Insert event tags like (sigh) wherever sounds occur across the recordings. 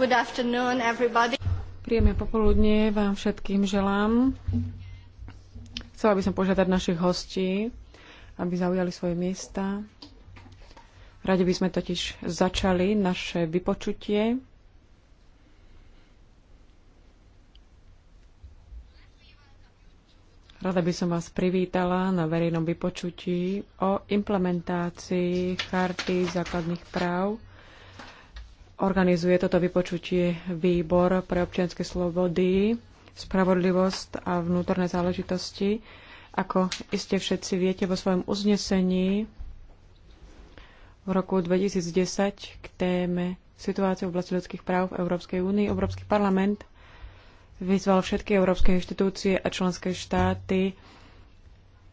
Good afternoon, everybody. Príjemné popoludne vám všetkým želám. Chcela by som požiadať našich hostí, aby zaujali svoje miesta. Radi by sme totiž začali naše vypočutie. Rada by som vás privítala na verejnom vypočutí o implementácii Charty základných práv organizuje toto vypočutie Výbor pre občianske slobody, spravodlivosť a vnútorné záležitosti. Ako iste všetci viete vo svojom uznesení v roku 2010 k téme situácie v oblasti ľudských práv v Európskej únii, Európsky parlament vyzval všetky európske inštitúcie a členské štáty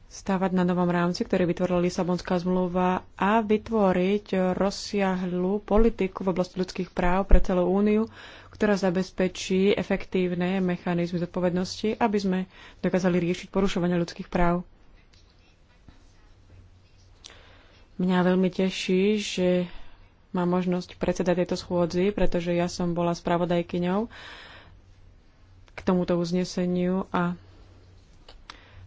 stávať na novom rámci, ktorý vytvorila Lisabonská zmluva a vytvoriť rozsiahlu politiku v oblasti ľudských práv pre celú úniu, ktorá zabezpečí efektívne mechanizmy zodpovednosti, aby sme dokázali riešiť porušovanie ľudských práv. Mňa veľmi teší, že mám možnosť predsedať tejto schôdzi, pretože ja som bola spravodajkyňou k tomuto uzneseniu a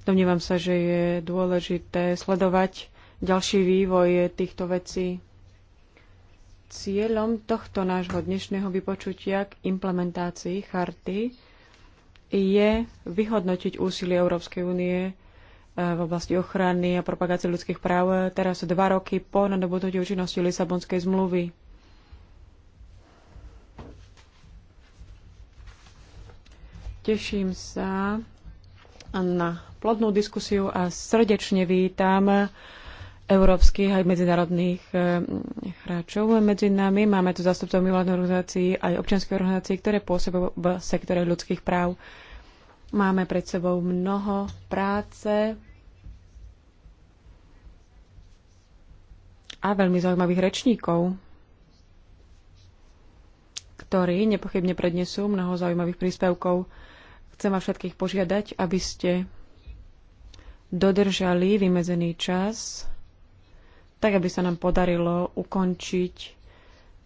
Domnievam sa, že je dôležité sledovať ďalší vývoj týchto vecí. Cieľom tohto nášho dnešného vypočutia k implementácii charty je vyhodnotiť úsilie Európskej únie eh, v oblasti ochrany a propagácie ľudských práv eh, teraz dva roky po nadobudnutí účinnosti Lisabonskej zmluvy. Teším sa, na plodnú diskusiu a srdečne vítam európskych aj medzinárodných eh, hráčov medzi nami. Máme tu zastupcov mimovládnych organizácií aj občianských organizácií, ktoré pôsobia v sektore ľudských práv. Máme pred sebou mnoho práce a veľmi zaujímavých rečníkov, ktorí nepochybne prednesú mnoho zaujímavých príspevkov. Chcem vás všetkých požiadať, aby ste dodržali vymedzený čas, tak aby sa nám podarilo ukončiť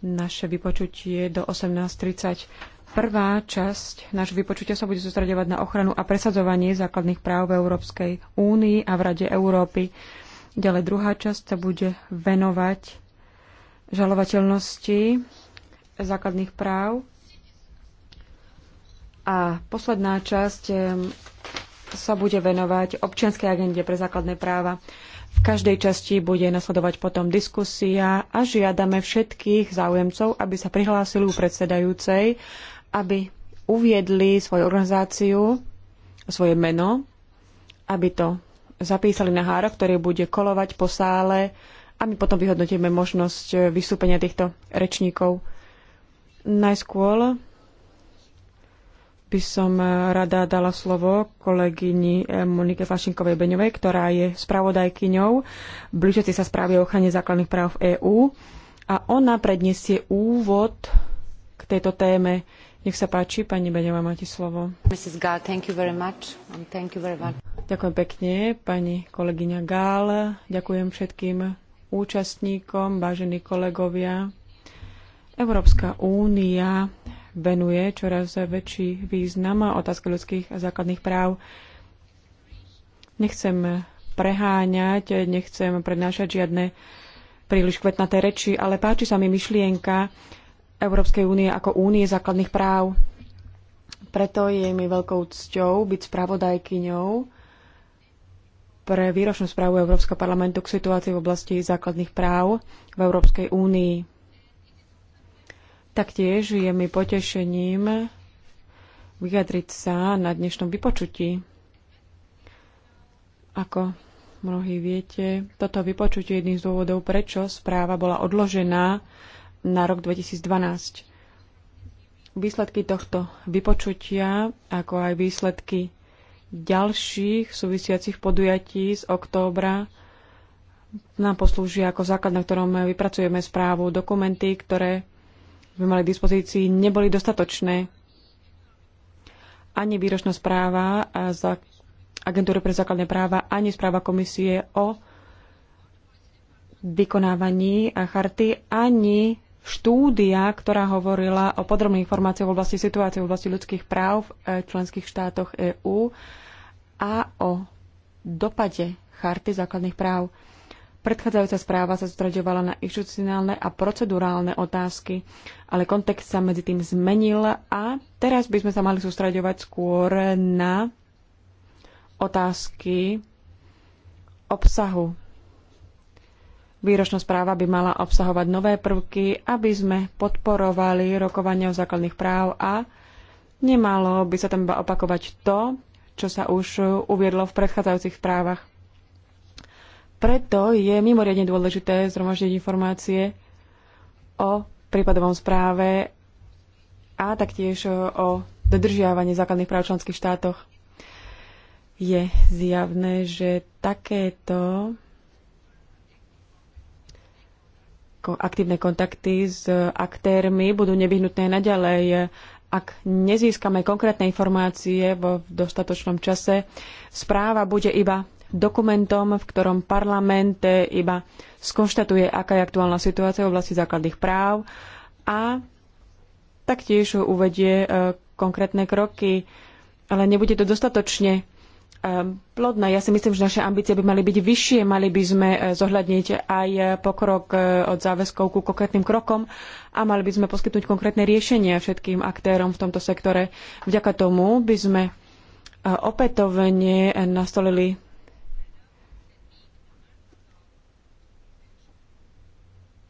naše vypočutie do 18.30. Prvá časť nášho vypočutia sa bude sústredovať na ochranu a presadzovanie základných práv v Európskej únii a v Rade Európy. Ďalej druhá časť sa bude venovať žalovateľnosti základných práv a posledná časť sa bude venovať občianskej agende pre základné práva. V každej časti bude nasledovať potom diskusia a žiadame všetkých záujemcov, aby sa prihlásili u predsedajúcej, aby uviedli svoju organizáciu, svoje meno, aby to zapísali na hára, ktorý bude kolovať po sále a my potom vyhodnotíme možnosť vystúpenia týchto rečníkov. Najskôr by som e, rada dala slovo kolegyni e, Monike Flašinkovej Beňovej, ktorá je spravodajkyňou blížiaci sa správy o ochrane základných práv v EÚ a ona predniesie úvod k tejto téme. Nech sa páči, pani Beňová, máte slovo. Gall, um, ďakujem pekne, pani kolegyňa Gál. Ďakujem všetkým účastníkom, vážení kolegovia. Európska únia venuje čoraz väčší význam a otázka ľudských a základných práv. Nechcem preháňať, nechcem prednášať žiadne príliš kvetnaté reči, ale páči sa mi myšlienka Európskej únie ako únie základných práv. Preto je mi veľkou cťou byť spravodajkyňou pre výročnú správu Európskeho parlamentu k situácii v oblasti základných práv v Európskej únii. Taktiež je mi potešením vyjadriť sa na dnešnom vypočutí. Ako mnohí viete, toto vypočutie je jedným z dôvodov, prečo správa bola odložená na rok 2012. Výsledky tohto vypočutia, ako aj výsledky ďalších súvisiacich podujatí z októbra, nám poslúžia ako základ, na ktorom vypracujeme správu dokumenty, ktoré sme mali k dispozícii, neboli dostatočné. Ani výročná správa za Agentúry pre základné práva, ani správa komisie o vykonávaní charty, ani štúdia, ktorá hovorila o podrobných informáciách v oblasti situácie v oblasti ľudských práv v e, členských štátoch EÚ a o dopade charty základných práv. Predchádzajúca správa sa zdraďovala na inštitucionálne a procedurálne otázky, ale kontext sa medzi tým zmenil a teraz by sme sa mali sústraďovať skôr na otázky obsahu. Výročná správa by mala obsahovať nové prvky, aby sme podporovali rokovanie o základných práv a nemalo by sa tam iba opakovať to, čo sa už uviedlo v predchádzajúcich správach. Preto je mimoriadne dôležité zhromaždiť informácie o prípadovom správe a taktiež o dodržiavaní základných práv členských štátoch. Je zjavné, že takéto aktívne kontakty s aktérmi budú nevyhnutné naďalej. Ak nezískame konkrétne informácie v dostatočnom čase, správa bude iba dokumentom, v ktorom parlament eh, iba skonštatuje, aká je aktuálna situácia v oblasti základných práv a taktiež uvedie eh, konkrétne kroky, ale nebude to dostatočne eh, plodné. Ja si myslím, že naše ambície by mali byť vyššie, mali by sme zohľadniť aj pokrok od záväzkov ku konkrétnym krokom a mali by sme poskytnúť konkrétne riešenia všetkým aktérom v tomto sektore. Vďaka tomu by sme opätovne nastolili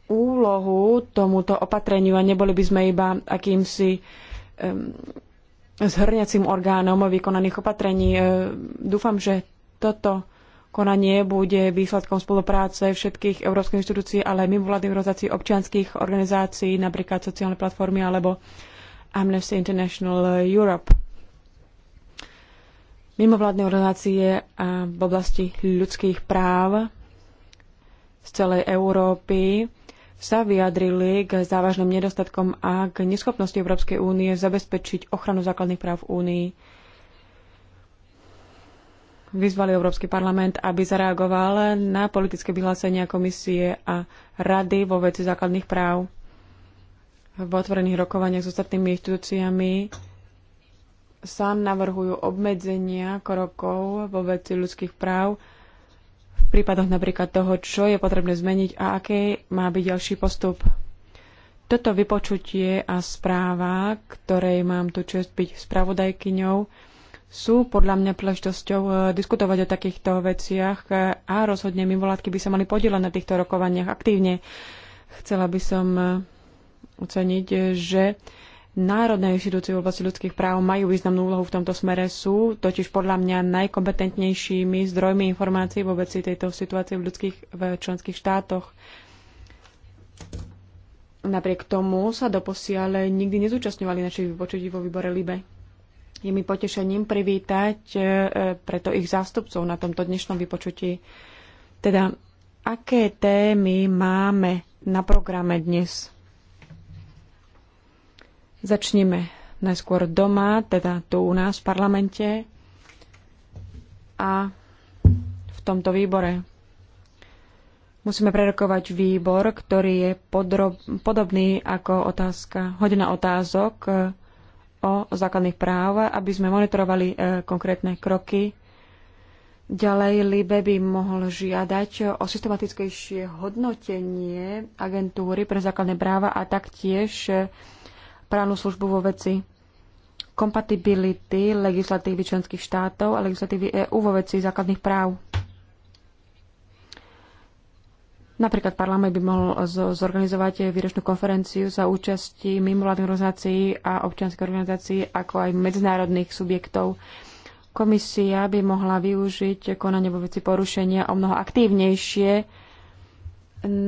úlohu tomuto opatreniu a neboli by sme iba akýmsi um, zhrňacím orgánom vykonaných opatrení. E, dúfam, že toto konanie bude výsledkom spolupráce všetkých európskych inštitúcií, ale aj mimovládnych organizácií, občianských organizácií, napríklad sociálne platformy alebo Amnesty International Europe. Mimovládne organizácie v oblasti ľudských práv z celej Európy sa vyjadrili k závažným nedostatkom a k neschopnosti Európskej únie zabezpečiť ochranu základných práv v únii. Vyzvali Európsky parlament, aby zareagoval na politické vyhlásenia komisie a rady vo veci základných práv v otvorených rokovaniach s ostatnými inštitúciami sa navrhujú obmedzenia krokov vo veci ľudských práv prípadoch napríklad toho, čo je potrebné zmeniť a aký má byť ďalší postup. Toto vypočutie a správa, ktorej mám tu čest byť spravodajkyňou, sú podľa mňa príležitosťou eh, diskutovať o takýchto veciach a rozhodne mimovládky by sa mali podielať na týchto rokovaniach aktívne. Chcela by som oceniť, eh, že Národné inštitúcie v oblasti ľudských práv majú významnú úlohu v tomto smere, sú totiž podľa mňa najkompetentnejšími zdrojmi informácií vo veci tejto situácie v ľudských v členských štátoch. Napriek tomu sa doposiaľ nikdy nezúčastňovali našich vypočutí vo výbore LIBE. Je mi potešením privítať e, preto ich zástupcov na tomto dnešnom vypočutí. Teda, aké témy máme na programe dnes? Začneme najskôr doma, teda tu u nás v parlamente a v tomto výbore. Musíme prerokovať výbor, ktorý je podrob, podobný ako otázka, hodina otázok e, o základných práv, aby sme monitorovali e, konkrétne kroky. Ďalej Libe by mohol žiadať o systematickejšie hodnotenie agentúry pre základné práva a taktiež e, právnu službu vo veci kompatibility legislatívy členských štátov a legislatívy EÚ vo veci základných práv. Napríklad parlament by mohol zorganizovať výročnú konferenciu za účasti mimovládnych organizácií a občianských organizácií, ako aj medzinárodných subjektov. Komisia by mohla využiť konanie vo veci porušenia o mnoho aktívnejšie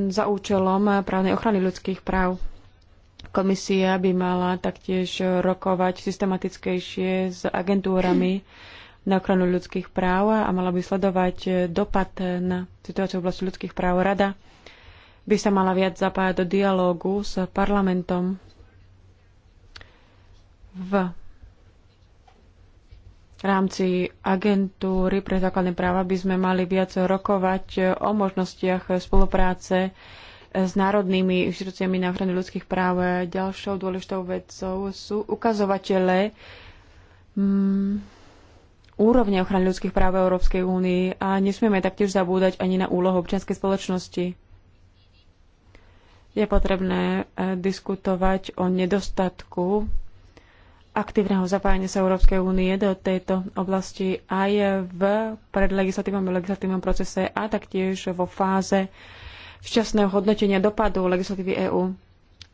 za účelom právnej ochrany ľudských práv. Komisia by mala taktiež rokovať systematickejšie s agentúrami na ochranu ľudských práv a mala by sledovať dopad na situáciu v oblasti ľudských práv. Rada by sa mala viac zapájať do dialógu s parlamentom v rámci agentúry pre základné práva by sme mali viac rokovať o možnostiach spolupráce s národnými inštitúciami na ochranu ľudských práv. Ďalšou dôležitou vecou sú ukazovatele mm, úrovne ochrany ľudských práv v Európskej únii a nesmieme taktiež zabúdať ani na úlohu občianskej spoločnosti. Je potrebné e, diskutovať o nedostatku aktívneho zapájania sa Európskej únie do tejto oblasti aj v predlegislatívnom a legislatívnom procese a taktiež vo fáze včasného hodnotenia dopadu legislatívy EÚ.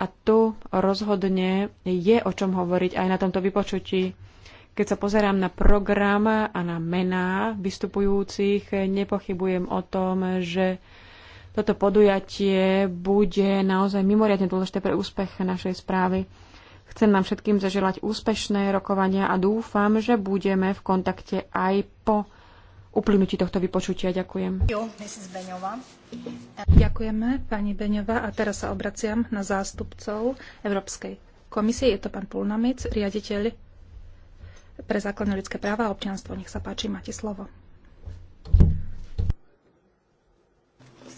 A tu rozhodne je o čom hovoriť aj na tomto vypočutí. Keď sa pozerám na program a na mená vystupujúcich, nepochybujem o tom, že toto podujatie bude naozaj mimoriadne dôležité pre úspech našej správy. Chcem nám všetkým zaželať úspešné rokovania a dúfam, že budeme v kontakte aj po uplynutí tohto vypočutia. Ďakujem. Jo, Ďakujeme, pani Beňová. A teraz sa obraciam na zástupcov Európskej komisie. Je to pán Pulnamic, riaditeľ pre základné ľudské práva a občianstvo. Nech sa páči, máte slovo.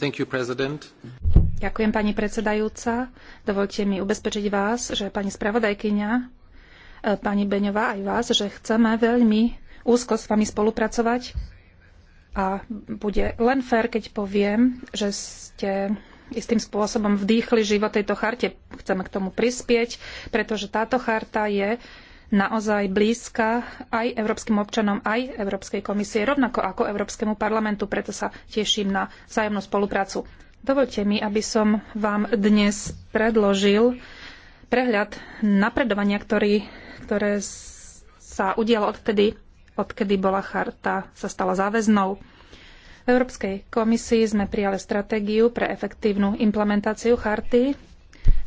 You, Ďakujem, pani predsedajúca. Dovolte mi ubezpečiť vás, že pani spravodajkyňa, e, pani Beňová aj vás, že chceme veľmi úzko s vami spolupracovať a bude len fér, keď poviem, že ste istým spôsobom vdýchli život tejto charte. Chceme k tomu prispieť, pretože táto charta je naozaj blízka aj európskym občanom, aj Európskej komisie, rovnako ako Európskemu parlamentu, preto sa teším na vzájomnú spoluprácu. Dovolte mi, aby som vám dnes predložil prehľad napredovania, ktorý, ktoré sa udialo odtedy, odkedy bola charta, sa stala záväznou. V Európskej komisii sme prijali stratégiu pre efektívnu implementáciu charty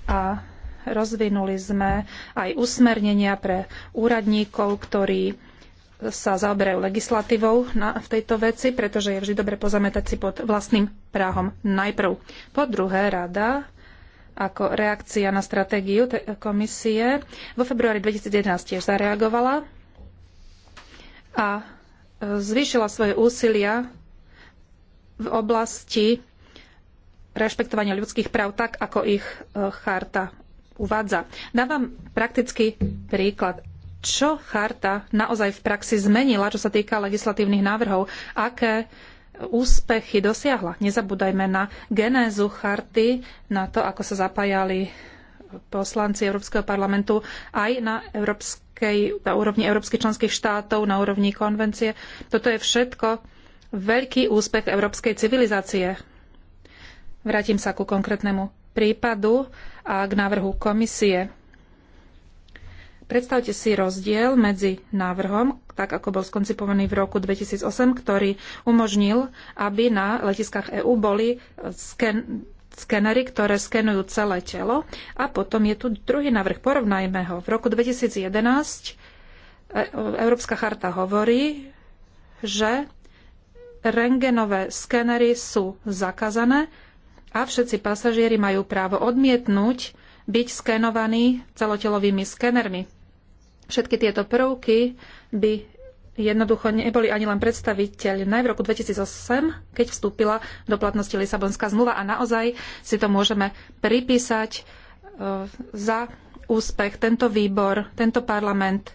a rozvinuli sme aj usmernenia pre úradníkov, ktorí sa zaoberajú legislatívou na, v tejto veci, pretože je vždy dobre pozametať si pod vlastným práhom najprv. Po druhé, rada ako reakcia na stratégiu komisie vo februári 2011 tiež zareagovala a e, zvýšila svoje úsilia v oblasti rešpektovania ľudských práv tak, ako ich e, charta uvádza. Dávam praktický príklad. Čo charta naozaj v praxi zmenila, čo sa týka legislatívnych návrhov? Aké úspechy dosiahla? Nezabúdajme na genézu charty, na to, ako sa zapájali poslanci Európskeho parlamentu aj na, európskej, na úrovni európskych členských štátov, na úrovni konvencie. Toto je všetko veľký úspech európskej civilizácie. Vrátim sa ku konkrétnemu prípadu a k návrhu komisie. Predstavte si rozdiel medzi návrhom, tak ako bol skoncipovaný v roku 2008, ktorý umožnil, aby na letiskách EÚ boli sken- skenery, ktoré skenujú celé telo. A potom je tu druhý návrh, porovnajme ho. V roku 2011 e, Európska charta hovorí, že rengenové skenery sú zakázané a všetci pasažieri majú právo odmietnúť byť skenovaní celotelovými skenermi. Všetky tieto prvky by jednoducho neboli ani len predstaviteľné v roku 2008, keď vstúpila do platnosti Lisabonská zmluva a naozaj si to môžeme pripísať e, za úspech tento výbor, tento parlament,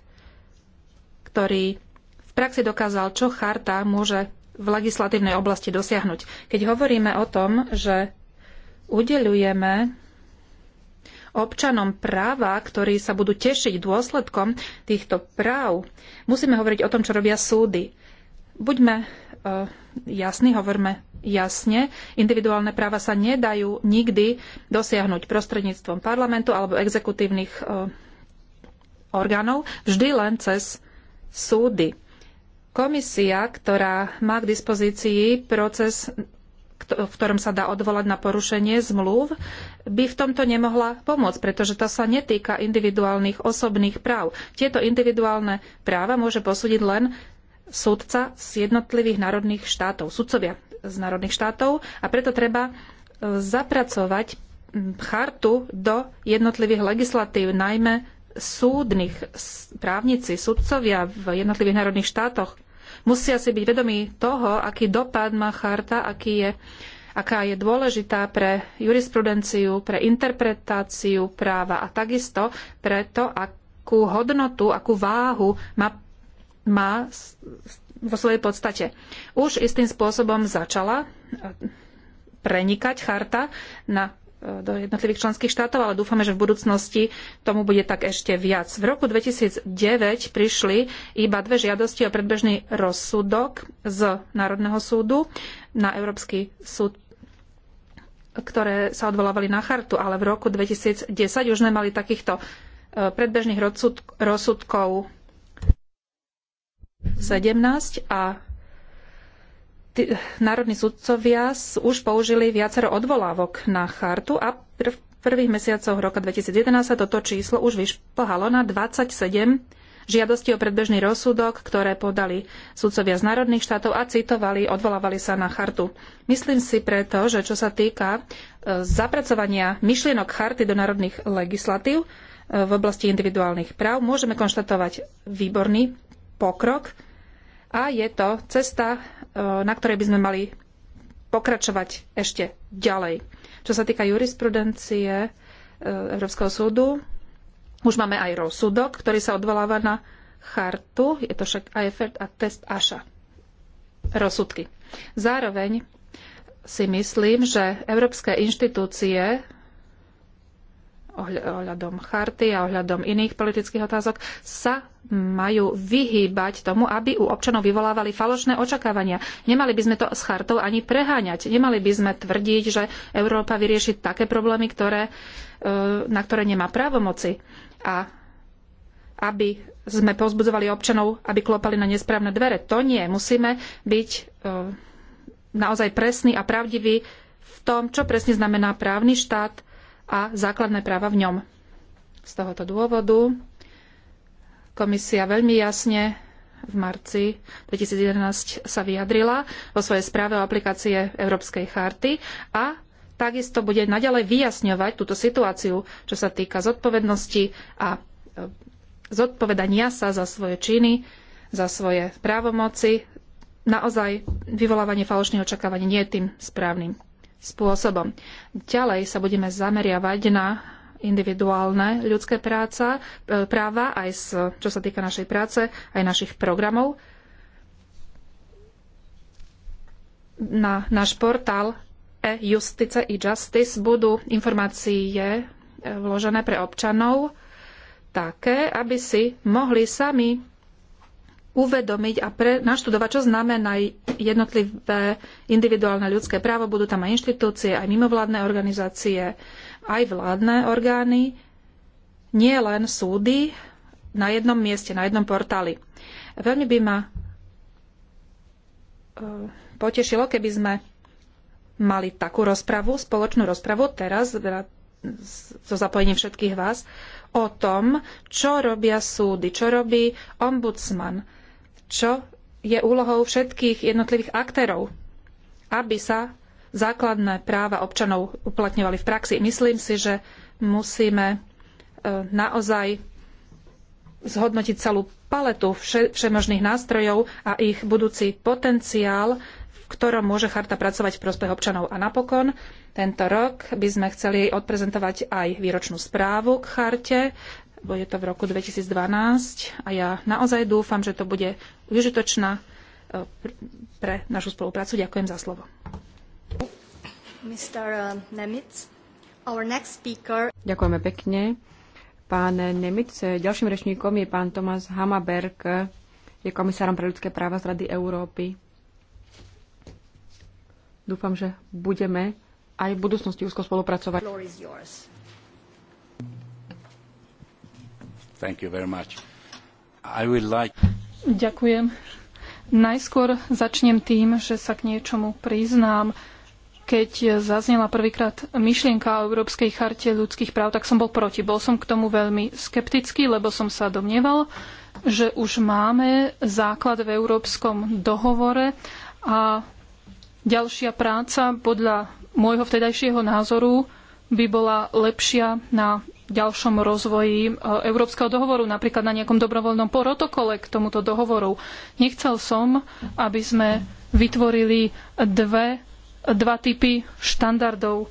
ktorý v praxi dokázal, čo charta môže v legislatívnej oblasti dosiahnuť. Keď hovoríme o tom, že udeľujeme občanom práva, ktorí sa budú tešiť dôsledkom týchto práv, musíme hovoriť o tom, čo robia súdy. Buďme uh, jasní, hovorme jasne. Individuálne práva sa nedajú nikdy dosiahnuť prostredníctvom parlamentu alebo exekutívnych uh, orgánov, vždy len cez súdy. Komisia, ktorá má k dispozícii proces v ktorom sa dá odvolať na porušenie zmluv, by v tomto nemohla pomôcť, pretože to sa netýka individuálnych osobných práv. Tieto individuálne práva môže posúdiť len súdca z jednotlivých národných štátov, sudcovia z národných štátov a preto treba e, zapracovať chartu do jednotlivých legislatív, najmä súdnych právnici, sudcovia v jednotlivých národných štátoch Musia si byť vedomí toho, aký dopad má charta, aký je, aká je dôležitá pre jurisprudenciu, pre interpretáciu práva a takisto pre to, akú hodnotu, akú váhu má, má vo svojej podstate. Už istým spôsobom začala prenikať charta na do jednotlivých členských štátov, ale dúfame, že v budúcnosti tomu bude tak ešte viac. V roku 2009 prišli iba dve žiadosti o predbežný rozsudok z Národného súdu na Európsky súd ktoré sa odvolávali na chartu, ale v roku 2010 už sme mali takýchto e, predbežných rozsudkov 17 a národní sudcovia už použili viacero odvolávok na chartu a v prvých mesiacoch roka 2011 sa toto číslo už vyšplhalo na 27 žiadosti o predbežný rozsudok, ktoré podali sudcovia z národných štátov a citovali, odvolávali sa na chartu. Myslím si preto, že čo sa týka e, zapracovania myšlienok charty do národných legislatív e, v oblasti individuálnych práv, môžeme konštatovať výborný pokrok a je to cesta na ktorej by sme mali pokračovať ešte ďalej. Čo sa týka jurisprudencie e, Európskeho súdu, už máme aj rozsudok, ktorý sa odvoláva na chartu, je to však Eifert a test Aša. Rozsudky. Zároveň si myslím, že európske inštitúcie ohľadom charty a ohľadom iných politických otázok sa majú vyhýbať tomu, aby u občanov vyvolávali falošné očakávania. Nemali by sme to s chartou ani preháňať. Nemali by sme tvrdiť, že Európa vyrieši také problémy, ktoré, e, na ktoré nemá právomoci. A aby sme povzbudzovali občanov, aby klopali na nesprávne dvere. To nie. Musíme byť e, naozaj presní a pravdiví v tom, čo presne znamená právny štát, a základné práva v ňom. Z tohoto dôvodu komisia veľmi jasne v marci 2011 sa vyjadrila vo svojej správe o aplikácie Európskej charty a takisto bude naďalej vyjasňovať túto situáciu, čo sa týka zodpovednosti a e, zodpovedania sa za svoje činy, za svoje právomoci. Naozaj vyvolávanie falošných očakávaní nie je tým správnym spôsobom. Ďalej sa budeme zameriavať na individuálne ľudské práca, e, práva, aj z, čo sa týka našej práce, aj našich programov. Na náš portál e-justice i justice budú informácie e, vložené pre občanov také, aby si mohli sami uvedomiť a pre, naštudovať, čo znamená jednotlivé individuálne ľudské právo. Budú tam aj inštitúcie, aj mimovládne organizácie, aj vládne orgány, nie len súdy na jednom mieste, na jednom portáli. Veľmi by ma e, potešilo, keby sme mali takú rozpravu, spoločnú rozpravu teraz, teda so zapojením všetkých vás, o tom, čo robia súdy, čo robí ombudsman, čo je úlohou všetkých jednotlivých aktérov, aby sa základné práva občanov uplatňovali v praxi. Myslím si, že musíme e, naozaj zhodnotiť celú paletu všemožných nástrojov a ich budúci potenciál, v ktorom môže charta pracovať v prospech občanov. A napokon tento rok by sme chceli odprezentovať aj výročnú správu k charte bude to v roku 2012 a ja naozaj dúfam, že to bude užitočná e, pre našu spoluprácu. Ďakujem za slovo. Uh, Ďakujeme pekne. Pán Nemitz, ďalším rečníkom je pán Tomás Hamaberg, je komisárom pre ľudské práva z Rady Európy. Dúfam, že budeme aj v budúcnosti úzko spolupracovať. Thank you very much. I like... Ďakujem. Najskôr začnem tým, že sa k niečomu priznám. Keď zaznela prvýkrát myšlienka o Európskej charte ľudských práv, tak som bol proti. Bol som k tomu veľmi skeptický, lebo som sa domnieval, že už máme základ v Európskom dohovore a ďalšia práca podľa môjho vtedajšieho názoru by bola lepšia na ďalšom rozvoji e, Európskeho dohovoru, napríklad na nejakom dobrovoľnom protokole k tomuto dohovoru. Nechcel som, aby sme vytvorili dve, dva typy štandardov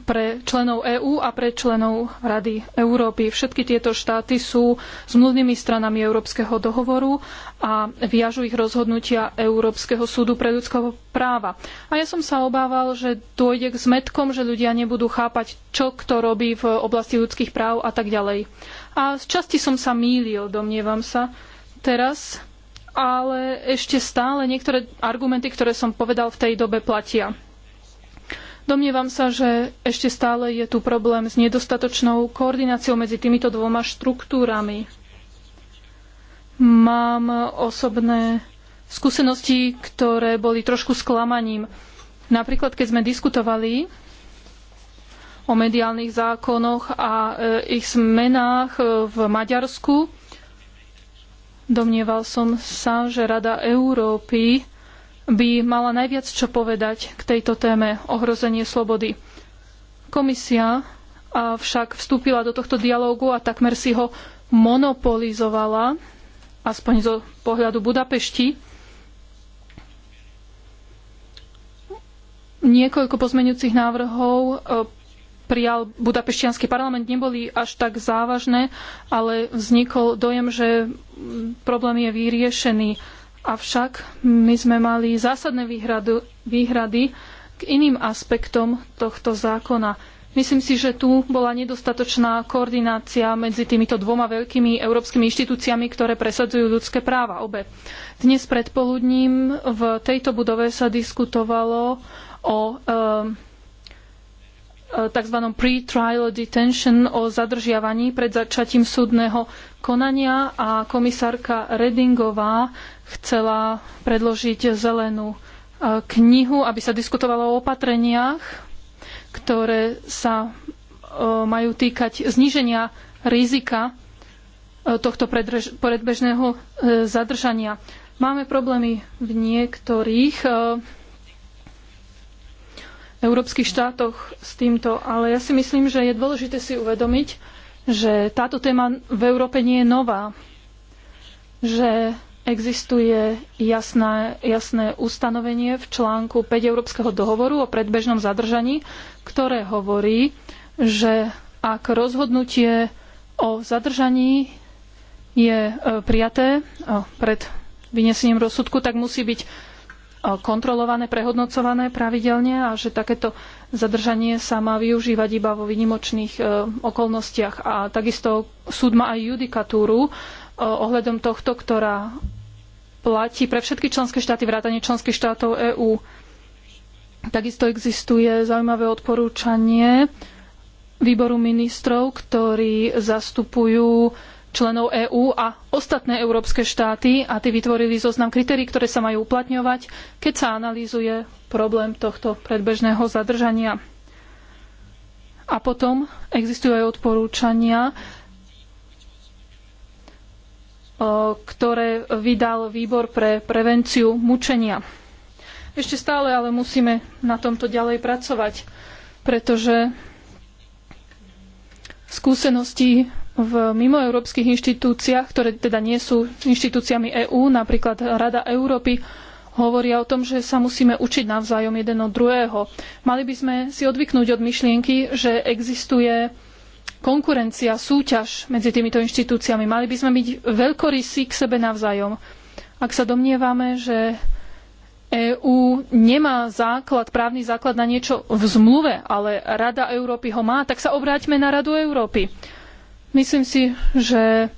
pre členov EÚ a pre členov Rady Európy. Všetky tieto štáty sú zmluvnými stranami Európskeho dohovoru a viažu ich rozhodnutia Európskeho súdu pre ľudského práva. A ja som sa obával, že dôjde k zmetkom, že ľudia nebudú chápať, čo kto robí v oblasti ľudských práv a tak ďalej. A z časti som sa mýlil, domnievam sa. Teraz ale ešte stále niektoré argumenty, ktoré som povedal v tej dobe platia. Domnievam sa, že ešte stále je tu problém s nedostatočnou koordináciou medzi týmito dvoma štruktúrami. Mám osobné skúsenosti, ktoré boli trošku sklamaním. Napríklad, keď sme diskutovali o mediálnych zákonoch a e, ich zmenách e, v Maďarsku, domnieval som sa, že Rada Európy by mala najviac čo povedať k tejto téme ohrozenie slobody. Komisia však vstúpila do tohto dialógu a takmer si ho monopolizovala, aspoň zo pohľadu Budapešti. Niekoľko pozmeňujúcich návrhov e, prijal budapeštianský parlament, neboli až tak závažné, ale vznikol dojem, že mm, problém je vyriešený Avšak my sme mali zásadné výhradu, výhrady k iným aspektom tohto zákona. Myslím si, že tu bola nedostatočná koordinácia medzi týmito dvoma veľkými európskymi inštitúciami, ktoré presadzujú ľudské práva obe. Dnes predpoludním v tejto budove sa diskutovalo o e, Eh, tzv. pre-trial detention o zadržiavaní pred začatím súdneho konania a komisárka Redingová chcela predložiť zelenú eh, knihu, aby sa diskutovalo o opatreniach, ktoré sa eh, majú týkať zníženia rizika tohto predbežného zadržania. Máme problémy v niektorých európskych štátoch s týmto, ale ja si myslím, že je dôležité si uvedomiť, že táto téma v Európe nie je nová, že existuje jasné, jasné ustanovenie v článku 5 Európskeho dohovoru o predbežnom zadržaní, ktoré hovorí, že ak rozhodnutie o zadržaní je e, prijaté e, pred vynesením rozsudku, tak musí byť kontrolované, prehodnocované pravidelne a že takéto zadržanie sa má využívať iba vo vynimočných e, okolnostiach. A takisto súd má aj judikatúru e, ohľadom tohto, ktorá platí pre všetky členské štáty, vrátane členských štátov EÚ. Takisto existuje zaujímavé odporúčanie výboru ministrov, ktorí zastupujú členov EÚ a ostatné európske štáty a tí vytvorili zoznam kritérií, ktoré sa majú uplatňovať, keď sa analýzuje problém tohto predbežného zadržania. A potom existujú aj odporúčania, e, ktoré vydal Výbor pre prevenciu mučenia. Ešte stále ale musíme na tomto ďalej pracovať, pretože skúsenosti v mimoeurópskych inštitúciách, ktoré teda nie sú inštitúciami EÚ, napríklad Rada Európy, hovoria o tom, že sa musíme učiť navzájom jeden od druhého. Mali by sme si odvyknúť od myšlienky, že existuje konkurencia, súťaž medzi týmito inštitúciami. Mali by sme byť veľkorysí k sebe navzájom. Ak sa domnievame, že EÚ nemá základ, právny základ na niečo v zmluve, ale Rada Európy ho má, tak sa obráťme na Radu Európy. Myslím si, že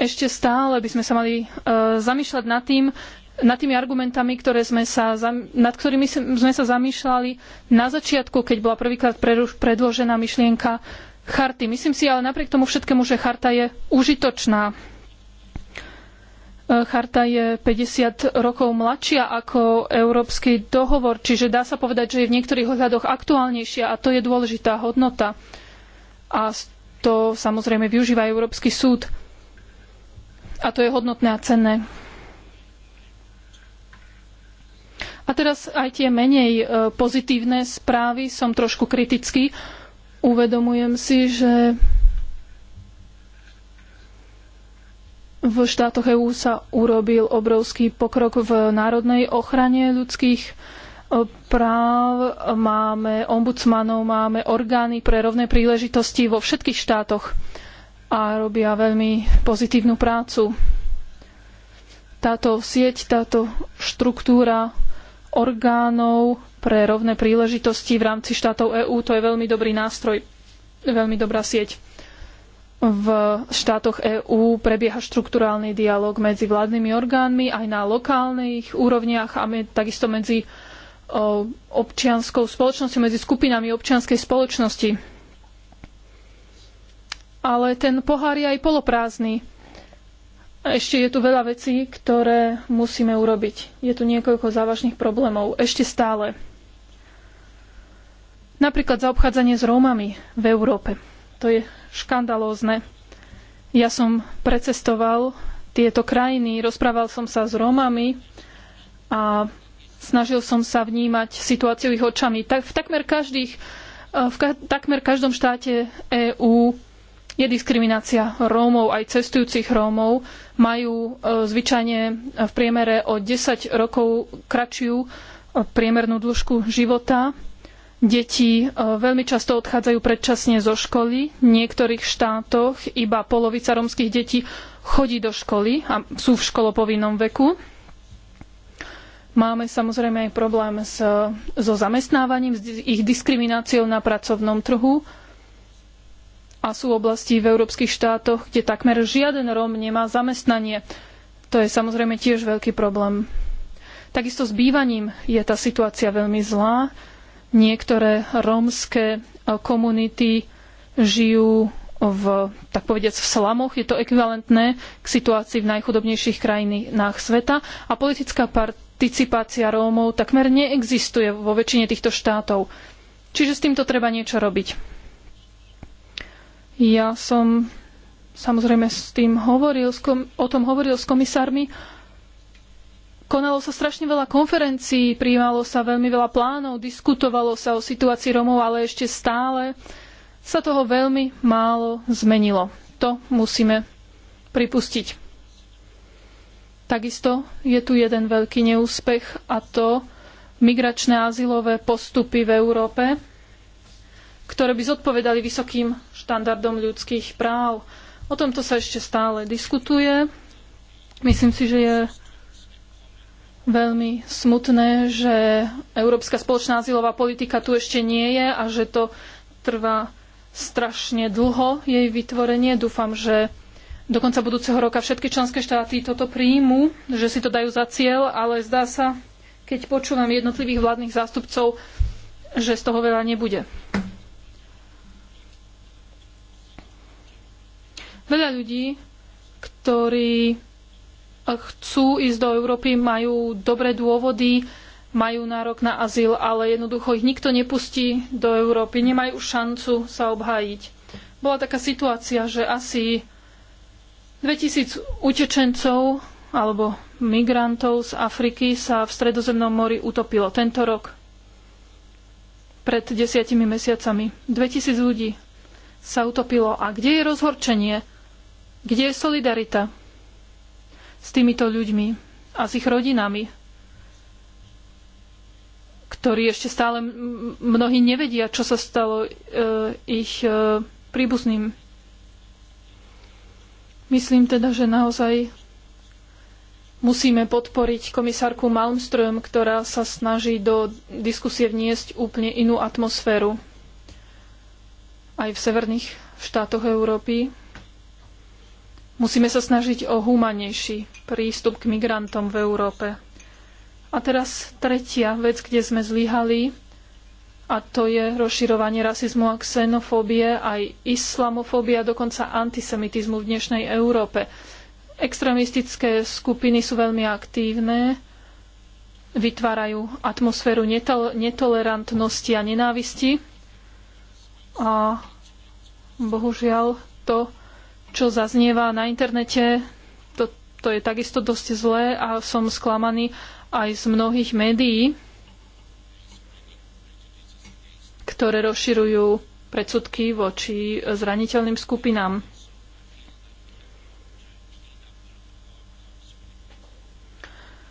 ešte stále by sme sa mali e, zamýšľať nad tým, nad tými argumentami, ktoré sme sa, nad ktorými sme sa zamýšľali na začiatku, keď bola prvýkrát predložená myšlienka charty. Myslím si ale napriek tomu všetkému, že charta je užitočná. E, charta je 50 rokov mladšia ako Európsky dohovor, čiže dá sa povedať, že je v niektorých ohľadoch aktuálnejšia a to je dôležitá hodnota. A to samozrejme využíva Európsky súd. A to je hodnotné a cenné. A teraz aj tie menej e, pozitívne správy som trošku kritický. Uvedomujem si, že v štátoch EÚ sa urobil obrovský pokrok v národnej ochrane ľudských práv, máme ombudsmanov, máme orgány pre rovné príležitosti vo všetkých štátoch a robia veľmi pozitívnu prácu. Táto sieť, táto štruktúra orgánov pre rovné príležitosti v rámci štátov EÚ, to je veľmi dobrý nástroj, veľmi dobrá sieť. V štátoch EÚ prebieha štrukturálny dialog medzi vládnymi orgánmi aj na lokálnych úrovniach a takisto medzi občianskou spoločnosťou, medzi skupinami občianskej spoločnosti. Ale ten pohár je aj poloprázdny. Ešte je tu veľa vecí, ktoré musíme urobiť. Je tu niekoľko závažných problémov. Ešte stále. Napríklad zaobchádzanie s Rómami v Európe. To je škandalózne. Ja som precestoval tieto krajiny, rozprával som sa s Rómami a Snažil som sa vnímať situáciu ich očami. Tak, v, takmer každých, eh, v ka, takmer každom štáte EÚ je diskriminácia Rómov, aj cestujúcich Rómov. Majú e, zvyčajne v priemere o 10 rokov kratšiu eh, priemernú dĺžku života. Deti e, veľmi často odchádzajú predčasne zo školy. V niektorých štátoch iba polovica rómskych detí chodí do školy a sú v školopovinnom veku. Máme samozrejme aj problém s, so zamestnávaním, s ich diskrimináciou na pracovnom trhu. A sú oblasti v európskych štátoch, kde takmer žiaden Róm nemá zamestnanie. To je samozrejme tiež veľký problém. Takisto s bývaním je tá situácia veľmi zlá. Niektoré rómske eh, komunity žijú v, tak povediac, v slamoch. Je to ekvivalentné k situácii v najchudobnejších krajinách sveta. A politická partia participácia Rómov takmer neexistuje vo väčšine týchto štátov. Čiže s týmto treba niečo robiť. Ja som samozrejme s tým hovoril, o tom hovoril s komisármi. Konalo sa strašne veľa konferencií, prijímalo sa veľmi veľa plánov, diskutovalo sa o situácii Rómov, ale ešte stále sa toho veľmi málo zmenilo. To musíme pripustiť. Takisto je tu jeden veľký neúspech a to migračné azylové postupy v Európe, ktoré by zodpovedali vysokým štandardom ľudských práv. O tomto sa ešte stále diskutuje. Myslím si, že je veľmi smutné, že európska spoločná azylová politika tu ešte nie je a že to trvá strašne dlho jej vytvorenie. Dúfam, že do konca budúceho roka všetky členské štáty toto príjmu, že si to dajú za cieľ, ale zdá sa, keď počúvam jednotlivých vládnych zástupcov, že z toho veľa nebude. Veľa ľudí, ktorí chcú ísť do Európy, majú dobré dôvody, majú nárok na azyl, ale jednoducho ich nikto nepustí do Európy, nemajú šancu sa obhájiť. Bola taká situácia, že asi 2000 utečencov alebo migrantov z Afriky sa v Stredozemnom mori utopilo tento rok pred desiatimi mesiacami. 2000 ľudí sa utopilo. A kde je rozhorčenie? Kde je solidarita s týmito ľuďmi a s ich rodinami, ktorí ešte stále mnohí nevedia, čo sa stalo e, ich e, príbuzným. Myslím teda, že naozaj musíme podporiť komisárku Malmström, ktorá sa snaží do diskusie vniesť úplne inú atmosféru. Aj v severných štátoch Európy. Musíme sa snažiť o humanejší prístup k migrantom v Európe. A teraz tretia vec, kde sme zlyhali, a to je rozširovanie rasizmu a xenofóbie, aj islamofóbia, dokonca antisemitizmu v dnešnej Európe. Extremistické skupiny sú veľmi aktívne, vytvárajú atmosféru netolerantnosti a nenávisti a bohužiaľ to, čo zaznieva na internete, to, to je takisto dosť zlé a som sklamaný aj z mnohých médií, ktoré rozširujú predsudky voči eh, zraniteľným skupinám.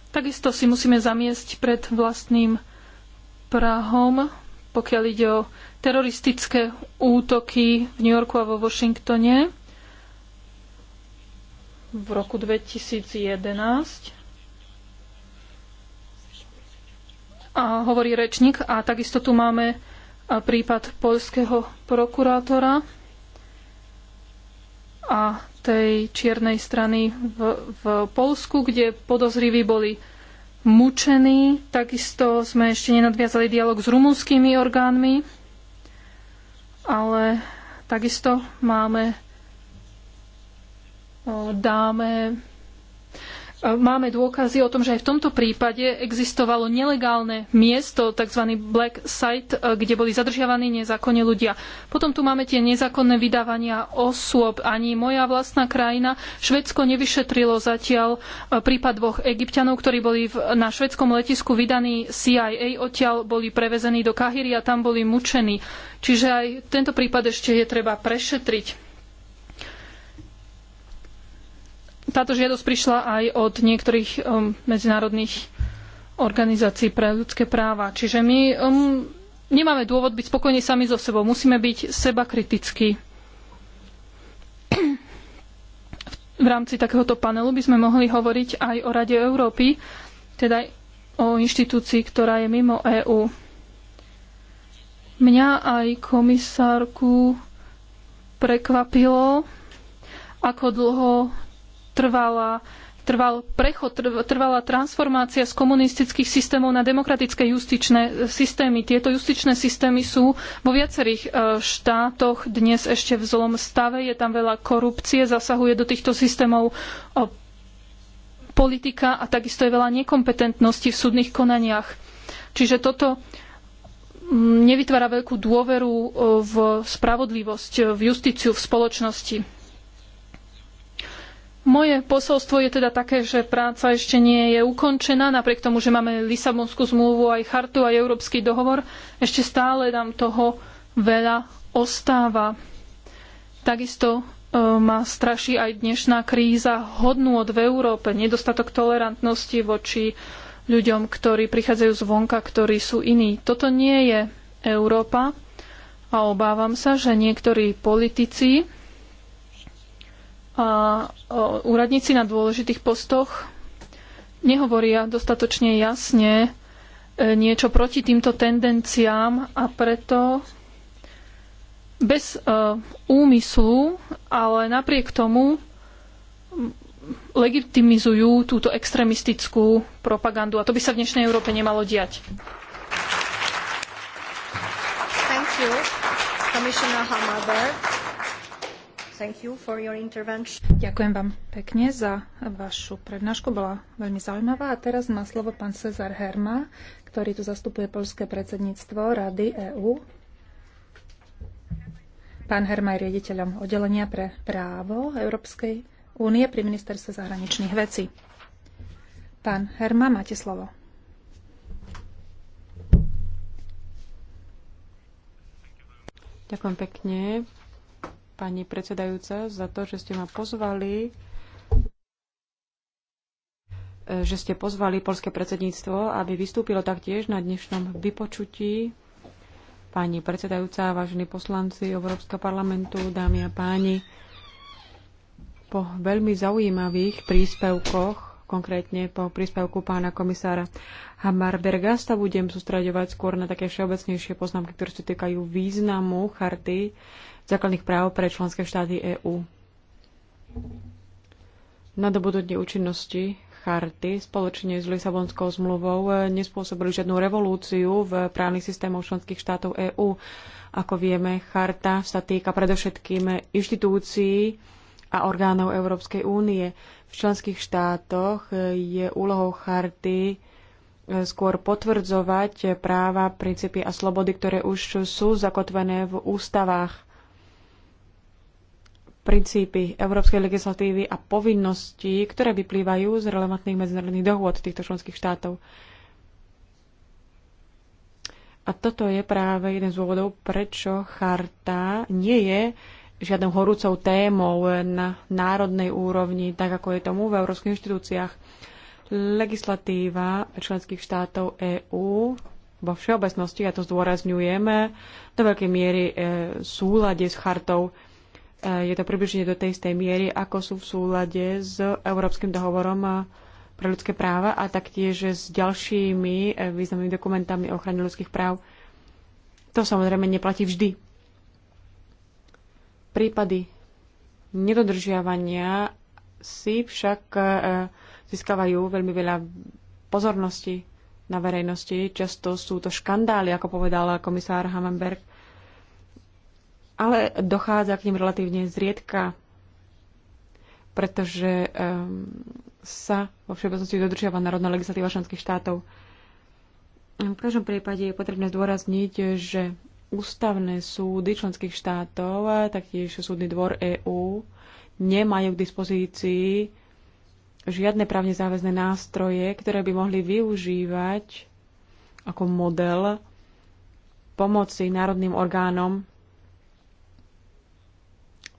Takisto si musíme zamiesť pred vlastným prahom, pokiaľ ide o teroristické útoky v New Yorku a vo Washingtone v roku 2011. A hovorí rečník a takisto tu máme prípad poľského prokurátora a tej čiernej strany v, v Polsku, kde podozriví boli mučení. Takisto sme ešte nenadviazali dialog s rumunskými orgánmi, ale takisto máme dáme Máme dôkazy o tom, že aj v tomto prípade existovalo nelegálne miesto, tzv. black site, eh, kde boli zadržiavaní nezákonne ľudia. Potom tu máme tie nezákonné vydávania osôb. Ani moja vlastná krajina, Švedsko, nevyšetrilo zatiaľ eh, prípad dvoch egyptianov, ktorí boli na švedskom letisku vydaní CIA, odtiaľ boli prevezení do Kahiry a tam boli mučení. Čiže aj tento prípad ešte je treba prešetriť. táto žiadosť prišla aj od niektorých um, medzinárodných organizácií pre ľudské práva. Čiže my um, nemáme dôvod byť spokojní sami so sebou. Musíme byť seba kritickí. V rámci takéhoto panelu by sme mohli hovoriť aj o Rade Európy, teda o inštitúcii, ktorá je mimo EÚ. Mňa aj komisárku prekvapilo, ako dlho trvala trval prechod, trvalá transformácia z komunistických systémov na demokratické justičné systémy. Tieto justičné systémy sú vo viacerých e, štátoch dnes ešte v zlom stave. Je tam veľa korupcie, zasahuje do týchto systémov e, politika a takisto je veľa nekompetentnosti v súdnych konaniach. Čiže toto mm, nevytvára veľkú dôveru e, v spravodlivosť, v justíciu, v spoločnosti. Moje posolstvo je teda také, že práca ešte nie je ukončená, napriek tomu, že máme Lisabonskú zmluvu, aj chartu, aj Európsky dohovor, ešte stále nám toho veľa ostáva. Takisto e, ma straší aj dnešná kríza hodnôt v Európe, nedostatok tolerantnosti voči ľuďom, ktorí prichádzajú zvonka, ktorí sú iní. Toto nie je Európa a obávam sa, že niektorí politici a úradníci na dôležitých postoch nehovoria dostatočne jasne e, niečo proti týmto tendenciám a preto bez e, úmyslu, ale napriek tomu legitimizujú túto extrémistickú propagandu. A to by sa v dnešnej Európe nemalo diať. Thank you, Commissioner Hammerberg. You Ďakujem vám pekne za vašu prednášku, bola veľmi zaujímavá. A teraz má slovo pán Cezar Herma, ktorý tu zastupuje polské predsedníctvo Rady EÚ. Pán Herma je riaditeľom oddelenia pre právo Európskej únie pri ministerstve zahraničných vecí. Pán Herma, máte slovo. Ďakujem pekne, pani predsedajúca, za to, že ste ma pozvali e, že ste pozvali polské predsedníctvo, aby vystúpilo taktiež na dnešnom vypočutí. Pani predsedajúca, vážení poslanci Európskeho parlamentu, dámy a páni, po veľmi zaujímavých príspevkoch, konkrétne po príspevku pána komisára Hamarberga, sa budem sústraďovať skôr na také všeobecnejšie poznámky, ktoré sa týkajú významu charty základných práv pre členské štáty EÚ. Nadobudnutie účinnosti charty spoločne s Lisabonskou zmluvou eh, nespôsobili žiadnu revolúciu v právnych systémoch členských štátov EÚ. Ako vieme, charta sa týka predovšetkým inštitúcií a orgánov Európskej únie. V členských štátoch eh, je úlohou charty eh, skôr potvrdzovať práva, princípy a slobody, ktoré už sú zakotvené v ústavách princípy európskej legislatívy a povinností, ktoré vyplývajú z relevantných medzinárodných dohôd týchto členských štátov. A toto je práve jeden z dôvodov, prečo charta nie je žiadnou horúcou témou na národnej úrovni, tak ako je tomu v európskych inštitúciách. Legislatíva členských štátov EÚ vo všeobecnosti, ja to zdôrazňujeme do veľkej miery e, súlade s chartou Eh, je to približne do tej istej miery, ako sú v súlade s Európskym dohovorom eh, pre ľudské práva a taktiež s ďalšími eh, významnými dokumentami o ochrane ľudských práv. To samozrejme neplatí vždy. Prípady nedodržiavania si však získavajú veľmi veľa pozornosti na verejnosti. Často sú to škandály, ako povedal komisár Hamenberg ale dochádza k nim relatívne zriedka, pretože um, sa vo všeobecnosti dodržiava národná legislatíva členských štátov. V každom prípade je potrebné zdôrazniť, že ústavné súdy členských štátov a taktiež súdny dvor EÚ nemajú k dispozícii žiadne právne záväzné nástroje, ktoré by mohli využívať ako model pomoci národným orgánom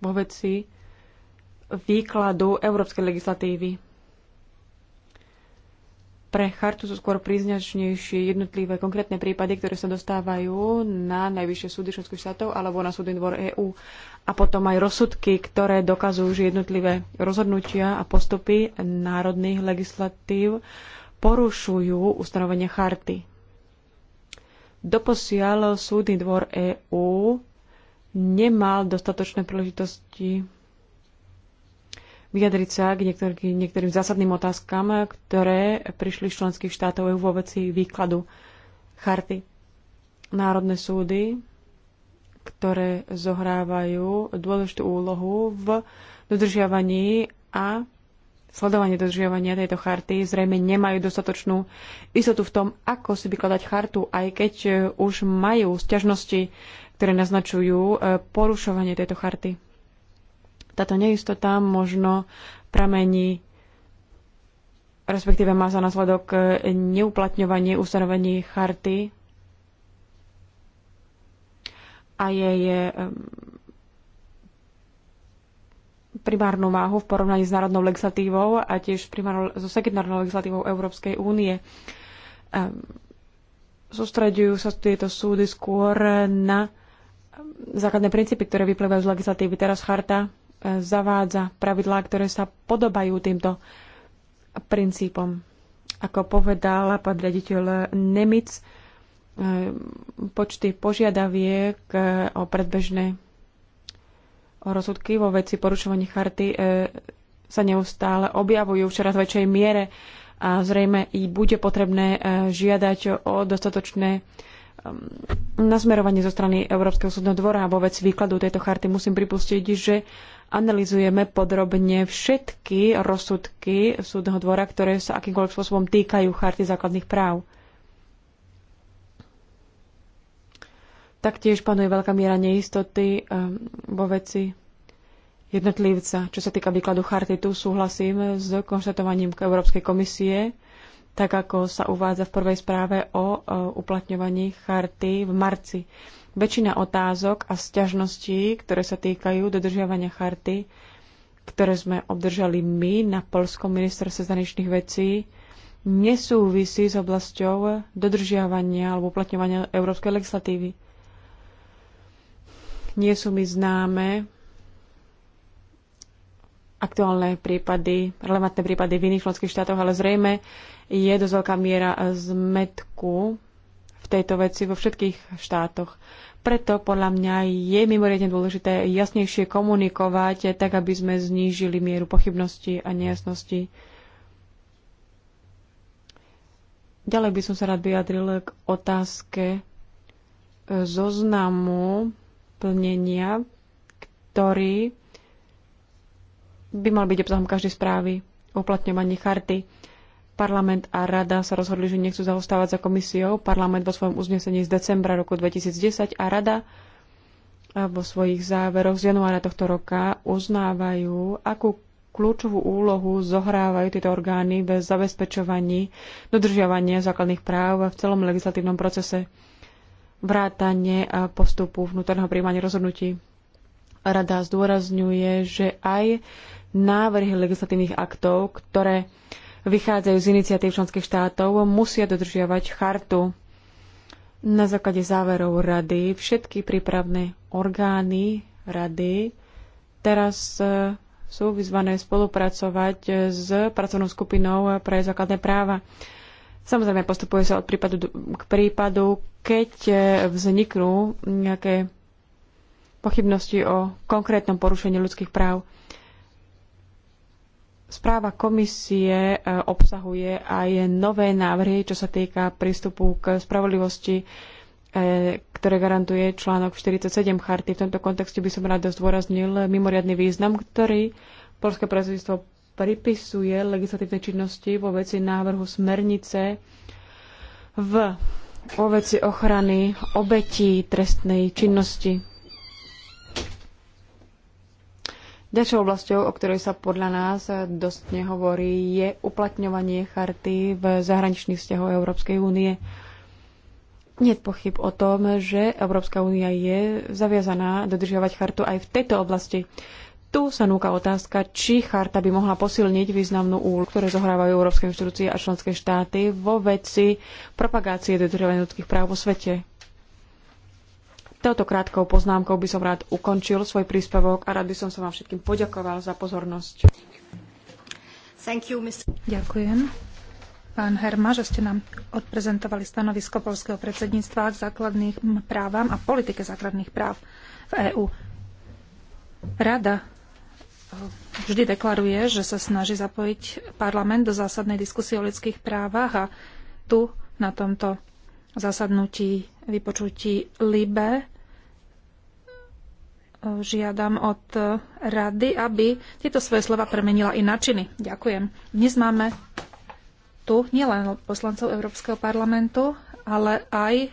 vo veci výkladu európskej legislatívy. Pre chartu sú skôr príznačnejšie jednotlivé konkrétne prípady, ktoré sa dostávajú na najvyššie súdy členských štátov alebo na súdny dvor EÚ a potom aj rozsudky, ktoré dokazujú, že jednotlivé rozhodnutia a postupy národných legislatív porušujú ustanovenie charty. Doposiaľ súdny dvor EÚ nemal dostatočné príležitosti vyjadriť sa k niektorým, niektorým zásadným otázkam, ktoré prišli z členských štátov EU vo veci výkladu charty. Národné súdy, ktoré zohrávajú dôležitú úlohu v dodržiavaní a sledovanie dodržiavania tejto charty zrejme nemajú dostatočnú istotu v tom, ako si vykladať chartu, aj keď už majú sťažnosti ktoré naznačujú e, porušovanie tejto charty. Táto neistota možno pramení respektíve má za následok e, neuplatňovanie ustanovení charty a je e, primárnu váhu v porovnaní s národnou legislatívou a tiež primárnou, so sekundárnou legislatívou Európskej únie. Sústredujú sa tieto súdy skôr na základné princípy, ktoré vyplývajú z legislatívy. Teraz charta e, zavádza pravidlá, ktoré sa podobajú týmto princípom. Ako povedala pán riaditeľ Nemic, e, počty požiadaviek e, o predbežné o rozsudky vo veci porušovania charty sa neustále objavujú v čoraz väčšej miere a zrejme i bude potrebné žiadať o dostatočné Um, nasmerovanie zo strany Európskeho súdneho dvora vo veci výkladu tejto charty musím pripustiť, že analizujeme podrobne všetky rozsudky súdneho dvora, ktoré sa akýmkoľvek spôsobom týkajú charty základných práv. Taktiež panuje veľká miera neistoty um, vo veci jednotlivca. Čo sa týka výkladu charty, tu súhlasím s konštatovaním Európskej komisie, tak ako sa uvádza v prvej správe o e, uplatňovaní charty v marci. Väčšina otázok a sťažností, ktoré sa týkajú dodržiavania charty, ktoré sme obdržali my na Polskom ministerstve zahraničných vecí, nesúvisí s oblasťou dodržiavania alebo uplatňovania európskej legislatívy. Nie sú mi známe aktuálne prípady, relevantné prípady v iných členských štátoch, ale zrejme je dosť veľká miera zmetku v tejto veci vo všetkých štátoch. Preto podľa mňa je mimoriadne dôležité jasnejšie komunikovať, tak aby sme znížili mieru pochybnosti a nejasnosti. Ďalej by som sa rád vyjadril k otázke zoznamu plnenia, ktorý by mal byť obsahom každej správy o uplatňovaní charty. Parlament a rada sa rozhodli, že nechcú zaostávať za komisiou. Parlament vo svojom uznesení z decembra roku 2010 a rada vo svojich záveroch z januára tohto roka uznávajú, akú kľúčovú úlohu zohrávajú tieto orgány ve zabezpečovaní dodržiavania základných práv v celom legislatívnom procese vrátanie a postupu vnútorného príjmania rozhodnutí. Rada zdôrazňuje, že aj návrhy legislatívnych aktov, ktoré vychádzajú z iniciatív členských štátov, musia dodržiavať chartu. Na základe záverov rady všetky prípravné orgány rady teraz e, sú vyzvané spolupracovať s pracovnou skupinou pre základné práva. Samozrejme, postupuje sa od prípadu k prípadu, keď e, vzniknú nejaké pochybnosti o konkrétnom porušení ľudských práv. Správa komisie e, obsahuje aj nové návrhy, čo sa týka prístupu k spravodlivosti, e, ktoré garantuje článok 47 charty. V tomto kontexte by som rád zdôraznil mimoriadný význam, ktorý Polské predsedníctvo pripisuje legislatívnej činnosti vo veci návrhu smernice v vo veci ochrany obetí trestnej činnosti. Ďalšou oblasťou, o ktorej sa podľa nás dosť nehovorí, je uplatňovanie charty v zahraničných vzťahoch Európskej únie. Nie je pochyb o tom, že Európska únia je zaviazaná dodržiavať chartu aj v tejto oblasti. Tu sa núka otázka, či charta by mohla posilniť významnú úlohu, ktoré zohrávajú európske inštitúcie a členské štáty vo veci propagácie dodržiavania ľudských práv vo svete. Touto krátkou poznámkou by som rád ukončil svoj príspevok a rád by som sa vám všetkým poďakoval za pozornosť. You, Ďakujem. Pán Herma, že ste nám odprezentovali stanovisko polského predsedníctva k základným právam a politike základných práv v EÚ. Rada eh, vždy deklaruje, že sa snaží zapojiť parlament do zásadnej diskusie o ľudských právach a tu na tomto zasadnutí vypočutí LIBE e, žiadam od rady, aby tieto svoje slova premenila i na činy. Ďakujem. Dnes máme tu nielen poslancov Európskeho parlamentu, ale aj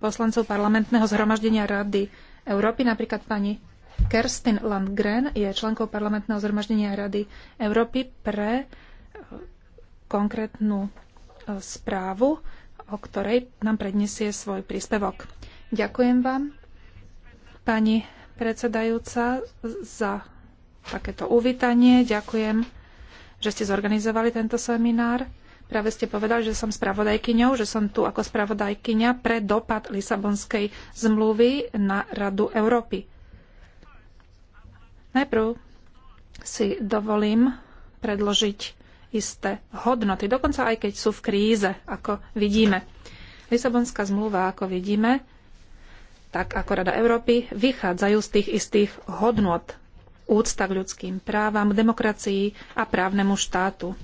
poslancov parlamentného zhromaždenia Rady Európy. Napríklad pani Kerstin Landgren je členkou parlamentného zhromaždenia Rady Európy pre e, konkrétnu e, správu o ktorej nám predniesie svoj príspevok. Ďakujem vám, pani predsedajúca, za takéto uvítanie. Ďakujem, že ste zorganizovali tento seminár. Práve ste povedali, že som spravodajkyňou, že som tu ako spravodajkyňa pre dopad Lisabonskej zmluvy na Radu Európy. Najprv si dovolím predložiť isté hodnoty, dokonca aj keď sú v kríze, ako vidíme. Lisabonská zmluva, ako vidíme, tak ako Rada Európy, vychádzajú z tých istých hodnot. Úcta k ľudským právam, demokracii a právnemu štátu.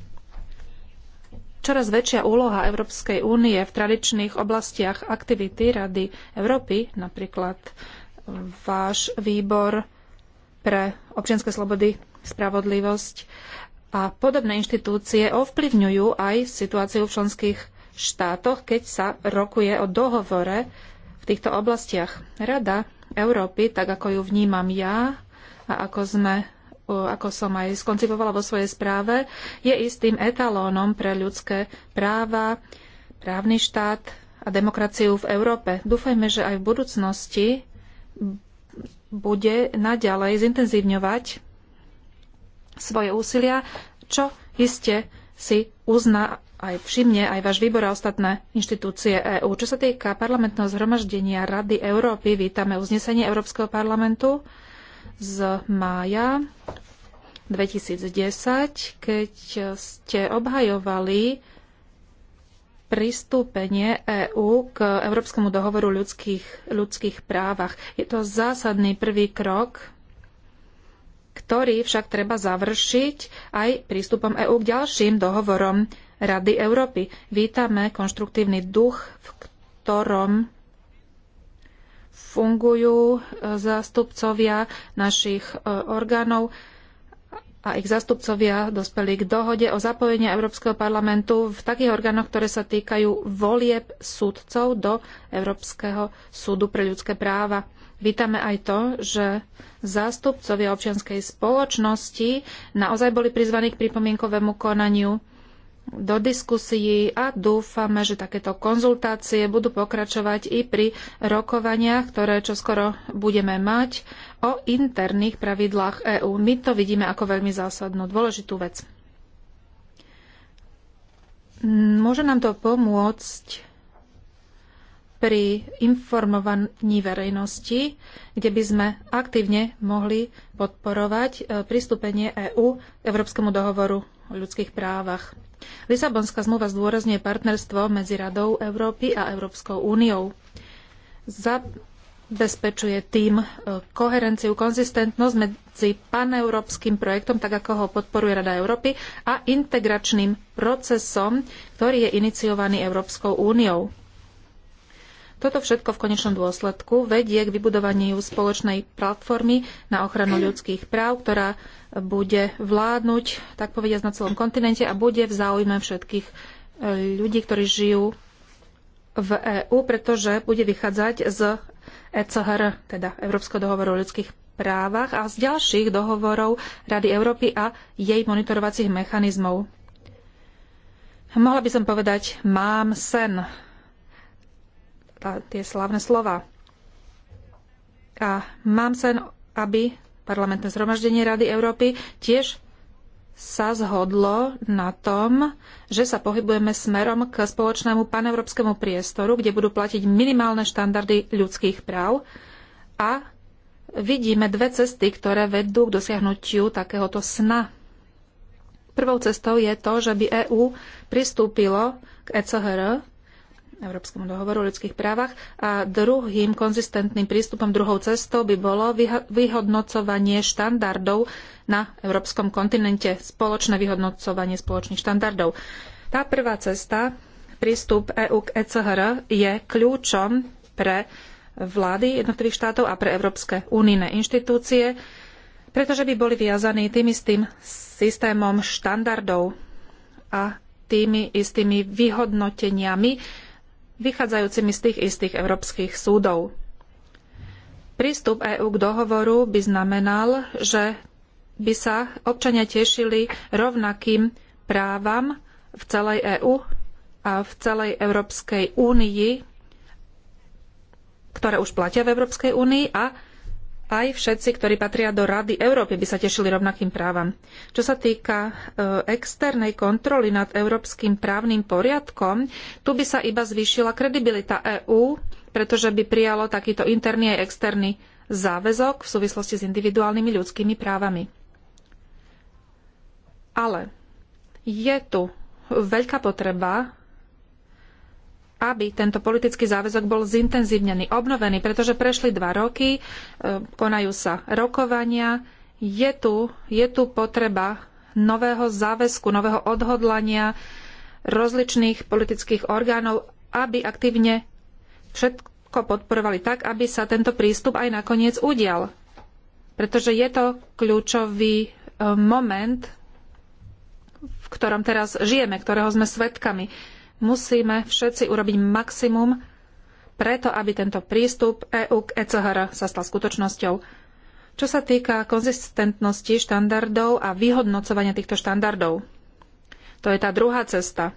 Čoraz väčšia úloha Európskej únie v tradičných oblastiach aktivity Rady Európy, napríklad váš výbor pre občianske slobody, spravodlivosť, a podobné inštitúcie ovplyvňujú aj situáciu v členských štátoch, keď sa rokuje o dohovore v týchto oblastiach. Rada Európy, tak ako ju vnímam ja a ako sme ako som aj skoncipovala vo svojej správe, je istým etalónom pre ľudské práva, právny štát a demokraciu v Európe. Dúfajme, že aj v budúcnosti bude naďalej zintenzívňovať svoje úsilia, čo iste si uzná aj všimne aj váš výbor a ostatné inštitúcie EÚ. Čo sa týka parlamentného zhromaždenia Rady Európy, vítame uznesenie Európskeho parlamentu z mája 2010, keď ste obhajovali pristúpenie EÚ k Európskemu dohovoru o ľudských, ľudských právach. Je to zásadný prvý krok ktorý však treba završiť aj prístupom EÚ k ďalším dohovorom Rady Európy. Vítame konštruktívny duch, v ktorom fungujú e, zástupcovia našich e, orgánov a ich zástupcovia dospeli k dohode o zapojení Európskeho parlamentu v takých orgánoch, ktoré sa týkajú volieb súdcov do Európskeho súdu pre ľudské práva. Vítame aj to, že zástupcovia občianskej spoločnosti naozaj boli prizvaní k pripomienkovému konaniu do diskusií a dúfame, že takéto konzultácie budú pokračovať i pri rokovaniach, ktoré čoskoro budeme mať o interných pravidlách EÚ. My to vidíme ako veľmi zásadnú, dôležitú vec. Môže nám to pomôcť pri informovaní verejnosti, kde by sme aktívne mohli podporovať e, pristúpenie EÚ EU k Európskemu dohovoru o ľudských právach. Lisabonská zmluva zdôrazňuje partnerstvo medzi Radou Európy a Európskou úniou. Zabezpečuje tým e, koherenciu, konzistentnosť medzi paneurópskym projektom, tak ako ho podporuje Rada Európy, a integračným procesom, ktorý je iniciovaný Európskou úniou toto všetko v konečnom dôsledku vedie k vybudovaniu spoločnej platformy na ochranu ľudských práv, ktorá bude vládnuť, tak povediať, na celom kontinente a bude v záujme všetkých e, ľudí, ktorí žijú v EÚ, pretože bude vychádzať z ECHR, teda Európskeho dohovoru o ľudských právach a z ďalších dohovorov Rady Európy a jej monitorovacích mechanizmov. Mohla by som povedať, mám sen tá, tie slavné slova. A mám sen, aby parlamentné zhromaždenie Rady Európy tiež sa zhodlo na tom, že sa pohybujeme smerom k spoločnému paneurópskemu priestoru, kde budú platiť minimálne štandardy ľudských práv a vidíme dve cesty, ktoré vedú k dosiahnutiu takéhoto sna. Prvou cestou je to, že by EÚ pristúpilo k ECHR Európskemu dohovoru o ľudských právach. A druhým konzistentným prístupom, druhou cestou by bolo vyhodnocovanie štandardov na európskom kontinente, spoločné vyhodnocovanie spoločných štandardov. Tá prvá cesta, prístup EU k ECHR, je kľúčom pre vlády jednotlivých štátov a pre Európske únijné inštitúcie, pretože by boli viazaní tým istým systémom štandardov a tými istými vyhodnoteniami vychádzajúcimi z tých istých európskych súdov. Prístup EÚ k dohovoru by znamenal, že by sa občania tešili rovnakým právam v celej EÚ a v celej Európskej únii, ktoré už platia v Európskej únii a aj všetci, ktorí patria do Rady Európy, by sa tešili rovnakým právam. Čo sa týka e, externej kontroly nad európskym právnym poriadkom, tu by sa iba zvýšila kredibilita EÚ, pretože by prijalo takýto interný aj externý záväzok v súvislosti s individuálnymi ľudskými právami. Ale je tu veľká potreba aby tento politický záväzok bol zintenzívnený, obnovený, pretože prešli dva roky, e, konajú sa rokovania, je tu, je tu potreba nového záväzku, nového odhodlania rozličných politických orgánov, aby aktívne všetko podporovali tak, aby sa tento prístup aj nakoniec udial. Pretože je to kľúčový e, moment, v ktorom teraz žijeme, ktorého sme svedkami. Musíme všetci urobiť maximum preto, aby tento prístup EU k ECHR sa stal skutočnosťou. Čo sa týka konzistentnosti štandardov a vyhodnocovania týchto štandardov, to je tá druhá cesta.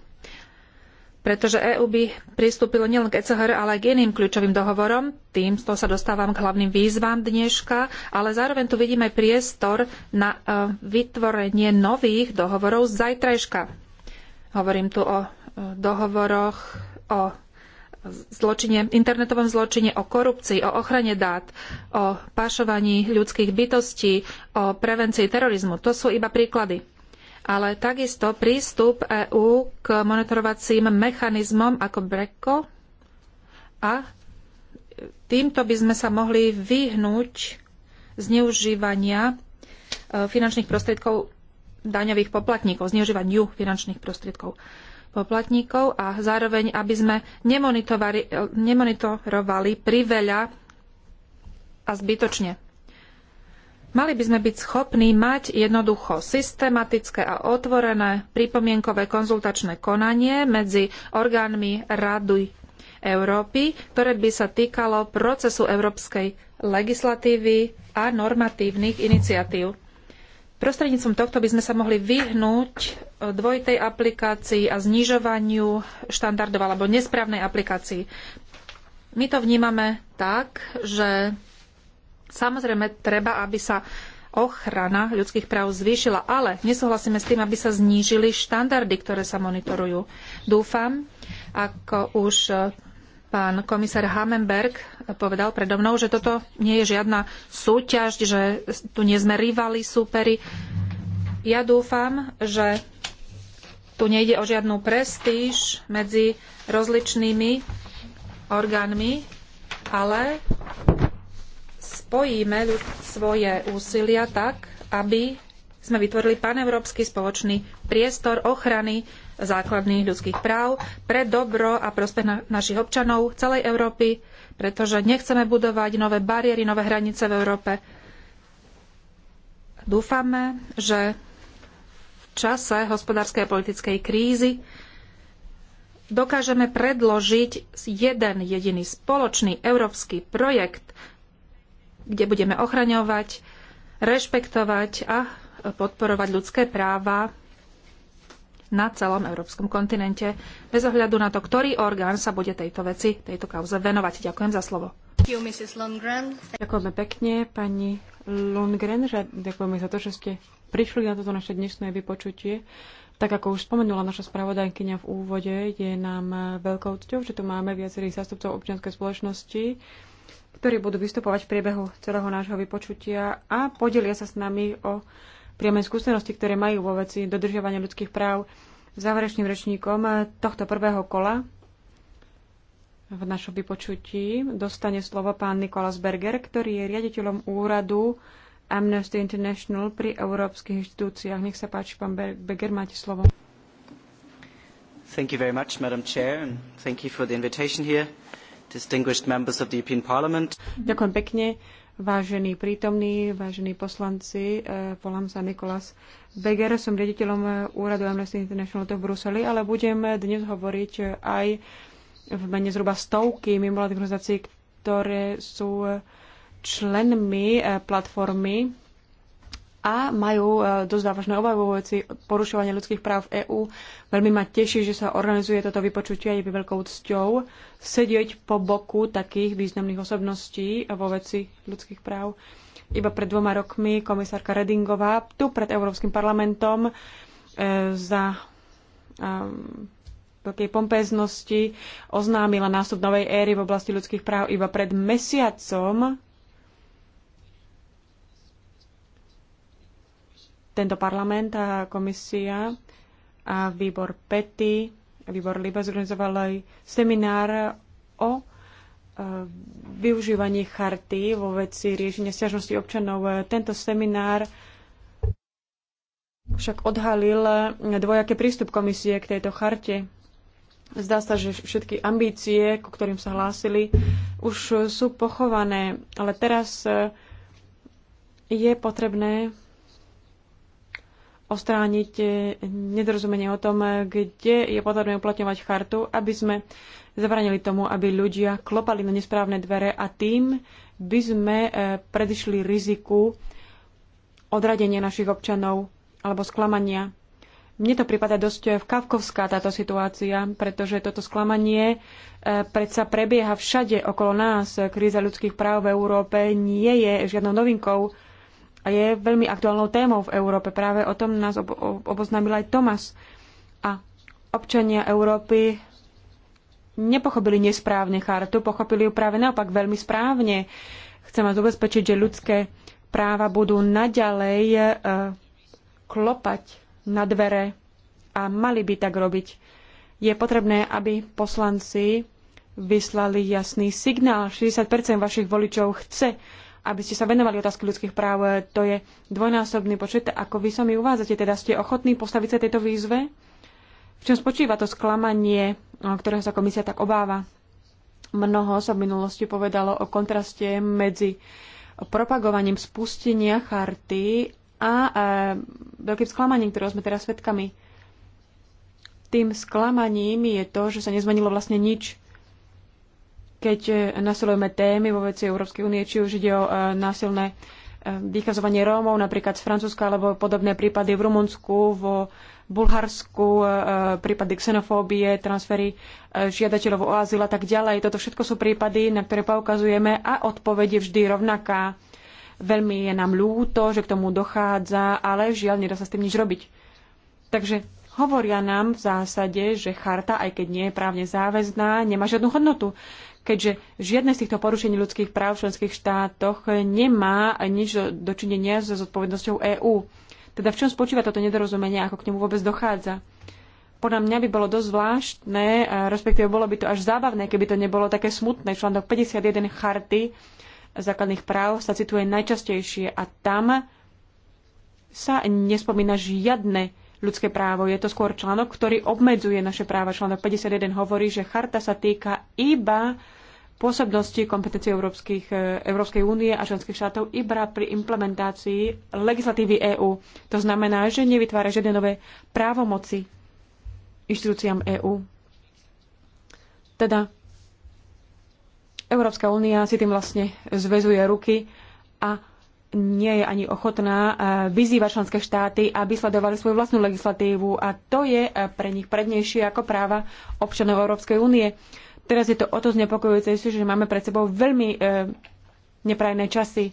Pretože EU by pristúpilo nielen k ECHR, ale aj k iným kľúčovým dohovorom. Tým to sa dostávam k hlavným výzvam dneška, ale zároveň tu vidíme priestor na e, vytvorenie nových dohovorov z zajtrajška. Hovorím tu o dohovoroch o zločine, internetovom zločine, o korupcii, o ochrane dát, o pašovaní ľudských bytostí, o prevencii terorizmu. To sú iba príklady. Ale takisto prístup EÚ k monitorovacím mechanizmom ako BRECO a týmto by sme sa mohli vyhnúť zneužívania e, finančných prostriedkov daňových poplatníkov, zneužívaniu finančných prostriedkov poplatníkov a zároveň, aby sme eh, nemonitorovali priveľa a zbytočne. Mali by sme byť schopní mať jednoducho systematické a otvorené pripomienkové konzultačné konanie medzi orgánmi Rady Európy, ktoré by sa týkalo procesu európskej legislatívy a normatívnych iniciatív. Prostredníctvom tohto by sme sa mohli vyhnúť e, dvojitej aplikácii a znižovaniu štandardov alebo nesprávnej aplikácii. My to vnímame tak, že samozrejme treba, aby sa ochrana ľudských práv zvýšila, ale nesúhlasíme s tým, aby sa znížili štandardy, ktoré sa monitorujú. Dúfam, ako už Pán komisár Hamenberg povedal predo mnou, že toto nie je žiadna súťaž, že tu nie sme rivali, súperi. Ja dúfam, že tu nejde o žiadnu prestíž medzi rozličnými orgánmi, ale spojíme svoje úsilia tak, aby sme vytvorili paneurópsky spoločný priestor ochrany základných ľudských práv pre dobro a prospech na, našich občanov celej Európy, pretože nechceme budovať nové bariéry, nové hranice v Európe. Dúfame, že v čase hospodárskej a politickej krízy dokážeme predložiť jeden jediný spoločný európsky projekt, kde budeme ochraňovať, rešpektovať a podporovať ľudské práva na celom európskom kontinente, bez ohľadu na to, ktorý orgán sa bude tejto veci, tejto kauze venovať. Ďakujem za slovo. Ďakujeme pekne, pani Lundgren, že ďakujeme za to, že ste prišli na toto naše dnešné vypočutie. Tak ako už spomenula naša spravodajkyňa v úvode, je nám veľkou cťou, že tu máme viacerých zástupcov občianskej spoločnosti, ktorí budú vystupovať v priebehu celého nášho vypočutia a podelia sa s nami o priame skúsenosti, ktoré majú vo veci dodržiavania ľudských práv. Záverečným rečníkom tohto prvého kola v našom vypočutí dostane slovo pán Nikolas Berger, ktorý je riaditeľom úradu Amnesty International pri európskych inštitúciách. Nech sa páči, pán Berger, máte slovo. Thank you very much, Madam Chair, and thank you for the invitation here, distinguished members of the European Parliament. Ďakujem pekne. Vážení prítomní, vážení poslanci, e, volám sa Nikolas Beger, som riaditeľom e, úradu Amnesty International v Bruseli, ale budem dnes hovoriť aj v mene zhruba stovky mimovládnych organizácií, ktoré sú e, členmi platformy a majú e, dosť závažné obavy veci porušovania ľudských práv v EÚ. Veľmi ma teší, že sa organizuje toto vypočutie a je veľkou cťou sedieť po boku takých významných osobností vo veci ľudských práv. Iba pred dvoma rokmi komisárka Redingová tu pred Európskym parlamentom e, za um, veľkej pompeznosti oznámila nástup novej éry v oblasti ľudských práv iba pred mesiacom tento parlament a komisia a výbor PETI, a výbor LIBA zorganizoval seminár o e, využívaní charty vo veci riešenia stiažnosti občanov. Tento seminár však odhalil dvojaký prístup komisie k tejto charte. Zdá sa, že všetky ambície, ku ktorým sa hlásili, už sú pochované, ale teraz e, je potrebné ostrániť nedorozumenie o tom, kde je potrebné uplatňovať chartu, aby sme zabranili tomu, aby ľudia klopali na nesprávne dvere a tým by sme e, predišli riziku odradenia našich občanov alebo sklamania. Mne to prípada dosť kavkovská táto situácia, pretože toto sklamanie e, predsa prebieha všade okolo nás. Kríza ľudských práv v Európe nie je žiadnou novinkou a je veľmi aktuálnou témou v Európe. Práve o tom nás ob- oboznámil aj Tomas. A občania Európy nepochopili nesprávne chartu, pochopili ju práve naopak veľmi správne. Chcem vás ubezpečiť, že ľudské práva budú naďalej e, klopať na dvere a mali by tak robiť. Je potrebné, aby poslanci vyslali jasný signál. 60% vašich voličov chce aby ste sa venovali otázky ľudských práv. To je dvojnásobný počet, ako vy sami uvádzate. Teda ste ochotní postaviť sa tejto výzve? V čom spočíva to sklamanie, ktorého sa komisia tak obáva? Mnoho sa v minulosti povedalo o kontraste medzi propagovaním spustenia charty a e, veľkým sklamaním, ktorého sme teraz svedkami. Tým sklamaním je to, že sa nezmenilo vlastne nič keď e, nasilujeme témy vo veci Európskej únie, či už ide o e, násilné e, vykazovanie Rómov, napríklad z Francúzska, alebo podobné prípady v Rumunsku, vo Bulharsku, prípady xenofóbie, transfery žiadateľov o azyl a tak ďalej. Toto všetko sú prípady, na ktoré poukazujeme a odpoveď je vždy rovnaká. Veľmi je nám ľúto, že k tomu dochádza, ale žiaľ, nedá sa s tým nič robiť. Takže hovoria nám v zásade, že charta, aj keď nie je právne záväzná, nemá žiadnu hodnotu keďže žiadne z týchto porušení ľudských práv v členských štátoch nemá nič dočinenia so zodpovednosťou EÚ. Teda v čom spočíva toto nedorozumenie, ako k nemu vôbec dochádza? Podľa mňa by bolo dosť zvláštne, e, respektíve bolo by to až zábavné, keby to nebolo také smutné. Článok 51 charty základných práv sa cituje najčastejšie a tam sa nespomína žiadne ľudské právo. Je to skôr článok, ktorý obmedzuje naše práva. Článok 51 hovorí, že charta sa týka iba pôsobnosti kompetencie Európskych, e, Európskej únie a členských štátov iba pri implementácii legislatívy EÚ. To znamená, že nevytvára žiadne nové právomoci inštitúciám EÚ. Teda Európska únia si tým vlastne zvezuje ruky a nie je ani ochotná e, vyzývať členské štáty, aby sledovali svoju vlastnú legislatívu a to je e, pre nich prednejšie ako práva občanov Európskej únie. Teraz je to o to znepokojujúcejšie, že máme pred sebou veľmi e, neprajné časy. E,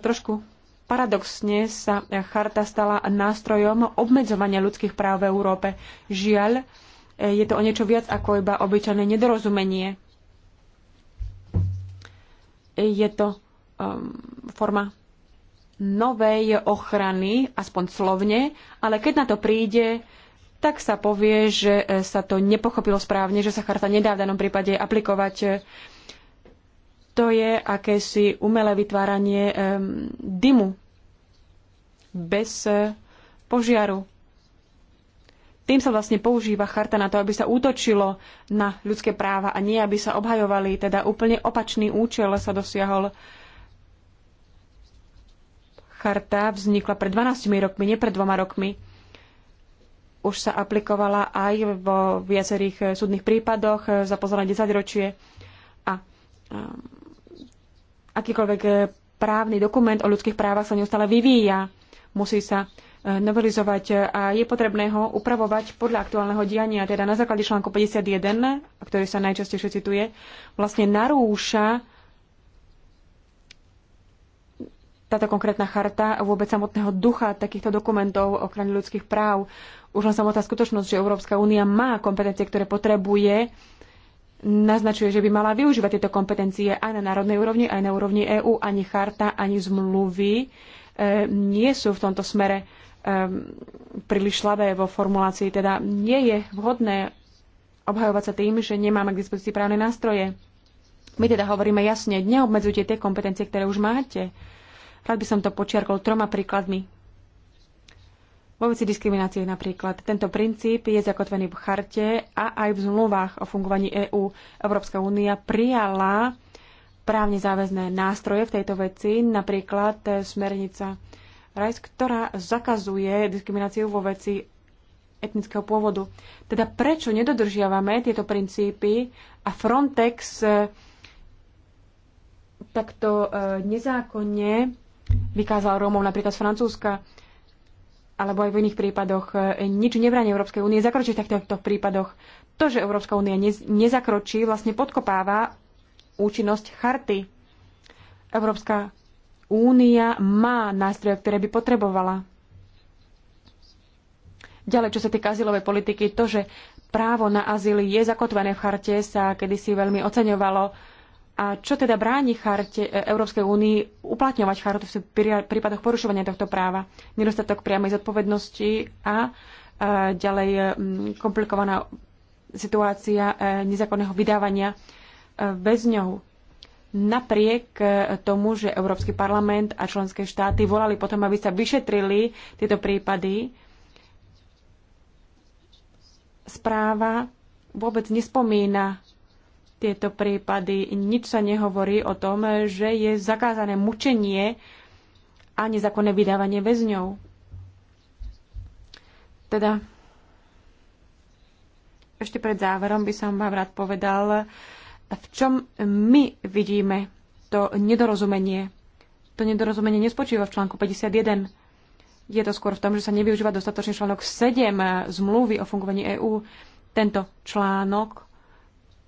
trošku paradoxne sa charta stala nástrojom obmedzovania ľudských práv v Európe. Žiaľ, e, je to o niečo viac ako iba obyčajné nedorozumenie. E, je to um, forma novej ochrany, aspoň slovne, ale keď na to príde, tak sa povie, že e, sa to nepochopilo správne, že sa charta nedá v danom prípade aplikovať. To je akési umelé vytváranie e, dymu bez e, požiaru. Tým sa vlastne používa charta na to, aby sa útočilo na ľudské práva a nie, aby sa obhajovali. Teda úplne opačný účel sa dosiahol. Charta vznikla pred 12 rokmi, nie pred dvoma rokmi už sa aplikovala aj vo viacerých eh, súdnych prípadoch eh, za posledné 10 ročie. A eh, akýkoľvek právny dokument o ľudských právach sa neustále vyvíja, musí sa novelizovať a je potrebné ho upravovať podľa aktuálneho diania. Teda na základe článku 51, ktorý sa najčastejšie cituje, vlastne narúša táto konkrétna charta vôbec samotného ducha takýchto dokumentov o ochrane ľudských práv. Už len samotná skutočnosť, že Európska únia má kompetencie, ktoré potrebuje, naznačuje, že by mala využívať tieto kompetencie aj na národnej úrovni, aj na úrovni EÚ. Ani charta, ani zmluvy e, nie sú v tomto smere e, príliš slabé vo formulácii. Teda nie je vhodné obhajovať sa tým, že nemáme k dispozícii právne nástroje. My teda hovoríme jasne, neobmedzujte tie kompetencie, ktoré už máte. Rád by som to počiarkol troma príkladmi. Vo veci diskriminácie napríklad. Tento princíp je zakotvený v charte a aj v zmluvách o fungovaní EÚ. Európska únia prijala právne záväzné nástroje v tejto veci, napríklad smernica RISE, ktorá zakazuje diskrimináciu vo veci etnického pôvodu. Teda prečo nedodržiavame tieto princípy a Frontex takto e, nezákonne vykázal Rómov napríklad z Francúzska, alebo aj v iných prípadoch. E, nič nevráni Európskej únie zakročiť v takýchto prípadoch. To, že Európska únia nezakročí, vlastne podkopáva účinnosť charty. Európska únia má nástroje, ktoré by potrebovala. Ďalej, čo sa týka azylovej politiky, to, že právo na azyl je zakotvené v charte, sa kedysi veľmi oceňovalo a čo teda bráni charte e, Európskej únii uplatňovať chartu v prípadoch porušovania tohto práva? Nedostatok priamej zodpovednosti a e, ďalej e, komplikovaná situácia nezákonného vydávania väzňov. Napriek tomu, že Európsky parlament a členské štáty volali potom, aby sa vyšetrili tieto prípady, správa vôbec nespomína tieto prípady. Nič sa nehovorí o tom, že je zakázané mučenie a nezákonné vydávanie väzňov. Teda ešte pred záverom by som vám rád povedal, v čom my vidíme to nedorozumenie. To nedorozumenie nespočíva v článku 51. Je to skôr v tom, že sa nevyužíva dostatočne článok 7 zmluvy o fungovaní EÚ. Tento článok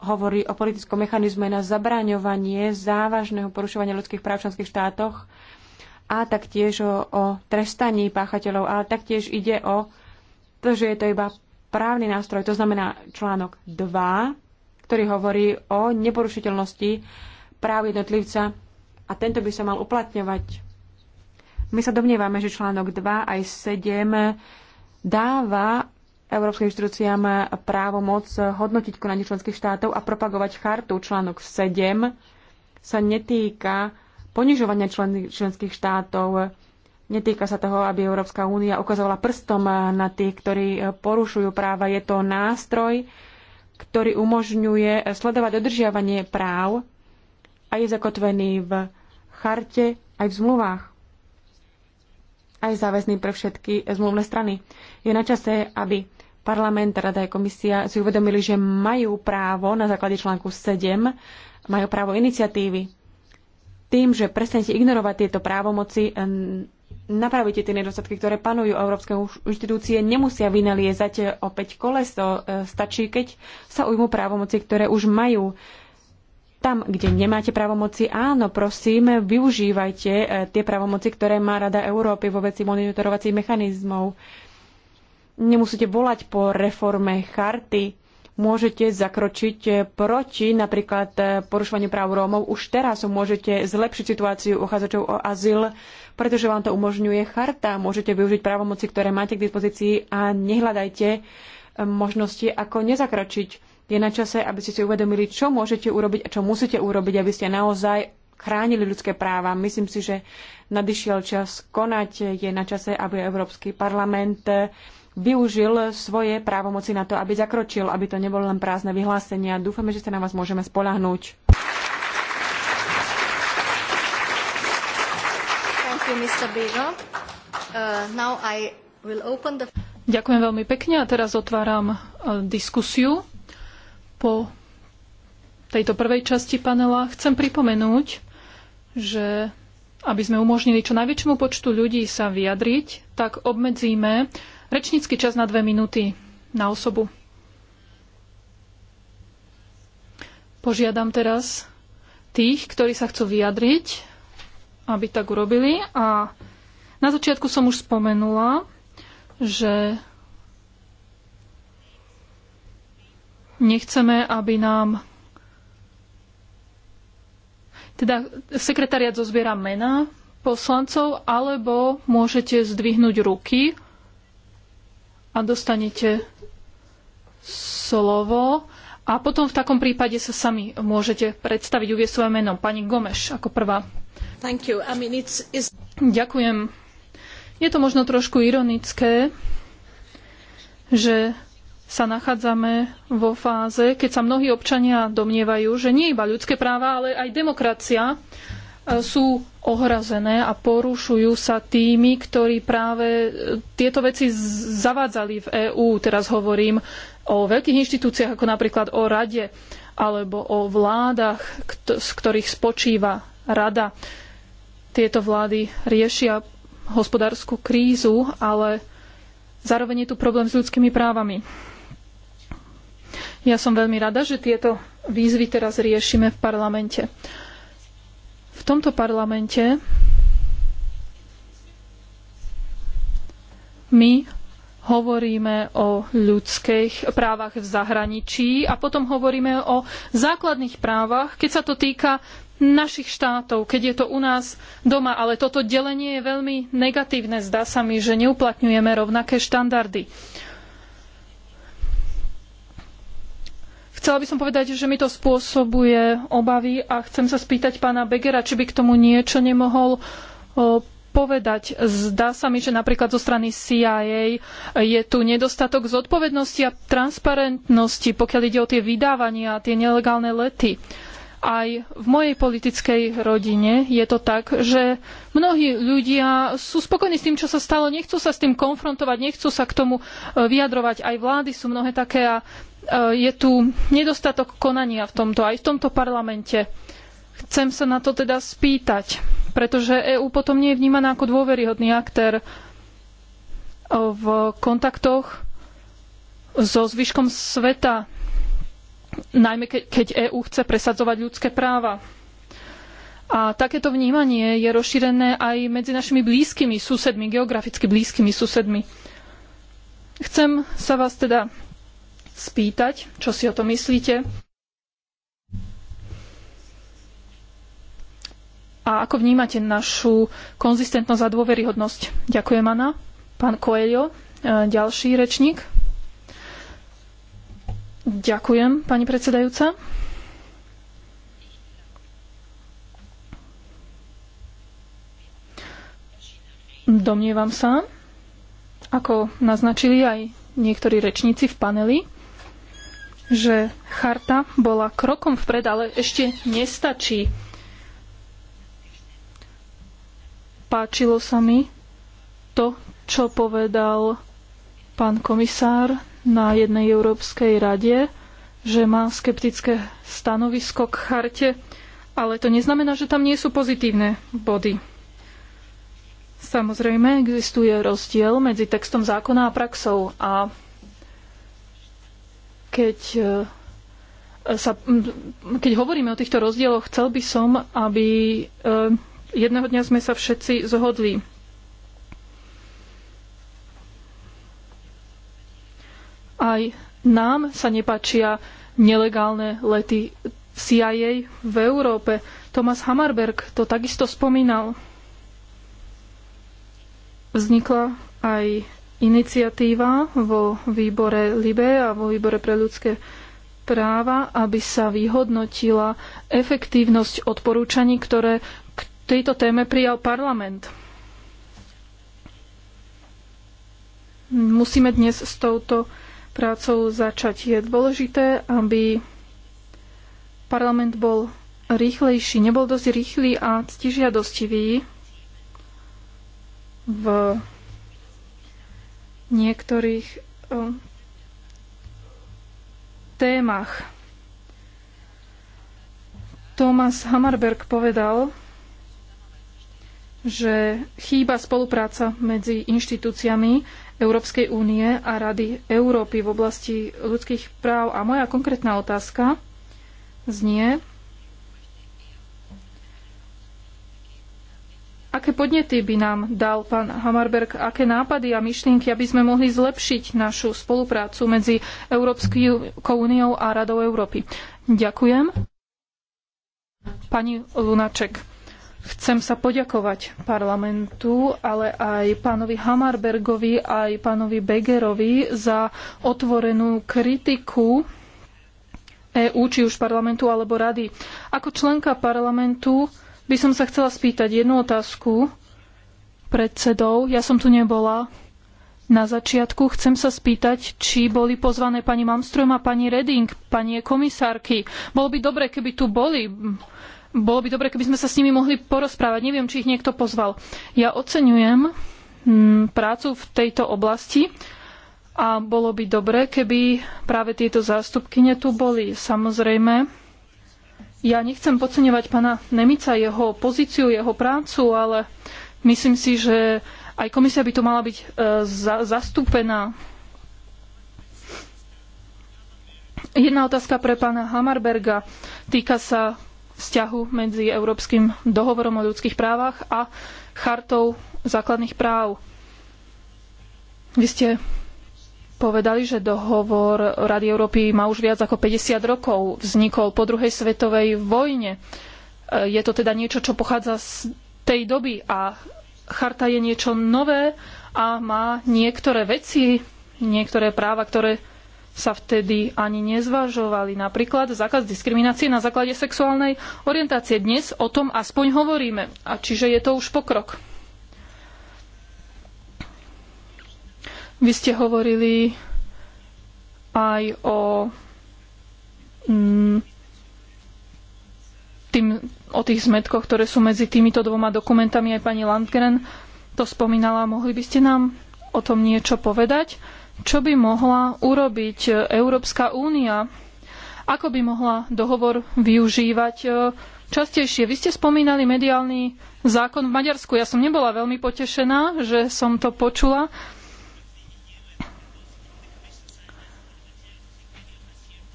hovorí o politickom mechanizme na zabraňovanie závažného porušovania ľudských práv v členských štátoch a taktiež o, o trestaní páchateľov, ale taktiež ide o to, že je to iba právny nástroj, to znamená článok 2, ktorý hovorí o neporušiteľnosti práv jednotlivca a tento by sa mal uplatňovať. My sa domnievame, že článok 2 aj 7 dáva má právo moc hodnotiť konanie členských štátov a propagovať chartu. Článok 7 sa netýka ponižovania člen, členských štátov, netýka sa toho, aby Európska únia ukazovala prstom na tých, ktorí porušujú práva. Je to nástroj, ktorý umožňuje sledovať dodržiavanie práv a je zakotvený v charte aj v zmluvách aj záväzný pre všetky zmluvné strany. Je na čase, aby Parlament, Rada aj komisia si uvedomili, že majú právo na základe článku 7, majú právo iniciatívy. Tým, že prestanete ignorovať tieto právomoci, napravíte tie nedostatky, ktoré panujú európske inštitúcie, nemusia vynaliezať opäť koleso. E, stačí, keď sa ujmú právomoci, ktoré už majú. Tam, kde nemáte právomoci, áno, prosím, využívajte e, tie právomoci, ktoré má Rada Európy vo veci monitorovacích mechanizmov. Nemusíte volať po reforme charty, môžete zakročiť proti napríklad porušovaniu práv Rómov. Už teraz môžete zlepšiť situáciu uchádzačov o azyl, pretože vám to umožňuje charta. Môžete využiť právomoci, ktoré máte k dispozícii a nehľadajte možnosti, ako nezakročiť. Je na čase, aby ste si uvedomili, čo môžete urobiť a čo musíte urobiť, aby ste naozaj chránili ľudské práva. Myslím si, že nadišiel čas konať. Je na čase, aby Európsky parlament využil svoje právomoci na to, aby zakročil, aby to nebolo len prázdne vyhlásenia. Dúfame, že sa na vás môžeme spolahnúť. Uh, Ďakujem veľmi pekne a teraz otváram uh, diskusiu. Po tejto prvej časti panela chcem pripomenúť, že aby sme umožnili čo najväčšiemu počtu ľudí sa vyjadriť, tak obmedzíme Rečnícky čas na dve minúty na osobu. Požiadam teraz tých, ktorí sa chcú vyjadriť, aby tak urobili. A na začiatku som už spomenula, že nechceme, aby nám teda sekretariat zozbiera mena poslancov, alebo môžete zdvihnúť ruky a dostanete slovo. A potom v takom prípade sa sami môžete predstaviť, uvieť svoje meno. Pani Gomeš ako prvá. I mean, it's, it's... Ďakujem. Je to možno trošku ironické, že sa nachádzame vo fáze, keď sa mnohí občania domnievajú, že nie iba ľudské práva, ale aj demokracia E, sú ohrazené a porušujú sa tými, ktorí práve e, tieto veci zavádzali v EÚ. Teraz hovorím o veľkých inštitúciách, ako napríklad o rade alebo o vládach, z ktorých spočíva rada. Tieto vlády riešia hospodárskú krízu, ale zároveň je tu problém s ľudskými právami. Ja som veľmi rada, že tieto výzvy teraz riešime v parlamente. V tomto parlamente my hovoríme o ľudských právach v zahraničí a potom hovoríme o základných právach, keď sa to týka našich štátov, keď je to u nás doma. Ale toto delenie je veľmi negatívne. Zdá sa mi, že neuplatňujeme rovnaké štandardy. Chcela by som povedať, že mi to spôsobuje obavy a chcem sa spýtať pána Begera, či by k tomu niečo nemohol povedať. Zdá sa mi, že napríklad zo strany CIA je tu nedostatok zodpovednosti a transparentnosti, pokiaľ ide o tie vydávania a tie nelegálne lety. Aj v mojej politickej rodine je to tak, že mnohí ľudia sú spokojní s tým, čo sa stalo, nechcú sa s tým konfrontovať, nechcú sa k tomu e, vyjadrovať. Aj vlády sú mnohé také a Eh, je tu nedostatok konania v tomto, aj v tomto parlamente. Chcem sa na to teda spýtať, pretože EÚ potom nie je vnímaná ako dôveryhodný aktér eh, v kontaktoch so zvyškom sveta, najmä keď EÚ chce presadzovať ľudské práva. A takéto vnímanie je rozšírené aj medzi našimi blízkymi susedmi, geograficky blízkymi susedmi. Chcem sa vás teda spýtať, čo si o to myslíte. A ako vnímate našu konzistentnosť a dôveryhodnosť? Ďakujem, Anna. Pán Coelho, e, ďalší rečník. Ďakujem, pani predsedajúca. Domnievam sa, ako naznačili aj niektorí rečníci v paneli, že charta bola krokom vpred, ale ešte nestačí. Páčilo sa mi to, čo povedal pán komisár na jednej Európskej rade, že má skeptické stanovisko k charte, ale to neznamená, že tam nie sú pozitívne body. Samozrejme, existuje rozdiel medzi textom zákona a praxou a keď, e, sa, keď hovoríme o týchto rozdieloch, chcel by som, aby e, jedného dňa sme sa všetci zhodli. Aj nám sa nepáčia nelegálne lety CIA v Európe. Thomas Hammerberg to takisto spomínal. Vznikla aj iniciatíva vo výbore LIBE a vo výbore pre ľudské práva, aby sa vyhodnotila efektívnosť odporúčaní, ktoré k tejto téme prijal parlament. Musíme dnes s touto prácou začať. Je dôležité, aby parlament bol rýchlejší, nebol dosť rýchly a ctižiadostivý v niektorých témach. Thomas Hammerberg povedal, že chýba spolupráca medzi inštitúciami Európskej únie a Rady Európy v oblasti ľudských práv. A moja konkrétna otázka znie, Aké podnety by nám dal pán Hammerberg, aké nápady a myšlienky, aby sme mohli zlepšiť našu spoluprácu medzi Európskou úniou a Radou Európy? Ďakujem. Pani Lunaček, chcem sa poďakovať parlamentu, ale aj pánovi Hammerbergovi, aj pánovi Begerovi za otvorenú kritiku EÚ, či už parlamentu alebo rady. Ako členka parlamentu by som sa chcela spýtať jednu otázku predsedov. Ja som tu nebola na začiatku. Chcem sa spýtať, či boli pozvané pani Malmström a pani Reding, pani komisárky. Bolo by dobre, keby tu boli. Bolo by dobre, keby sme sa s nimi mohli porozprávať. Neviem, či ich niekto pozval. Ja oceňujem mm, prácu v tejto oblasti a bolo by dobre, keby práve tieto zástupky tu boli. Samozrejme, ja nechcem podceňovať pána Nemica, jeho pozíciu, jeho prácu, ale myslím si, že aj komisia by tu mala byť e, za, zastúpená. Jedna otázka pre pána Hamarberga týka sa vzťahu medzi Európskym dohovorom o ľudských právach a chartou základných práv. Vy ste povedali, že dohovor Rady Európy má už viac ako 50 rokov. Vznikol po druhej svetovej vojne. E, je to teda niečo, čo pochádza z tej doby a charta je niečo nové a má niektoré veci, niektoré práva, ktoré sa vtedy ani nezvažovali. Napríklad zákaz diskriminácie na základe sexuálnej orientácie. Dnes o tom aspoň hovoríme. A čiže je to už pokrok. Vy ste hovorili aj o, mm, tým, o tých zmetkoch, ktoré sú medzi týmito dvoma dokumentami. Aj pani Landgren to spomínala. Mohli by ste nám o tom niečo povedať? Čo by mohla urobiť Európska únia? Ako by mohla dohovor využívať e, častejšie? Vy ste spomínali mediálny zákon v Maďarsku. Ja som nebola veľmi potešená, že som to počula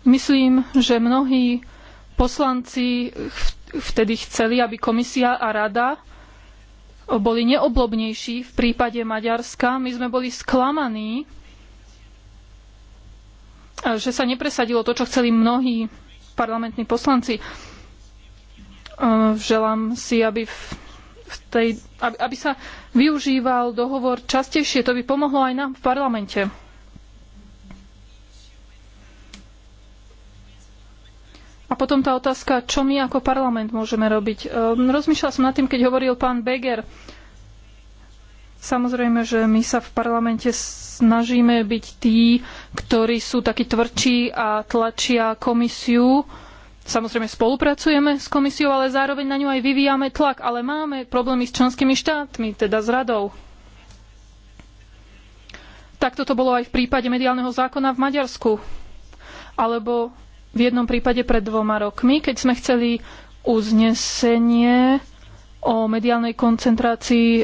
Myslím, že mnohí poslanci vtedy chceli, aby komisia a rada boli neoblobnejší v prípade Maďarska. My sme boli sklamaní, že sa nepresadilo to, čo chceli mnohí parlamentní poslanci. E, želám si, aby, v tej, aby, aby sa využíval dohovor častejšie. To by pomohlo aj nám v parlamente. A potom tá otázka, čo my ako parlament môžeme robiť. Ehm, rozmýšľala som nad tým, keď hovoril pán Beger. Samozrejme, že my sa v parlamente snažíme byť tí, ktorí sú takí tvrdší a tlačia komisiu. Samozrejme, spolupracujeme s komisiou, ale zároveň na ňu aj vyvíjame tlak. Ale máme problémy s členskými štátmi, teda s radou. Takto to bolo aj v prípade mediálneho zákona v Maďarsku. Alebo v jednom prípade pred dvoma rokmi, keď sme chceli uznesenie o mediálnej koncentrácii, e,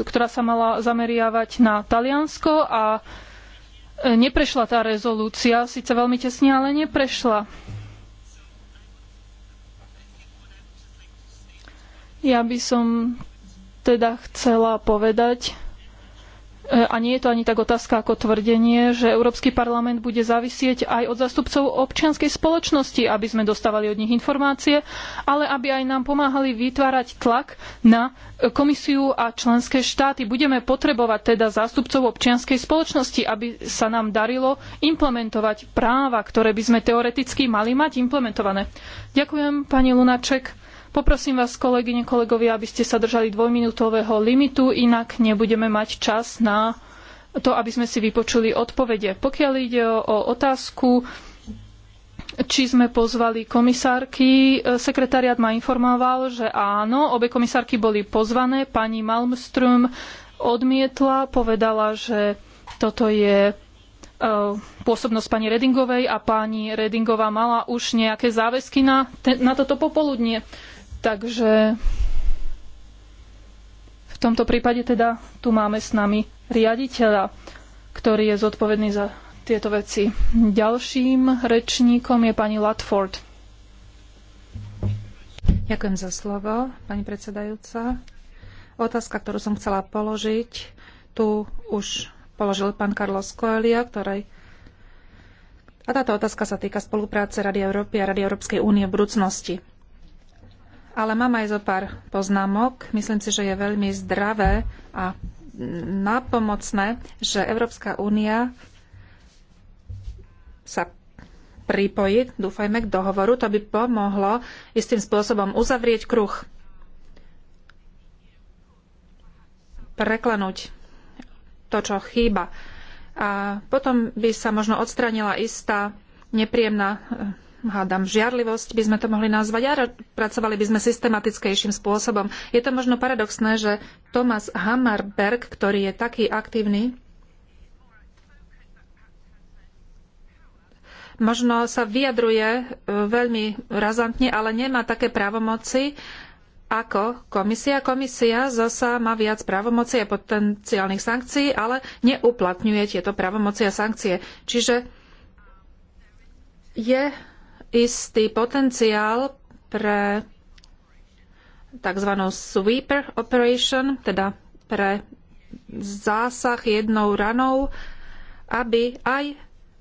ktorá sa mala zameriavať na Taliansko a e, neprešla tá rezolúcia, síce veľmi tesne, ale neprešla. Ja by som teda chcela povedať, E, a nie je to ani tak otázka ako tvrdenie, že Európsky parlament bude závisieť aj od zástupcov občianskej spoločnosti, aby sme dostávali od nich informácie, ale aby aj nám pomáhali vytvárať tlak na e, komisiu a členské štáty. Budeme potrebovať teda zástupcov občianskej spoločnosti, aby sa nám darilo implementovať práva, ktoré by sme teoreticky mali mať implementované. Ďakujem, pani Lunaček. Poprosím vás, kolegyne, kolegovia, aby ste sa držali dvojminútového limitu, inak nebudeme mať čas na to, aby sme si vypočuli odpovede. Pokiaľ ide o otázku, či sme pozvali komisárky. E, sekretariat ma informoval, že áno, obe komisárky boli pozvané. Pani Malmström odmietla, povedala, že toto je e, pôsobnosť pani Redingovej a pani Redingová mala už nejaké záväzky na, na toto popoludnie. Takže v tomto prípade teda tu máme s nami riaditeľa, ktorý je zodpovedný za tieto veci. Ďalším rečníkom je pani Latford. Ďakujem za slovo, pani predsedajúca. Otázka, ktorú som chcela položiť, tu už položil pán Carlos Coelia, ktorej a táto otázka sa týka spolupráce Rady Európy a Rady Európskej únie v budúcnosti ale mám aj zo pár poznámok. Myslím si, že je veľmi zdravé a napomocné, že Európska únia sa pripoji, dúfajme, k dohovoru. To by pomohlo istým spôsobom uzavrieť kruh, preklenúť to, čo chýba. A potom by sa možno odstranila istá nepríjemná hádam, žiarlivosť by sme to mohli nazvať a pracovali by sme systematickejším spôsobom. Je to možno paradoxné, že Thomas Hammerberg, ktorý je taký aktívny, možno sa vyjadruje e, veľmi razantne, ale nemá také právomoci ako komisia. Komisia zasa má viac právomoci a potenciálnych sankcií, ale neuplatňuje tieto právomoci a sankcie. Čiže je istý potenciál pre tzv. sweeper operation, teda pre zásah jednou ranou, aby aj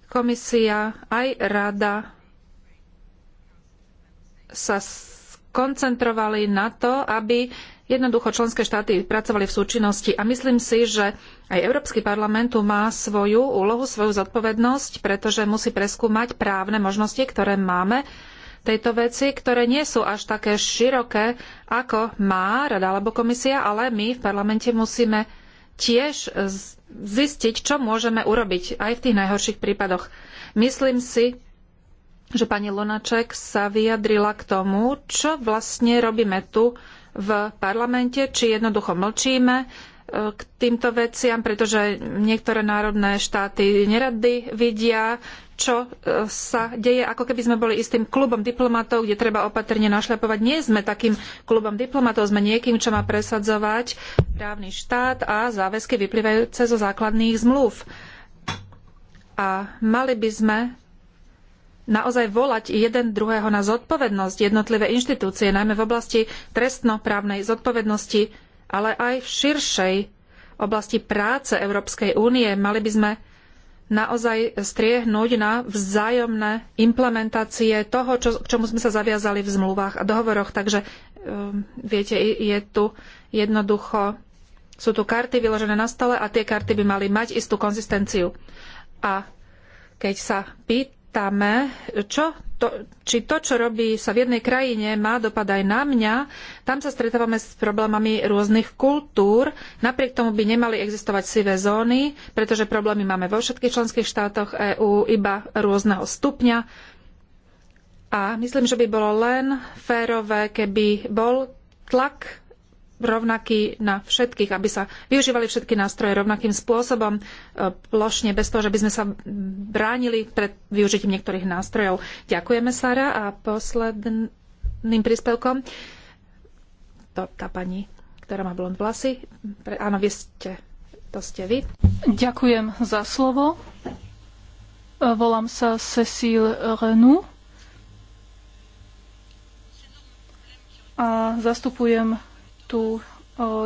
komisia, aj rada sa skoncentrovali na to, aby Jednoducho členské štáty pracovali v súčinnosti a myslím si, že aj Európsky parlament tu má svoju úlohu, svoju zodpovednosť, pretože musí preskúmať právne možnosti, ktoré máme tejto veci, ktoré nie sú až také široké, ako má rada alebo komisia, ale my v parlamente musíme tiež zistiť, čo môžeme urobiť aj v tých najhorších prípadoch. Myslím si, že pani Lonaček sa vyjadrila k tomu, čo vlastne robíme tu v parlamente, či jednoducho mlčíme e, k týmto veciam, pretože niektoré národné štáty nerady vidia, čo e, sa deje, ako keby sme boli istým klubom diplomatov, kde treba opatrne našľapovať. Nie sme takým klubom diplomatov, sme niekým, čo má presadzovať právny štát a záväzky vyplývajúce zo základných zmluv. A mali by sme naozaj volať jeden druhého na zodpovednosť jednotlivé inštitúcie, najmä v oblasti trestnoprávnej zodpovednosti, ale aj v širšej oblasti práce Európskej únie. Mali by sme naozaj striehnúť na vzájomné implementácie toho, čo, k čomu sme sa zaviazali v zmluvách a dohovoroch. Takže e, viete, je tu jednoducho, sú tu karty vyložené na stole a tie karty by mali mať istú konzistenciu. A keď sa pýta, pýtame, čo to, či to, čo robí sa v jednej krajine, má dopad aj na mňa, tam sa stretávame s problémami rôznych kultúr. Napriek tomu by nemali existovať sivé zóny, pretože problémy máme vo všetkých členských štátoch EÚ iba rôzneho stupňa. A myslím, že by bolo len férové, keby bol tlak rovnaký na všetkých, aby sa využívali všetky nástroje rovnakým spôsobom, e, plošne, bez toho, že by sme sa bránili pred využitím niektorých nástrojov. Ďakujeme, Sara. A posledným príspevkom, to, tá pani, ktorá má blond vlasy. Pre, áno, vy ste, to ste vy. Ďakujem za slovo. E, volám sa Cecile Renu. a zastupujem tú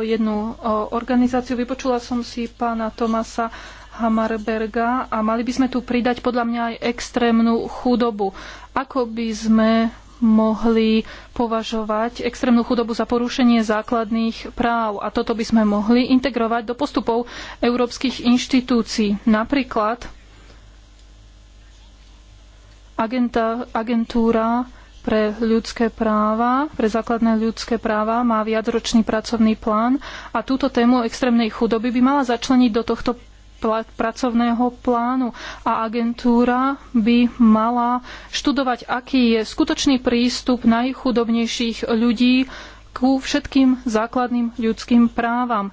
jednu organizáciu. Vypočula som si pána Tomasa Hammerberga a mali by sme tu pridať podľa mňa aj extrémnu chudobu. Ako by sme mohli považovať extrémnu chudobu za porušenie základných práv. A toto by sme mohli integrovať do postupov európskych inštitúcií. Napríklad agenta, agentúra pre ľudské práva, pre základné ľudské práva, má viacročný pracovný plán a túto tému extrémnej chudoby by mala začleniť do tohto pracovného plánu a agentúra by mala študovať, aký je skutočný prístup najchudobnejších ľudí ku všetkým základným ľudským právam.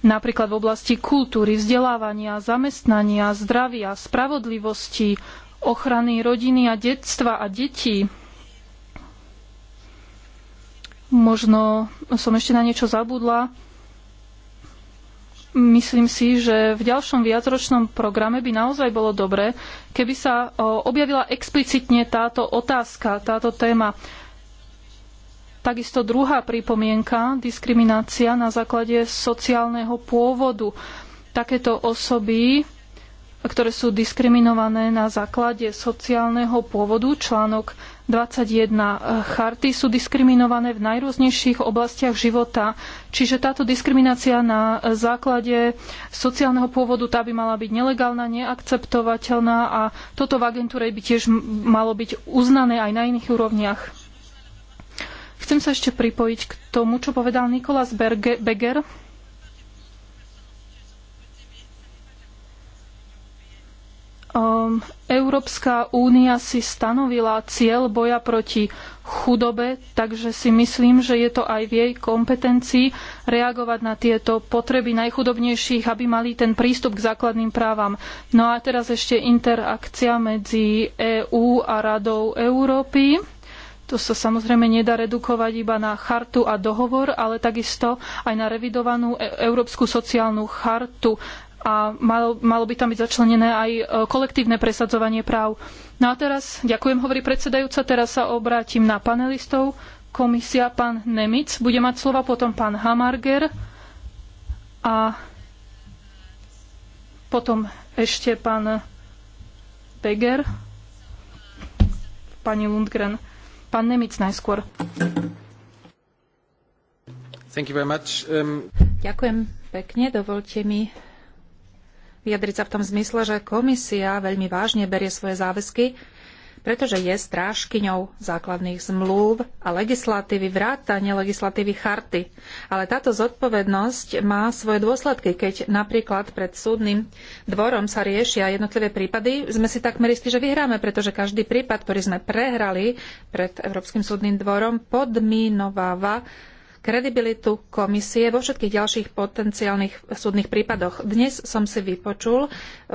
Napríklad v oblasti kultúry, vzdelávania, zamestnania, zdravia, spravodlivosti, ochrany rodiny a detstva a detí. Možno som ešte na niečo zabudla. Myslím si, že v ďalšom viacročnom programe by naozaj bolo dobré, keby sa objavila explicitne táto otázka, táto téma. Takisto druhá pripomienka, diskriminácia na základe sociálneho pôvodu. Takéto osoby, ktoré sú diskriminované na základe sociálneho pôvodu, článok 21 eh, charty sú diskriminované v najrôznejších oblastiach života. Čiže táto diskriminácia na eh, základe sociálneho pôvodu tá by mala byť nelegálna, neakceptovateľná a toto v agentúre by tiež malo byť uznané aj na iných úrovniach. Chcem sa ešte pripojiť k tomu, čo povedal Nikolas Beger Um, Európska únia si stanovila cieľ boja proti chudobe, takže si myslím, že je to aj v jej kompetencii reagovať na tieto potreby najchudobnejších, aby mali ten prístup k základným právam. No a teraz ešte interakcia medzi EÚ a Radou Európy. To sa samozrejme nedá redukovať iba na chartu a dohovor, ale takisto aj na revidovanú e Európsku sociálnu chartu a malo, malo by tam byť začlenené aj e, kolektívne presadzovanie práv. No a teraz, ďakujem, hovorí predsedajúca, teraz sa obrátim na panelistov. Komisia, pán Nemic, bude mať slova potom pán Hamarger a potom ešte pán Beger, pani Lundgren. Pán Nemic najskôr. Um... Ďakujem pekne. Dovolte mi vyjadriť sa v tom zmysle, že komisia veľmi vážne berie svoje záväzky, pretože je strážkyňou základných zmluv a legislatívy, vrátane legislatívy charty. Ale táto zodpovednosť má svoje dôsledky, keď napríklad pred súdnym dvorom sa riešia jednotlivé prípady, sme si takmer istí, že vyhráme, pretože každý prípad, ktorý sme prehrali pred Európskym súdnym dvorom, podminováva kredibilitu komisie vo všetkých ďalších potenciálnych súdnych prípadoch. Dnes som si vypočul e,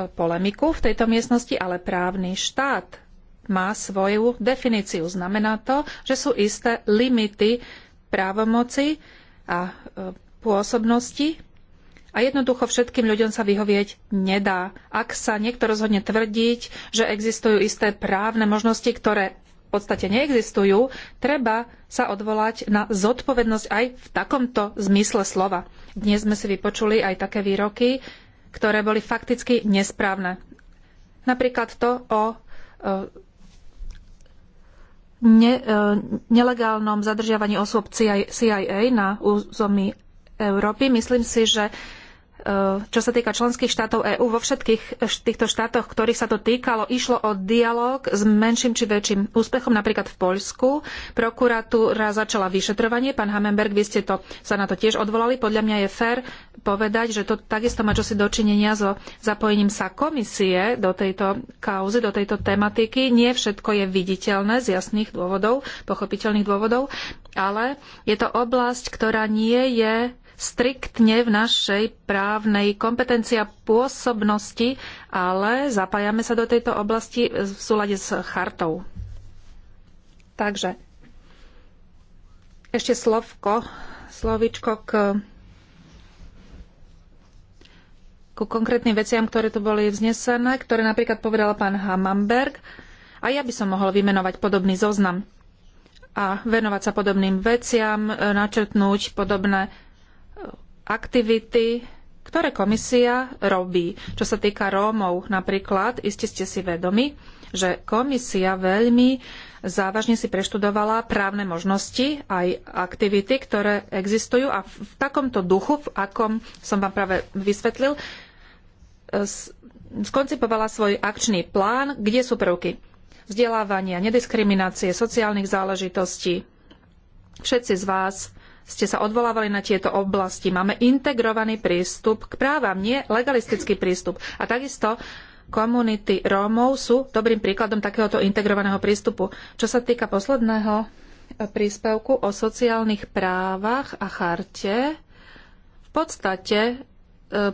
polemiku v tejto miestnosti, ale právny štát má svoju definíciu. Znamená to, že sú isté limity právomoci a e, pôsobnosti a jednoducho všetkým ľuďom sa vyhovieť nedá. Ak sa niekto rozhodne tvrdiť, že existujú isté právne možnosti, ktoré podstate neexistujú, treba sa odvolať na zodpovednosť aj v takomto zmysle slova. Dnes sme si vypočuli aj také výroky, ktoré boli fakticky nesprávne. Napríklad to o e, ne, e, nelegálnom zadržiavaní osôb CIA na území Európy. Myslím si, že E, čo sa týka členských štátov EÚ, vo všetkých e, týchto štátoch, ktorých sa to týkalo, išlo o dialog s menším či väčším úspechom. Napríklad v Poľsku prokuratúra začala vyšetrovanie. Pán Hamenberg, vy ste to, sa na to tiež odvolali. Podľa mňa je fér povedať, že to takisto má čosi dočinenia so zapojením sa komisie do tejto kauzy, do tejto tematiky. Nie všetko je viditeľné z jasných dôvodov, pochopiteľných dôvodov, ale je to oblasť, ktorá nie je striktne v našej právnej kompetencii a pôsobnosti, ale zapájame sa do tejto oblasti v súlade s chartou. Takže ešte slovko, slovičko k ku konkrétnym veciam, ktoré tu boli vznesené, ktoré napríklad povedal pán Hamamberg. A ja by som mohol vymenovať podobný zoznam a venovať sa podobným veciam, načrtnúť podobné aktivity, ktoré komisia robí. Čo sa týka Rómov napríklad, iste ste si vedomi, že komisia veľmi závažne si preštudovala právne možnosti aj aktivity, ktoré existujú a v takomto duchu, v akom som vám práve vysvetlil, skoncipovala svoj akčný plán, kde sú prvky vzdelávania, nediskriminácie, sociálnych záležitostí. Všetci z vás ste sa odvolávali na tieto oblasti. Máme integrovaný prístup k právam, nie legalistický prístup. A takisto komunity Rómov sú dobrým príkladom takéhoto integrovaného prístupu. Čo sa týka posledného príspevku o sociálnych právach a charte, v podstate e,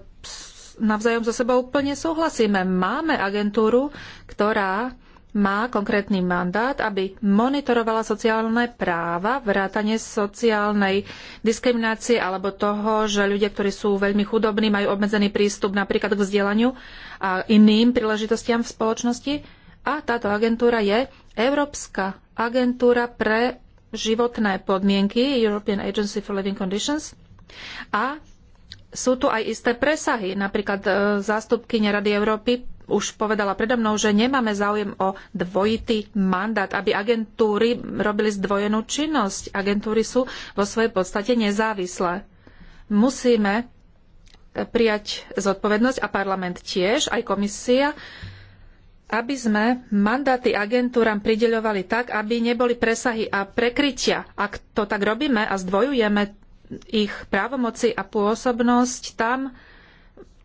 navzájom so sebou úplne súhlasíme. Máme agentúru, ktorá má konkrétny mandát, aby monitorovala sociálne práva, vrátanie sociálnej diskriminácie alebo toho, že ľudia, ktorí sú veľmi chudobní, majú obmedzený prístup napríklad k vzdelaniu a iným príležitostiam v spoločnosti. A táto agentúra je Európska agentúra pre životné podmienky, European Agency for Living Conditions. A sú tu aj isté presahy. Napríklad e, zástupky Rady Európy už povedala predo mnou, že nemáme záujem o dvojitý mandát, aby agentúry robili zdvojenú činnosť. Agentúry sú vo svojej podstate nezávislé. Musíme prijať zodpovednosť a parlament tiež, aj komisia, aby sme mandáty agentúram prideľovali tak, aby neboli presahy a prekrytia. Ak to tak robíme a zdvojujeme ich právomoci a pôsobnosť tam,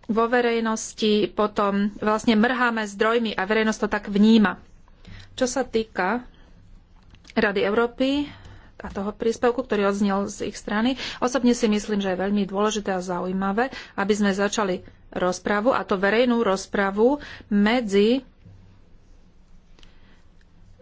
vo verejnosti potom vlastne mrháme zdrojmi a verejnosť to tak vníma. Čo sa týka Rady Európy a toho príspevku, ktorý odznel z ich strany, osobne si myslím, že je veľmi dôležité a zaujímavé, aby sme začali rozpravu, a to verejnú rozpravu medzi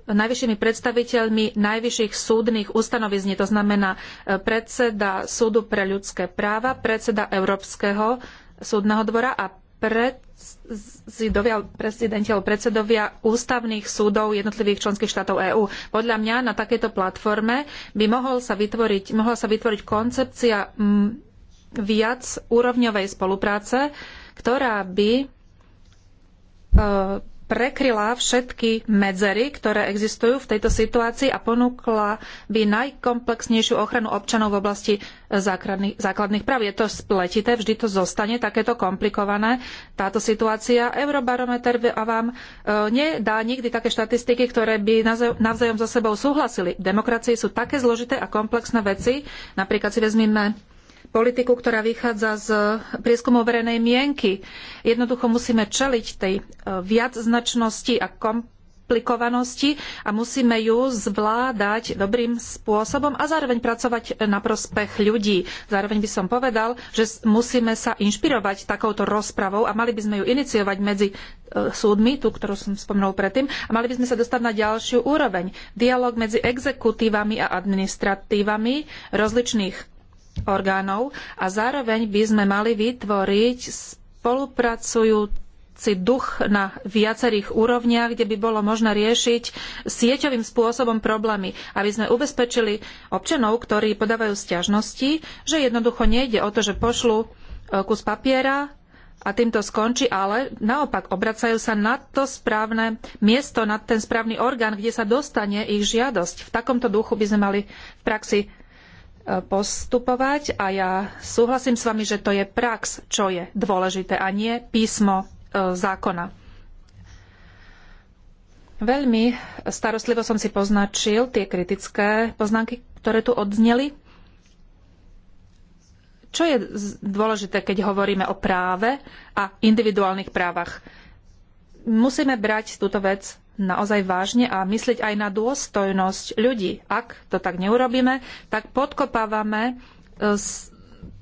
najvyššími predstaviteľmi najvyšších súdnych ustanovizní, to znamená eh, predseda súdu pre ľudské práva, predseda Európskeho súdneho dvora a prezidovia, prezidenti alebo predsedovia ústavných súdov jednotlivých členských štátov EÚ. Podľa mňa na takejto platforme by mohol sa vytvoriť, mohla sa vytvoriť koncepcia mm, viac úrovňovej spolupráce, ktorá by e, prekryla všetky medzery, ktoré existujú v tejto situácii a ponúkla by najkomplexnejšiu ochranu občanov v oblasti základných práv. Je to spletité, vždy to zostane takéto komplikované, táto situácia. Eurobarometer vám e, nedá nikdy také štatistiky, ktoré by navzájom so sebou súhlasili. V demokracii sú také zložité a komplexné veci, napríklad si vezmime politiku, ktorá vychádza z prieskumu verejnej mienky. Jednoducho musíme čeliť tej e, viacznačnosti a komplikovanosti a musíme ju zvládať dobrým spôsobom a zároveň pracovať na prospech ľudí. Zároveň by som povedal, že musíme sa inšpirovať takouto rozpravou a mali by sme ju iniciovať medzi e, súdmi, tú, ktorú som spomenul predtým, a mali by sme sa dostať na ďalšiu úroveň. Dialóg medzi exekutívami a administratívami rozličných orgánov a zároveň by sme mali vytvoriť spolupracujúci duch na viacerých úrovniach, kde by bolo možné riešiť sieťovým spôsobom problémy, aby sme ubezpečili občanov, ktorí podávajú stiažnosti, že jednoducho nejde o to, že pošlu e, kus papiera a týmto skončí, ale naopak obracajú sa na to správne miesto, na ten správny orgán, kde sa dostane ich žiadosť. V takomto duchu by sme mali v praxi postupovať a ja súhlasím s vami, že to je prax, čo je dôležité a nie písmo e, zákona. Veľmi starostlivo som si poznačil tie kritické poznámky, ktoré tu odzneli. Čo je dôležité, keď hovoríme o práve a individuálnych právach? Musíme brať túto vec naozaj vážne a myslieť aj na dôstojnosť ľudí. Ak to tak neurobíme, tak podkopávame e,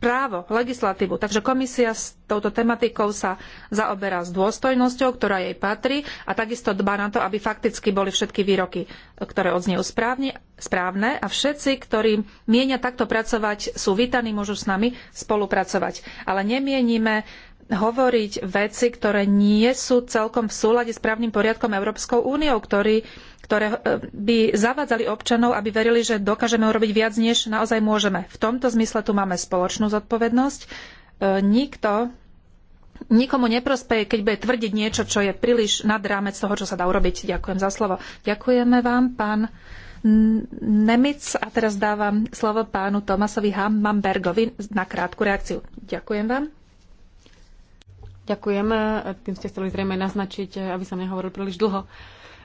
právo, legislatívu. Takže komisia s touto tematikou sa zaoberá s dôstojnosťou, ktorá jej patrí a takisto dba na to, aby fakticky boli všetky výroky, ktoré odznejú správne, správne a všetci, ktorí mienia takto pracovať, sú vítaní, môžu s nami spolupracovať. Ale nemienime hovoriť veci, ktoré nie sú celkom v súlade s právnym poriadkom Európskou úniou, ktorý, ktoré e, by zavádzali občanov, aby verili, že dokážeme urobiť viac, než naozaj môžeme. V tomto zmysle tu máme spoločnú zodpovednosť. E, nikto nikomu neprospeje, keď bude tvrdiť niečo, čo je príliš nad rámec toho, čo sa dá urobiť. Ďakujem za slovo. Ďakujeme vám, pán Nemic. A teraz dávam slovo pánu Tomasovi Hammanbergovi na krátku reakciu. Ďakujem vám. Ďakujem. Tým ste chceli zrejme naznačiť, aby som nehovoril príliš dlho.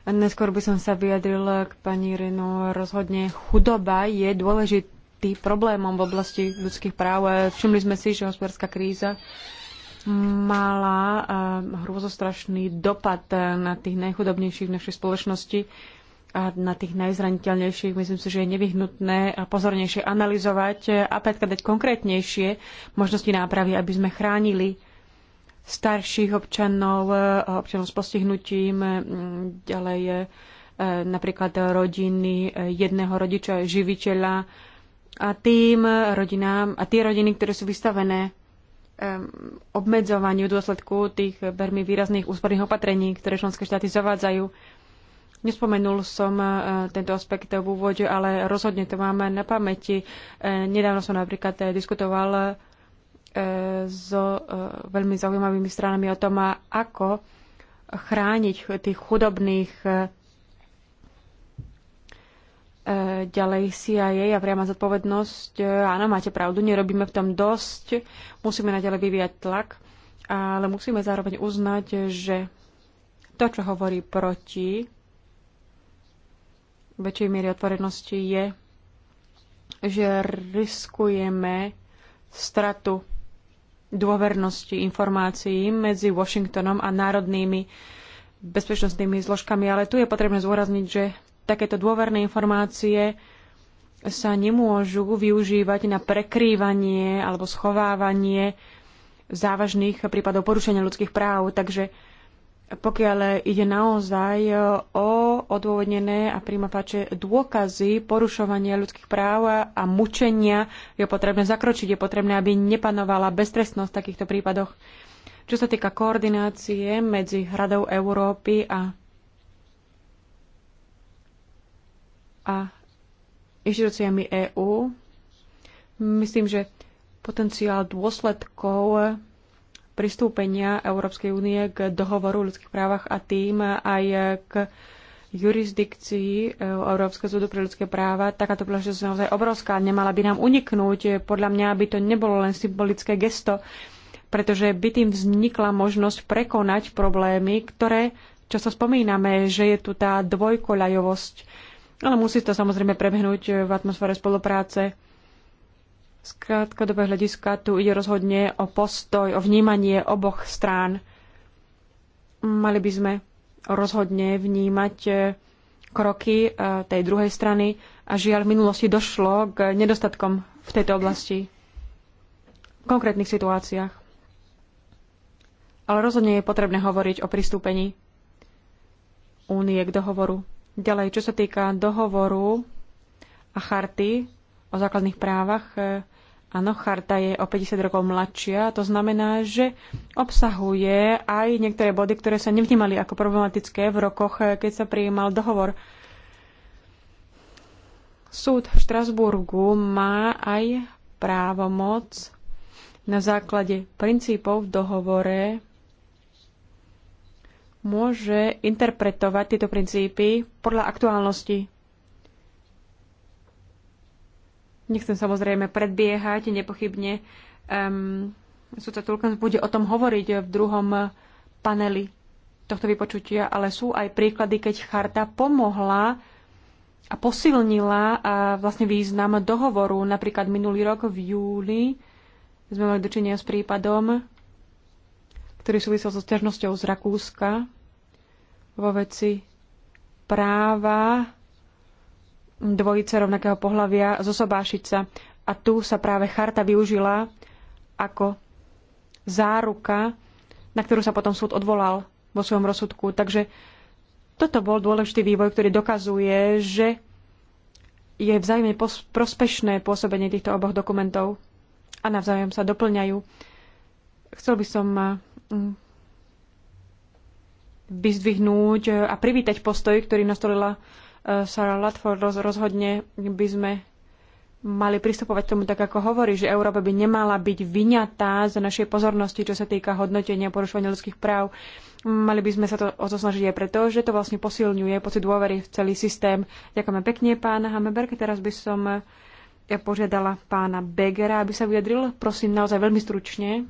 Neskôr by som sa vyjadril k pani Rinu. Rozhodne chudoba je dôležitý problémom v oblasti ľudských práv. Všimli sme si, že hospodárska kríza mala eh, hrozostrašný dopad na tých najchudobnejších v našej spoločnosti a na tých najzraniteľnejších. Myslím si, že je nevyhnutné a pozornejšie analyzovať a predkladať konkrétnejšie možnosti nápravy, aby sme chránili starších občanov, eh, občanov s postihnutím, mm, ďalej je eh, napríklad rodiny eh, jedného rodiča, živiteľa a tým rodinám a tie rodiny, ktoré sú vystavené obmedzovaniu v dôsledku tých veľmi výrazných úsporných opatrení, ktoré členské štáty zavádzajú. Nespomenul som tento aspekt v úvode, ale rozhodne to máme na pamäti. Nedávno som napríklad diskutoval so e, veľmi zaujímavými stranami o tom, ako chrániť tých chudobných e, e, ďalej CIA a priama zodpovednosť. Áno, máte pravdu, nerobíme v tom dosť, musíme naďalej vyvíjať tlak, ale musíme zároveň uznať, že to, čo hovorí proti väčšej miery otvorenosti, je, že riskujeme stratu dôvernosti informácií medzi Washingtonom a národnými bezpečnostnými zložkami, ale tu je potrebné zúrazniť, že takéto dôverné informácie sa nemôžu využívať na prekrývanie alebo schovávanie závažných prípadov porušenia ľudských práv. Takže pokiaľ ide naozaj e, o odôvodnené a prima facie dôkazy porušovania ľudských práv a mučenia, je potrebné zakročiť, je potrebné, aby nepanovala beztrestnosť v takýchto prípadoch. Čo sa týka koordinácie medzi Radou Európy a, a inštitúciami EÚ, myslím, že potenciál dôsledkov pristúpenia Európskej únie k dohovoru o ľudských právach a tým aj k jurisdikcii Európskeho súdu pre ľudské práva. Takáto príležitosť je naozaj obrovská, nemala by nám uniknúť. Podľa mňa by to nebolo len symbolické gesto, pretože by tým vznikla možnosť prekonať problémy, ktoré často spomíname, že je tu tá dvojkoľajovosť. Ale musí to samozrejme prebehnúť v atmosfére spolupráce z krátkodobého hľadiska tu ide rozhodne o postoj, o vnímanie oboch strán. Mali by sme rozhodne vnímať eh, kroky eh, tej druhej strany a žiaľ v minulosti došlo k nedostatkom v tejto oblasti v konkrétnych situáciách. Ale rozhodne je potrebné hovoriť o pristúpení únie k dohovoru. Ďalej, čo sa týka dohovoru a charty o základných právach, eh, Áno, charta je o 50 rokov mladšia, to znamená, že obsahuje aj niektoré body, ktoré sa nevnímali ako problematické v rokoch, keď sa prijímal dohovor. Súd v Štrasburgu má aj právomoc na základe princípov v dohovore môže interpretovať tieto princípy podľa aktuálnosti Nechcem samozrejme predbiehať, nepochybne. Um, súca Tulkans bude o tom hovoriť v druhom paneli tohto vypočutia, ale sú aj príklady, keď charta pomohla a posilnila a vlastne význam dohovoru. Napríklad minulý rok v júli sme mali dočinenia s prípadom, ktorý súvisel so stiažnosťou z Rakúska vo veci práva dvojice rovnakého pohľavia zosobášiť sa. A tu sa práve charta využila ako záruka, na ktorú sa potom súd odvolal vo svojom rozsudku. Takže toto bol dôležitý vývoj, ktorý dokazuje, že je vzájomne prospešné pôsobenie týchto oboch dokumentov a navzájom sa doplňajú. Chcel by som eh, mm, vyzdvihnúť a privítať postoj, ktorý nastolila Sarah Latford rozhodne by sme mali pristupovať k tomu tak, ako hovorí, že Európa by nemala byť vyňatá z našej pozornosti, čo sa týka hodnotenia porušovania ľudských práv. Mali by sme sa to o to snažiť aj preto, že to vlastne posilňuje pocit dôvery v celý systém. Ďakujeme pekne, pán Hameberg. Teraz by som ja požiadala pána Begera, aby sa vyjadril. Prosím, naozaj veľmi stručne.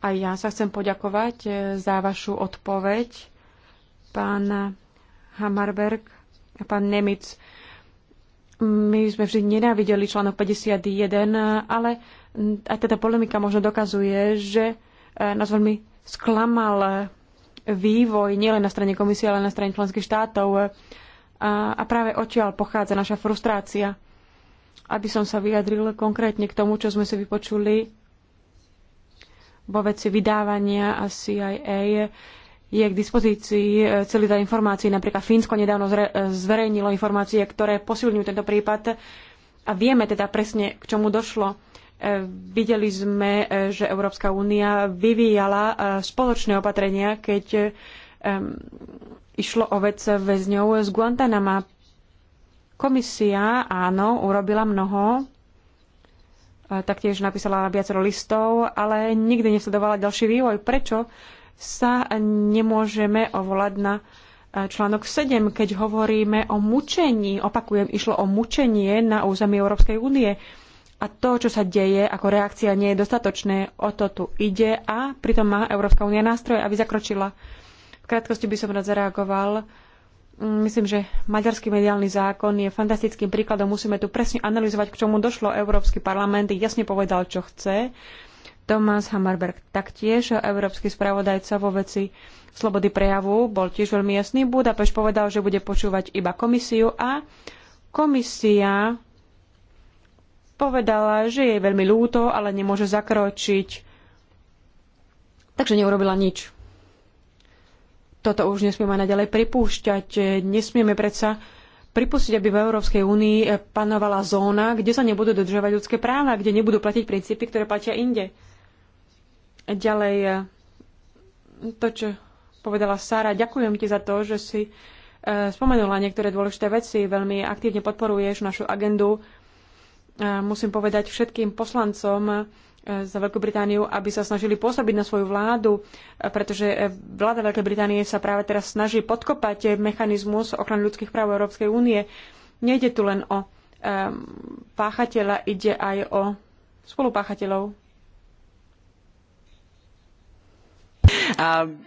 A ja sa chcem poďakovať eh, za vašu odpoveď, pán Hammerberg a pán Nemic. My sme vždy nenávideli článok 51, ale mm, aj teda polemika možno dokazuje, že e, nás veľmi sklamal vývoj nielen na strane komisie, ale na strane členských štátov. E, a, a práve odtiaľ pochádza naša frustrácia. Aby som sa vyjadril konkrétne k tomu, čo sme si vypočuli vo veci vydávania a CIA, je k dispozícii e, celý tá informácií. Napríklad Fínsko nedávno e, zverejnilo informácie, ktoré posilňujú tento prípad a vieme teda presne, k čomu došlo. E, videli sme, že Európska únia vyvíjala spoločné opatrenia, keď išlo o vec väzňov z Guantanama. Komisia, áno, urobila mnoho, taktiež napísala viacero listov, ale nikdy nesledovala ďalší vývoj. Prečo sa nemôžeme ovolať na e, článok 7, keď hovoríme o mučení, opakujem, išlo o mučenie na území Európskej únie. A to, čo sa deje ako reakcia, nie je dostatočné. O to tu ide a pritom má Európska únia nástroje, aby zakročila. V krátkosti by som rád zareagoval. Mm, myslím, že maďarský mediálny zákon je fantastickým príkladom. Musíme tu presne analyzovať, k čomu došlo. Európsky parlament jasne povedal, čo chce Thomas Hammerberg, taktiež európsky spravodajca vo veci slobody prejavu, bol tiež veľmi jasný. Budapeš povedal, že bude počúvať iba komisiu a komisia povedala, že je veľmi ľúto, ale nemôže zakročiť. Takže neurobila nič. Toto už nesmieme naďalej pripúšťať. Nesmieme predsa pripustiť, aby v Európskej únii panovala zóna, kde sa nebudú dodržovať ľudské práva, kde nebudú platiť princípy, ktoré platia inde. Ďalej eh, to, čo povedala Sara, ďakujem ti za to, že si eh, spomenula niektoré dôležité veci, veľmi aktívne podporuješ našu agendu. Eh, musím povedať všetkým poslancom za Veľkú Britániu, aby sa snažili pôsobiť na svoju vládu, pretože vláda Veľkej Británie sa práve teraz snaží podkopať mechanizmus ochrany ľudských práv Európskej únie. Nejde tu len o páchateľa, ide aj o spolupáchateľov. Um,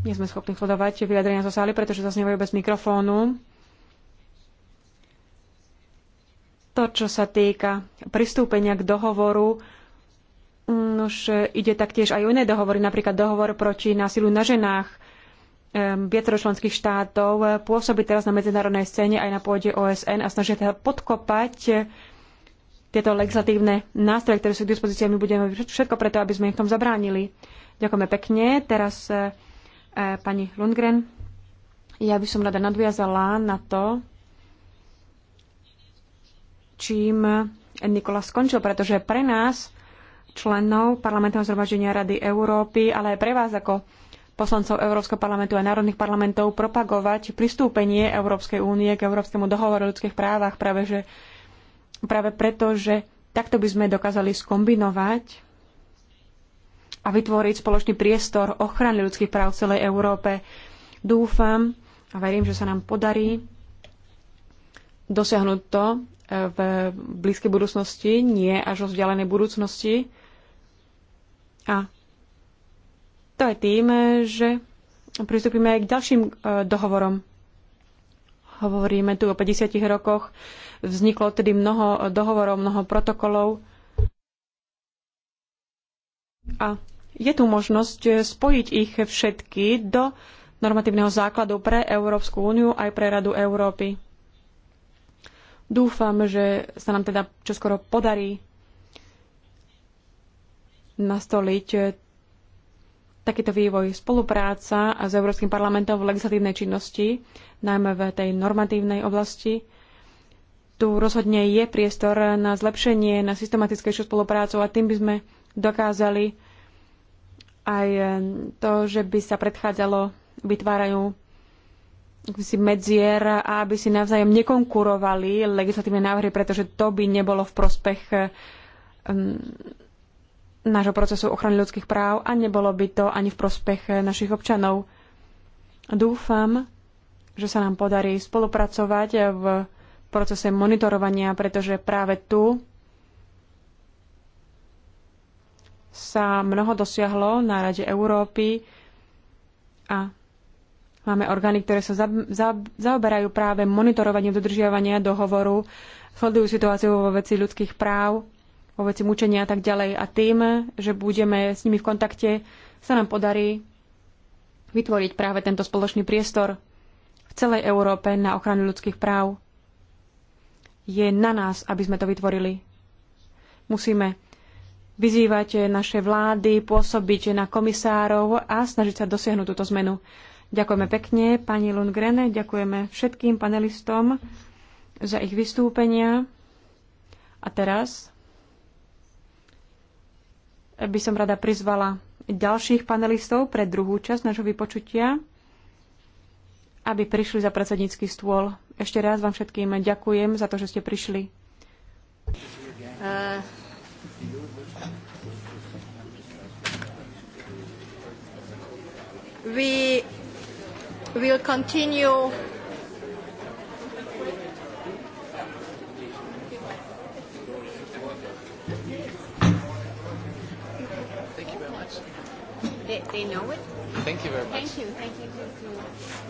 Nie sme schopní sledovať vyjadrenia zo sály, pretože zaznievajú bez mikrofónu. To, čo sa týka pristúpenia k dohovoru, už ide taktiež aj o iné dohovory, napríklad dohovor proti násilu na ženách. Ehm, viacero členských štátov pôsobí teraz na medzinárodnej scéne aj na pôde OSN a snažia teda podkopať tieto legislatívne nástroje, ktoré sú k dispozícii, my budeme robiť všetko preto, aby sme ich tom zabránili. Ďakujeme pekne. Teraz e, e, pani Lundgren. Ja by som rada nadviazala na to, čím Nikola skončil, pretože pre nás, členov parlamentného zhromaždenia Rady Európy, ale aj pre vás ako poslancov Európskeho parlamentu a národných parlamentov propagovať pristúpenie Európskej únie k Európskemu dohovoru o ľudských právach práve že Práve preto, že takto by sme dokázali skombinovať a vytvoriť spoločný priestor ochrany ľudských práv v celej Európe. Dúfam a verím, že sa nám podarí dosiahnuť to e, v blízkej budúcnosti, nie až o vzdialenej budúcnosti. A to je tým, že pristúpime aj k ďalším e, dohovorom. Hovoríme tu o 50 rokoch Vzniklo tedy mnoho dohovorov, mnoho protokolov. A je tu možnosť spojiť ich všetky do normatívneho základu pre Európsku úniu aj pre Radu Európy. Dúfam, že sa nám teda čoskoro podarí nastoliť takýto vývoj spolupráca s Európskym parlamentom v legislatívnej činnosti, najmä v tej normatívnej oblasti tu rozhodne je priestor na zlepšenie, na systematickejšiu spoluprácu a tým by sme dokázali aj eh, to, že by sa predchádzalo vytvárajú si medzier a aby si navzájom nekonkurovali legislatívne návrhy, pretože to by nebolo v prospech um, nášho procesu ochrany ľudských práv a nebolo by to ani v prospech eh, našich občanov. Dúfam, že sa nám podarí spolupracovať v procese monitorovania, pretože práve tu sa mnoho dosiahlo na Rade Európy a máme orgány, ktoré sa za, za, zaoberajú práve monitorovaním dodržiavania dohovoru, sledujú situáciu vo veci ľudských práv, vo veci mučenia a tak ďalej. A tým, že budeme s nimi v kontakte, sa nám podarí vytvoriť práve tento spoločný priestor v celej Európe na ochranu ľudských práv je na nás, aby sme to vytvorili. Musíme vyzývať naše vlády, pôsobiť na komisárov a snažiť sa dosiahnuť túto zmenu. Ďakujeme pekne pani Lundgren, ďakujeme všetkým panelistom za ich vystúpenia. A teraz by som rada prizvala ďalších panelistov pre druhú časť nášho vypočutia aby prišli za predsednícky stôl. Ešte raz vám všetkým ďakujem za to, že ste prišli. Uh... We will continue They, know it? Thank you very much. Thank you. Thank you. Thank you.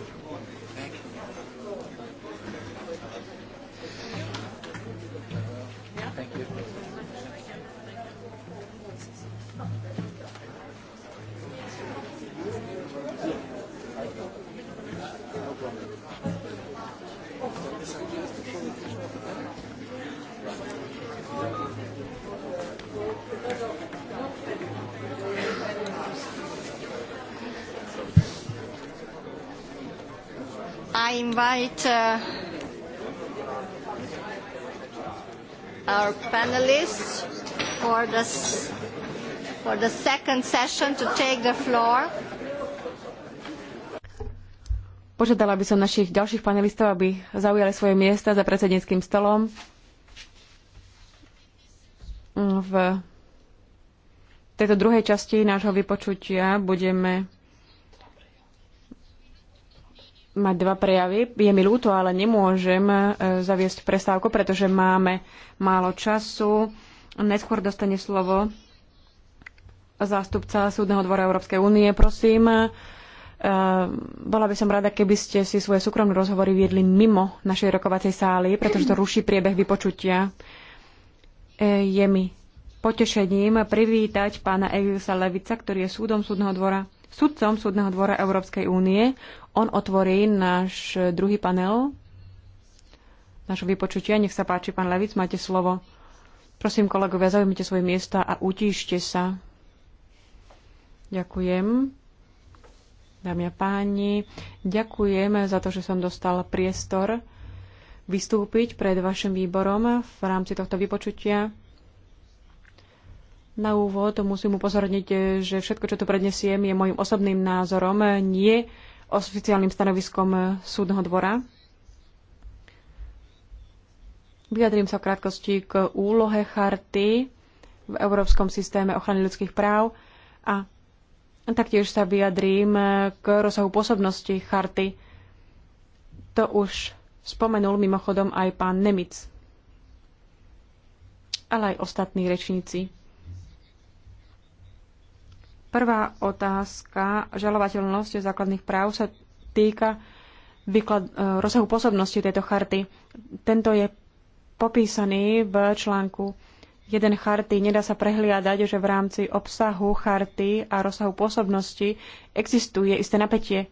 I invite uh, our panelists for the, for the second session to take the floor. Požiadala by som našich ďalších panelistov, aby zaujali svoje miesta za predsedníckým stolom v tejto druhej časti nášho vypočutia budeme mať dva prejavy. Je mi ľúto, ale nemôžem e, zaviesť prestávku, pretože máme málo času. Neskôr dostane slovo zástupca Súdneho dvora Európskej únie. Prosím, e, bola by som rada, keby ste si svoje súkromné rozhovory viedli mimo našej rokovacej sály, pretože to ruší priebeh vypočutia. E, je mi potešením privítať pána Egiusa Levica, ktorý je súdom Súdneho dvora sudcom Súdneho dvora Európskej únie. On otvorí náš druhý panel našho vypočutia. Nech sa páči, pán Levic, máte slovo. Prosím, kolegovia, zaujímite svoje miesta a utíšte sa. Ďakujem. Dámy a páni, ďakujem za to, že som dostal priestor vystúpiť pred vašim výborom v rámci tohto vypočutia. Na úvod musím upozorniť, že všetko, čo tu prednesiem, je môjim osobným názorom, nie oficiálnym stanoviskom súdneho dvora. Vyjadrím sa v krátkosti k úlohe charty v Európskom systéme ochrany ľudských práv a taktiež sa vyjadrím k rozsahu pôsobnosti charty. To už spomenul mimochodom aj pán Nemic, ale aj ostatní rečníci. Prvá otázka, žalovateľnosť základných práv sa týka výklad, e, rozsahu pôsobnosti tejto charty. Tento je popísaný v článku 1 charty. Nedá sa prehliadať, že v rámci obsahu charty a rozsahu pôsobnosti existuje isté napätie.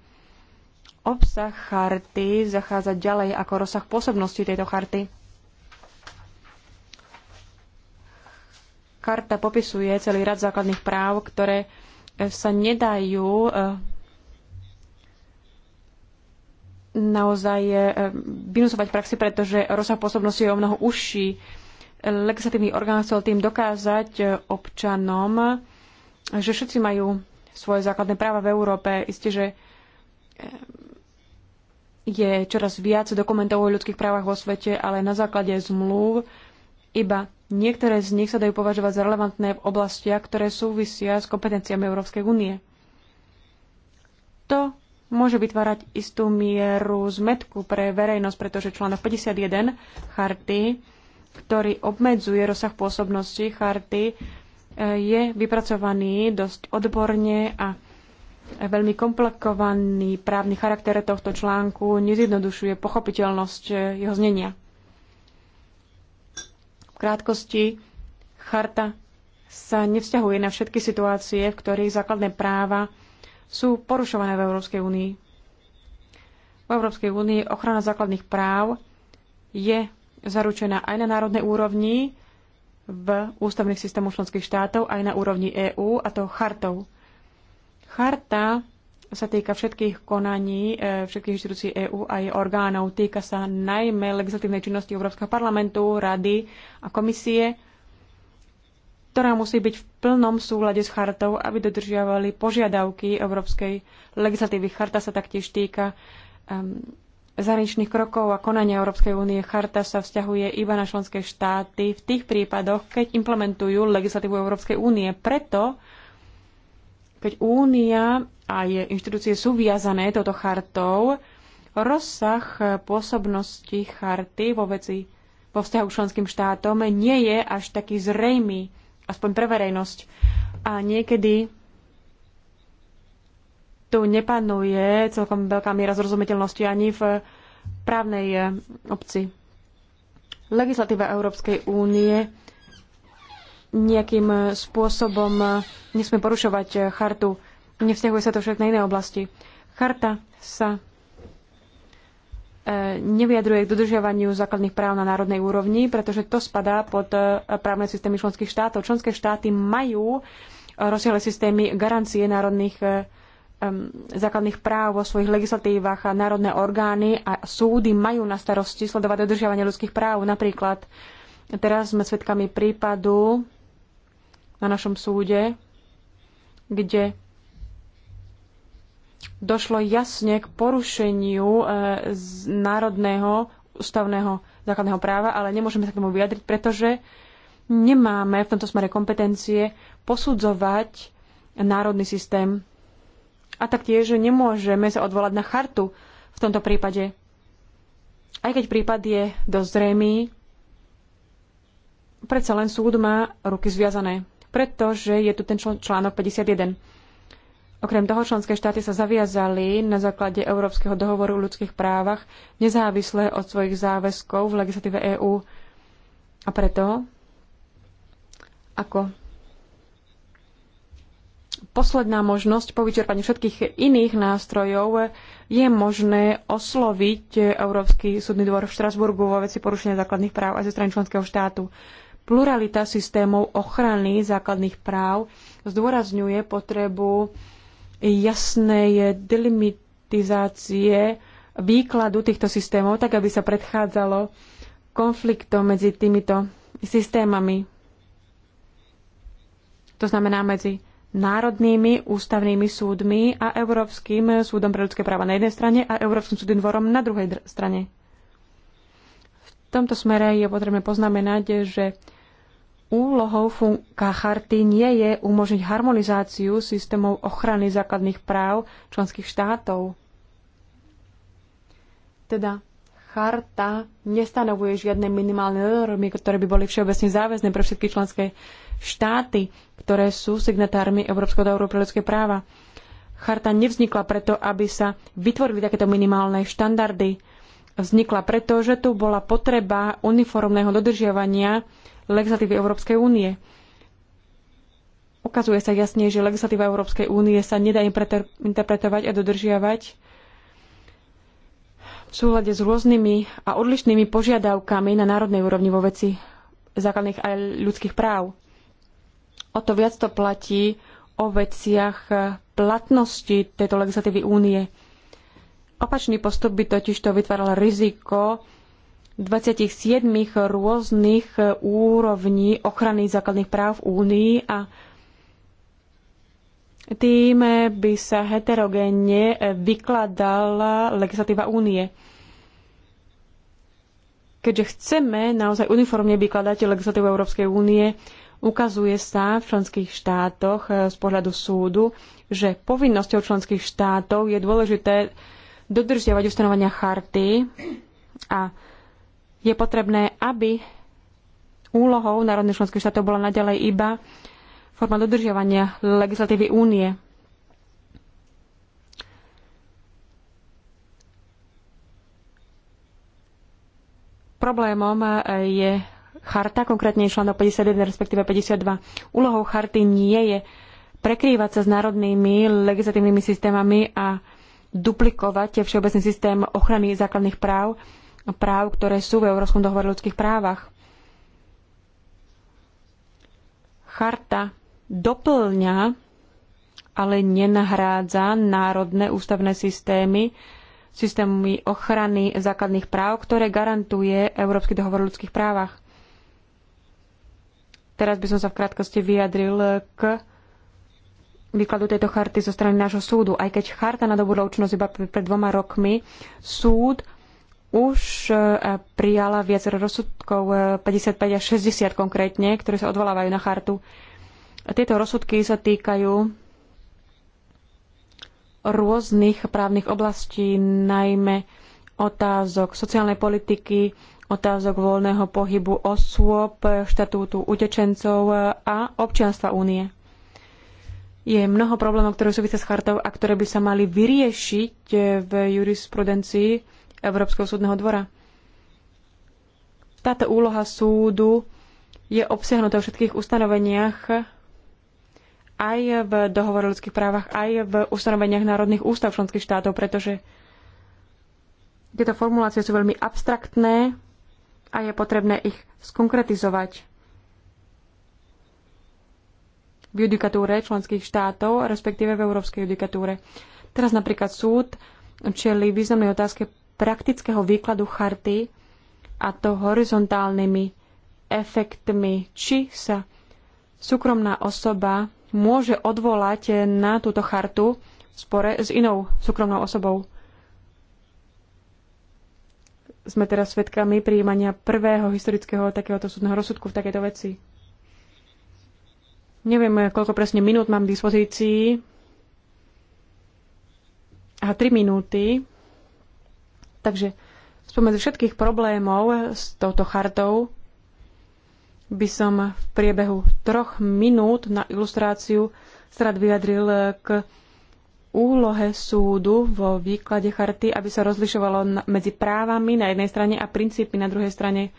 Obsah charty zachádza ďalej ako rozsah pôsobnosti tejto charty. Karta popisuje celý rad základných práv, ktoré Eh, sa nedajú eh, naozaj eh, vynúcovať praxi, pretože rozsah pôsobnosti je o mnoho užší. Legislatívny orgán chcel tým dokázať občanom, že všetci majú svoje základné práva v Európe. Isté, že je čoraz viac dokumentov o ľudských právach vo svete, ale na základe zmluv iba Niektoré z nich sa dajú považovať za relevantné v oblastiach, ktoré súvisia s kompetenciami Európskej únie. To môže vytvárať istú mieru zmetku pre verejnosť, pretože článok 51 charty, ktorý obmedzuje rozsah pôsobnosti charty, e, je vypracovaný dosť odborne a veľmi komplikovaný právny charakter tohto článku nezjednodušuje pochopiteľnosť jeho znenia krátkosti, charta sa nevzťahuje na všetky situácie, v ktorých základné práva sú porušované v Európskej únii. V Európskej únii ochrana základných práv je zaručená aj na národnej úrovni, v ústavných systémoch členských štátov aj na úrovni EÚ, a to chartou. Charta sa týka všetkých konaní, e, všetkých inštitúcií EÚ a jej orgánov. Týka sa najmä legislatívnej činnosti Európskeho parlamentu, rady a komisie, ktorá musí byť v plnom súlade s chartou, aby dodržiavali požiadavky európskej legislatívy. Charta sa taktiež týka um, zahraničných krokov a konania Európskej únie. Charta sa vzťahuje iba na členské štáty v tých prípadoch, keď implementujú legislatívu Európskej únie. Preto, keď únia a inštitúcie sú viazané touto chartou. Rozsah pôsobnosti charty vo veci vo vzťahu k členským štátom nie je až taký zrejmý, aspoň pre verejnosť. A niekedy tu nepanuje celkom veľká miera zrozumiteľnosti ani v právnej eh, obci. Legislatíva Európskej únie nejakým eh, spôsobom eh, nesme porušovať chartu Nevzťahuje sa to však na iné oblasti. Charta sa e, nevyjadruje k dodržiavaniu základných práv na národnej úrovni, pretože to spadá pod e, právne systémy členských štátov. Členské štáty majú rozsiahle systémy garancie národných e, základných práv vo svojich legislatívach a národné orgány a súdy majú na starosti sledovať dodržiavanie ľudských práv. Napríklad teraz sme svedkami prípadu na našom súde, kde došlo jasne k porušeniu e, z národného ústavného základného práva, ale nemôžeme sa k tomu vyjadriť, pretože nemáme v tomto smere kompetencie posudzovať národný systém. A taktiež nemôžeme sa odvolať na chartu v tomto prípade. Aj keď prípad je dosť zrejmý, predsa len súd má ruky zviazané, pretože je tu ten článok 51. Okrem toho členské štáty sa zaviazali na základe Európskeho dohovoru o ľudských právach nezávisle od svojich záväzkov v legislatíve EÚ. A preto, ako posledná možnosť po vyčerpaní všetkých iných nástrojov, je možné osloviť Európsky súdny dvor v Štrasburgu vo veci porušenia základných práv aj ze strany členského štátu. Pluralita systémov ochrany základných práv zdôrazňuje potrebu jasnej delimitizácie výkladu týchto systémov, tak aby sa predchádzalo konfliktom medzi týmito systémami. To znamená medzi národnými ústavnými súdmi a Európskym súdom pre ľudské práva na jednej strane a Európskym súdom dvorom na druhej strane. V tomto smere je potrebné poznamenať, že Úlohou funka charty nie je umožniť harmonizáciu systémov ochrany základných práv členských štátov. Teda charta nestanovuje žiadne minimálne normy, ktoré by boli všeobecne záväzné pre všetky členské štáty, ktoré sú signatármi Európskeho dohovoru pre ľudské práva. Charta nevznikla preto, aby sa vytvorili takéto minimálne štandardy. Vznikla preto, že tu bola potreba uniformného dodržiavania legislatívy Európskej únie. Ukazuje sa jasne, že legislatíva Európskej únie sa nedá interpretovať a dodržiavať v súhľade s rôznymi a odlišnými požiadavkami na národnej úrovni vo veci základných aj ľudských práv. O to viac to platí o veciach platnosti tejto legislatívy únie. Opačný postup by totiž to vytváral riziko 27 rôznych e, úrovní ochrany základných práv v Únii a tým by sa heterogénne e, vykladala legislatíva únie. Keďže chceme naozaj uniformne vykladať legislatívu Európskej únie, ukazuje sa v členských štátoch e, z pohľadu súdu, že povinnosťou členských štátov je dôležité dodržiavať ustanovenia charty a je potrebné, aby úlohou národných členských štátov bola naďalej iba forma dodržiavania legislatívy únie. Problémom eh, je charta, konkrétne článok 51, respektíve 52. Úlohou charty nie je prekrývať sa s národnými legislatívnymi systémami a duplikovať všeobecný systém ochrany základných práv práv, ktoré sú v Európskom dohovore o ľudských právach. Charta doplňa, ale nenahrádza národné ústavné systémy, systémy ochrany základných práv, ktoré garantuje Európsky dohovor o ľudských právach. Teraz by som sa v krátkosti vyjadril k výkladu tejto charty zo strany nášho súdu. Aj keď charta nadobudla účinnosť iba pred dvoma rokmi, súd už e, prijala viacero rozsudkov, 55 e, až 60 konkrétne, ktoré sa odvolávajú na chartu. Tieto rozsudky sa týkajú rôznych právnych oblastí, najmä otázok sociálnej politiky, otázok voľného pohybu osôb, štatútu utečencov a občianstva únie. Je mnoho problémov, ktoré súvisia s chartou a ktoré by sa mali vyriešiť v jurisprudencii Európskeho súdneho dvora. Táto úloha súdu je obsiahnutá v všetkých ustanoveniach aj v dohovore o ľudských právach, aj v ustanoveniach národných ústav členských štátov, pretože tieto formulácie sú veľmi abstraktné a je potrebné ich skonkretizovať. V judikatúre členských štátov, respektíve v európskej judikatúre. Teraz napríklad súd čeli významnej otázke praktického výkladu charty a to horizontálnymi efektmi, či sa súkromná osoba môže odvolať na túto chartu v spore s inou súkromnou osobou. Sme teraz svedkami prijímania prvého historického takéhoto súdneho rozsudku v takejto veci. Neviem, koľko presne minút mám k dispozícii. A tri minúty Takže spomedzi všetkých problémov s touto chartou by som v priebehu troch minút na ilustráciu strad vyjadril k úlohe súdu vo výklade charty, aby sa rozlišovalo medzi právami na jednej strane a princípy na druhej strane.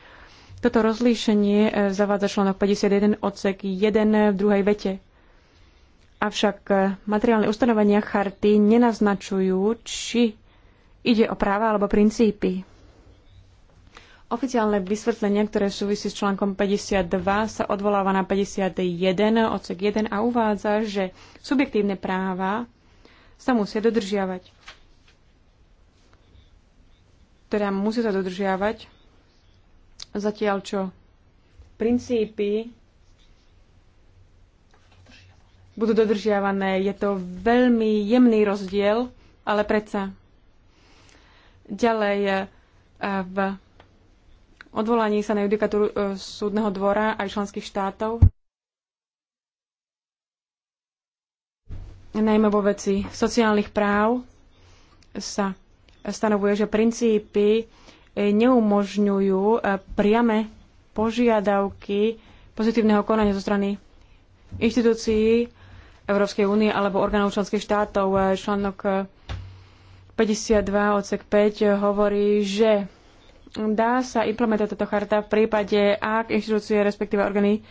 Toto rozlíšenie e, zavádza článok 51 odsek 1 v druhej vete. Avšak e, materiálne ustanovenia charty nenaznačujú, či Ide o práva alebo princípy. Oficiálne vysvetlenie, ktoré súvisí s článkom 52, sa odvoláva na 51 odsek 1 a uvádza, že subjektívne práva sa musia dodržiavať. Teda musia sa dodržiavať, zatiaľ čo princípy budú dodržiavané. Je to veľmi jemný rozdiel, ale predsa Ďalej e, v odvolaní sa na judikatúru e, súdneho dvora aj členských štátov, najmä vo veci sociálnych práv, sa stanovuje, že princípy e, neumožňujú priame požiadavky pozitívneho konania zo strany inštitúcií Európskej únie alebo orgánov členských štátov. Článok 52 odsek 5 hovorí, že dá sa implementovať táto charta v prípade, ak inštitúcie, respektíve orgány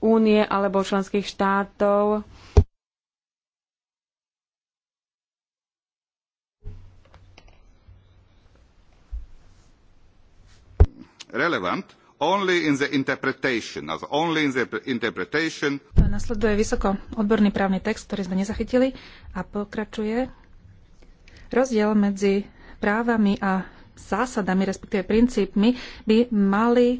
únie alebo členských štátov relevant only in the interpretation, as only in the interpretation. Nasleduje vysoko odborný právny text, ktorý sme nezachytili a pokračuje Rozdiel medzi právami a zásadami, respektíve princípmi, by mali e,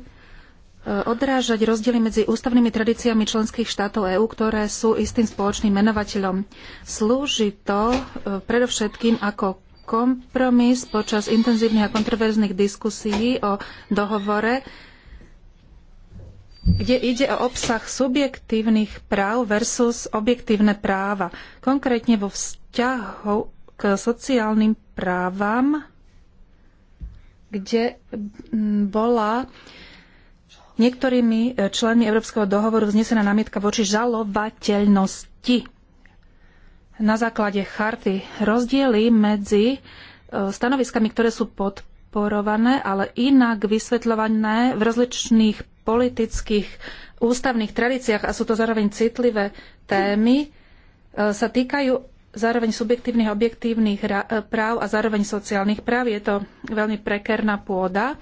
odrážať rozdiely medzi ústavnými tradíciami členských štátov EÚ, ktoré sú istým spoločným menovateľom. Slúži to e, predovšetkým ako kompromis počas intenzívnych a kontroverzných diskusí o dohovore, kde ide o obsah subjektívnych práv versus objektívne práva, konkrétne vo vzťahu k sociálnym právam, kde bola niektorými e, členmi Európskeho dohovoru vznesená námietka voči žalovateľnosti. Na základe charty rozdiely medzi e, stanoviskami, ktoré sú podporované, ale inak vysvetľované v rozličných politických ústavných tradíciách a sú to zároveň citlivé témy, e, sa týkajú zároveň subjektívnych a objektívnych e, práv a zároveň sociálnych práv. Je to veľmi prekerná pôda,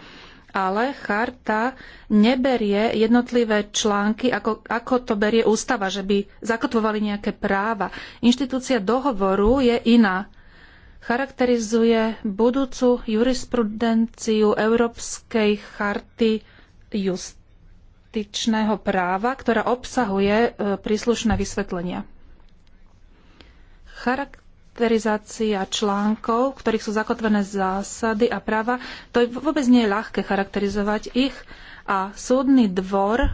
ale charta neberie jednotlivé články, ako, ako to berie ústava, že by zakotvovali nejaké práva. Inštitúcia dohovoru je iná. Charakterizuje budúcu jurisprudenciu Európskej charty justičného práva, ktorá obsahuje e, príslušné vysvetlenia. Charakterizácia článkov, v ktorých sú zakotvené zásady a práva, to vôbec nie je ľahké charakterizovať ich a súdny dvor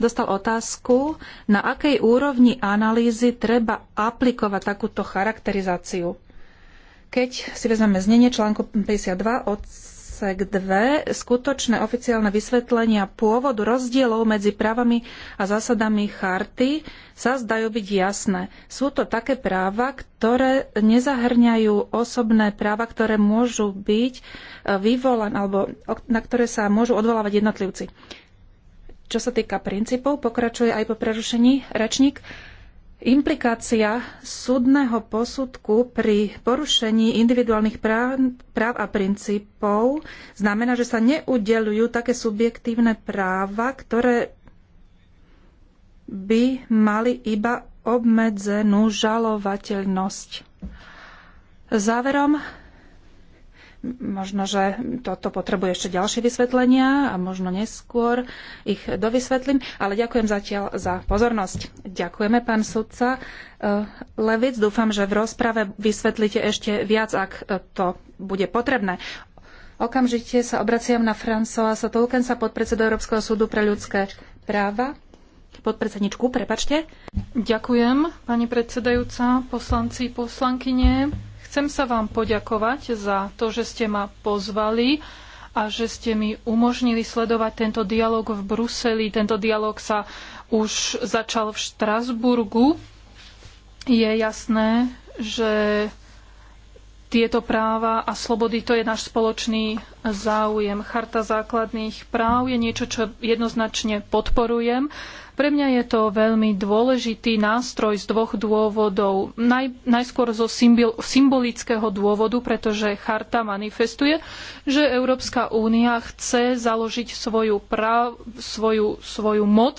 dostal otázku, na akej úrovni analýzy treba aplikovať takúto charakterizáciu. Keď si vezmeme znenie článku 52 od odsek 2 skutočné oficiálne vysvetlenia pôvodu rozdielov medzi právami a zásadami charty sa zdajú byť jasné. Sú to také práva, ktoré nezahrňajú osobné práva, ktoré môžu byť e, vyvolané alebo na ktoré sa môžu odvolávať jednotlivci. Čo sa týka princípov, pokračuje aj po prerušení rečník. Implikácia súdneho posudku pri porušení individuálnych práv, práv a princípov znamená, že sa neudelujú také subjektívne práva, ktoré by mali iba obmedzenú žalovateľnosť. Záverom Možno, že toto potrebuje ešte ďalšie vysvetlenia a možno neskôr ich dovysvetlím, ale ďakujem zatiaľ za pozornosť. Ďakujeme, pán sudca. Eh, Levic, dúfam, že v rozprave vysvetlíte ešte viac, ak eh, to bude potrebné. Okamžite sa obraciam na Francoisa Tolkensa, podpredsedu Európskeho súdu pre ľudské práva. Podpredsedničku, prepačte. Ďakujem, pani predsedajúca, poslanci, poslankyne. Chcem sa vám poďakovať za to, že ste ma pozvali a že ste mi umožnili sledovať tento dialog v Bruseli. Tento dialog sa už začal v Štrasburgu. Je jasné, že tieto práva a slobody to je náš spoločný záujem. Charta základných práv je niečo, čo jednoznačne podporujem pre mňa je to veľmi dôležitý nástroj z dvoch dôvodov. Naj, najskôr zo symbolického dôvodu, pretože charta manifestuje, že Európska únia chce založiť svoju, práv, svoju, svoju moc,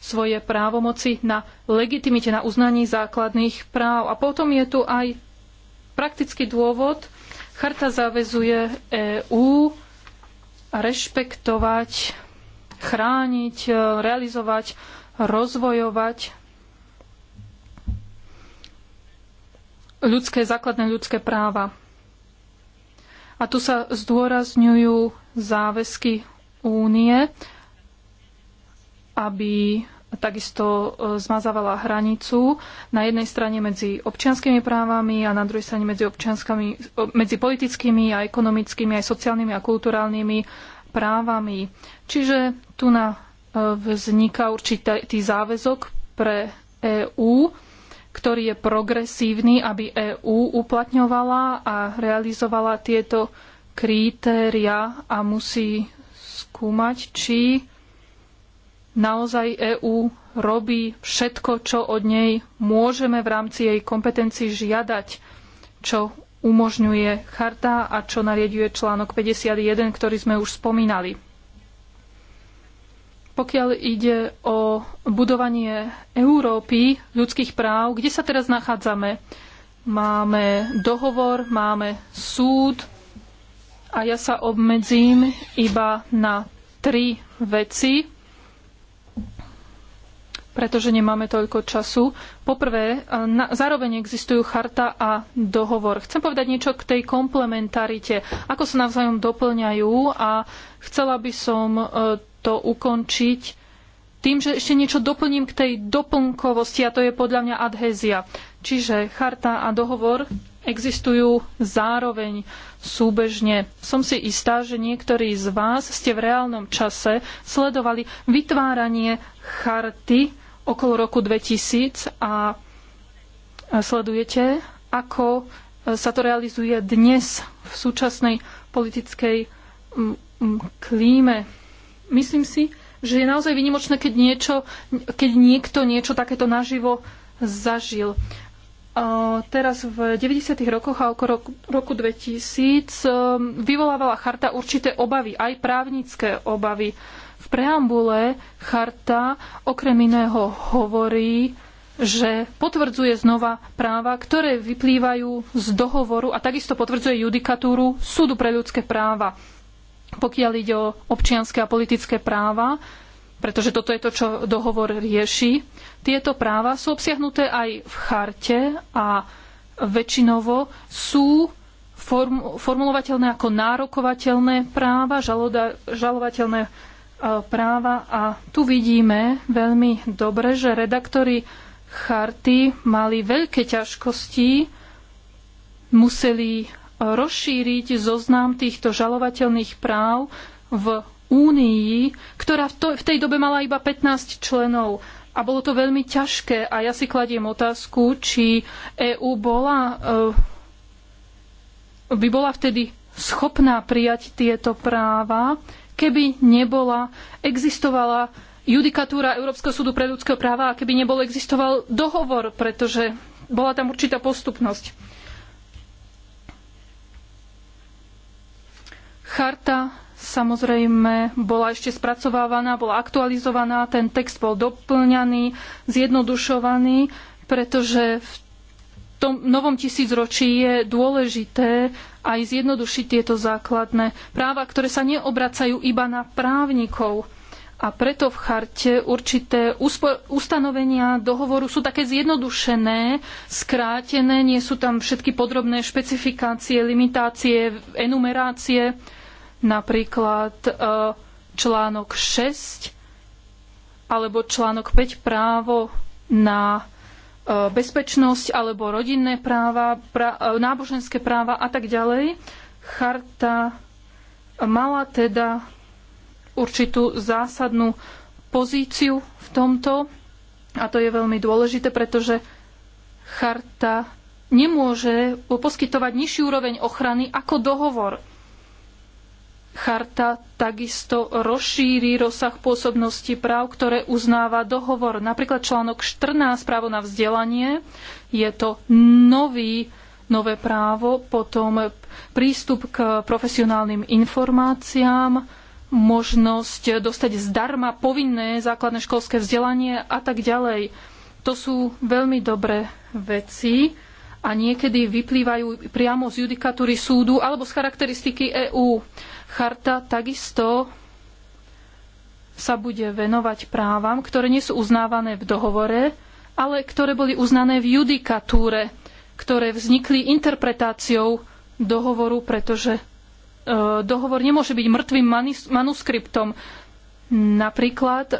svoje právomoci na legitimite, na uznaní základných práv. A potom je tu aj praktický dôvod. Charta záväzuje EÚ rešpektovať chrániť, e, realizovať, rozvojovať ľudské, základné ľudské práva. A tu sa zdôrazňujú záväzky únie, aby takisto e, zmazávala hranicu na jednej strane medzi občianskými právami a na druhej strane medzi, e, medzi politickými a ekonomickými, aj sociálnymi a kulturálnymi právami. Čiže tu na e, vzniká určitý záväzok pre EÚ, ktorý je progresívny, aby EÚ uplatňovala a realizovala tieto kritéria a musí skúmať, či naozaj EÚ robí všetko, čo od nej môžeme v rámci jej kompetencií žiadať, čo umožňuje charta a čo nariaduje článok 51, ktorý sme už spomínali. Pokiaľ ide o budovanie Európy ľudských práv, kde sa teraz nachádzame? Máme dohovor, máme súd a ja sa obmedzím iba na tri veci, pretože nemáme toľko času. Poprvé, e, na, zároveň existujú charta a dohovor. Chcem povedať niečo k tej komplementarite, ako sa navzájom doplňajú a chcela by som e, to ukončiť tým, že ešte niečo doplním k tej doplnkovosti a to je podľa mňa adhézia. Čiže charta a dohovor existujú zároveň súbežne. Som si istá, že niektorí z vás ste v reálnom čase sledovali vytváranie charty okolo roku 2000 a sledujete, ako sa to realizuje dnes v súčasnej politickej mm, mm, klíme. Myslím si, že je naozaj vynimočné, keď, niečo, keď niekto niečo takéto naživo zažil. Teraz v 90. rokoch a okolo roku 2000 ehm, vyvolávala charta určité obavy, aj právnické obavy v preambule charta okrem iného hovorí, že potvrdzuje znova práva, ktoré vyplývajú z dohovoru a takisto potvrdzuje judikatúru Súdu pre ľudské práva, pokiaľ ide o občianske a politické práva, pretože toto je to, čo dohovor rieši. Tieto práva sú obsiahnuté aj v charte a väčšinovo sú formulovateľné ako nárokovateľné práva, žalovateľné E, práva a tu vidíme veľmi dobre, že redaktori charty mali veľké ťažkosti, museli e, rozšíriť zoznam týchto žalovateľných práv v Únii, ktorá v, to, v tej dobe mala iba 15 členov. A bolo to veľmi ťažké a ja si kladiem otázku, či EÚ bola, e, by bola vtedy schopná prijať tieto práva, keby nebola existovala judikatúra Európskeho súdu pre ľudské práva a keby nebol existoval dohovor, pretože bola tam určitá postupnosť. Charta samozrejme bola ešte spracovávaná, bola aktualizovaná, ten text bol doplňaný, zjednodušovaný, pretože v tom novom tisícročí je dôležité aj zjednodušiť tieto základné práva, ktoré sa neobracajú iba na právnikov. A preto v charte určité ustanovenia dohovoru sú také zjednodušené, skrátené, nie sú tam všetky podrobné špecifikácie, limitácie, enumerácie. Napríklad e, článok 6 alebo článok 5 právo na E, bezpečnosť alebo rodinné práva, pra, e, náboženské práva a tak ďalej. Charta mala teda určitú zásadnú pozíciu v tomto a to je veľmi dôležité, pretože charta nemôže poskytovať nižší úroveň ochrany ako dohovor. Charta takisto rozšíri rozsah pôsobnosti práv, ktoré uznáva dohovor. Napríklad článok 14, právo na vzdelanie, je to nový, nové právo, potom prístup k profesionálnym informáciám, možnosť dostať zdarma povinné základné školské vzdelanie a tak ďalej. To sú veľmi dobré veci a niekedy vyplývajú priamo z judikatúry súdu alebo z charakteristiky EÚ. Charta takisto sa bude venovať právam, ktoré nie sú uznávané v dohovore, ale ktoré boli uznané v judikatúre, ktoré vznikli interpretáciou dohovoru, pretože e, dohovor nemôže byť mŕtvým manuskriptom. Napríklad e,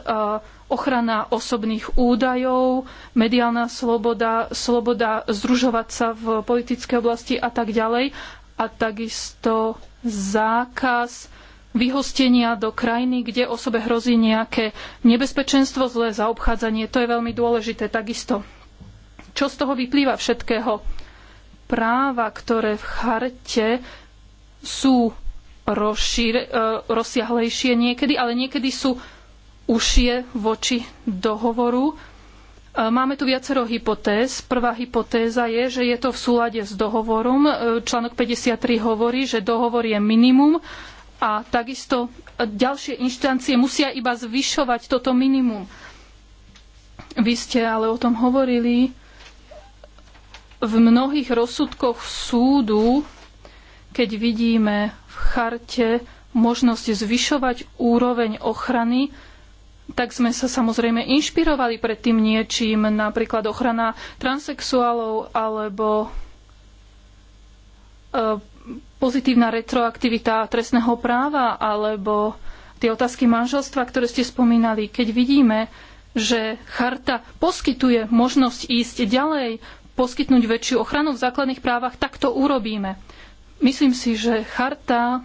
ochrana osobných údajov, mediálna sloboda, sloboda združovať sa v politickej oblasti a tak ďalej. A takisto zákaz vyhostenia do krajiny, kde osobe hrozí nejaké nebezpečenstvo, zlé zaobchádzanie. To je veľmi dôležité takisto. Čo z toho vyplýva všetkého? Práva, ktoré v charte sú rozšír, e, rozsiahlejšie niekedy, ale niekedy sú užšie voči dohovoru E, máme tu viacero hypotéz. Prvá hypotéza je, že je to v súlade s dohovorom. E, článok 53 hovorí, že dohovor je minimum a takisto e, ďalšie inštancie musia iba zvyšovať toto minimum. Vy ste ale o tom hovorili v mnohých rozsudkoch súdu, keď vidíme v charte možnosť zvyšovať úroveň ochrany, tak sme sa samozrejme inšpirovali pred tým niečím, napríklad ochrana transexuálov alebo e, pozitívna retroaktivita trestného práva alebo tie otázky manželstva, ktoré ste spomínali, keď vidíme, že charta poskytuje možnosť ísť ďalej, poskytnúť väčšiu ochranu v základných právach, tak to urobíme. Myslím si, že charta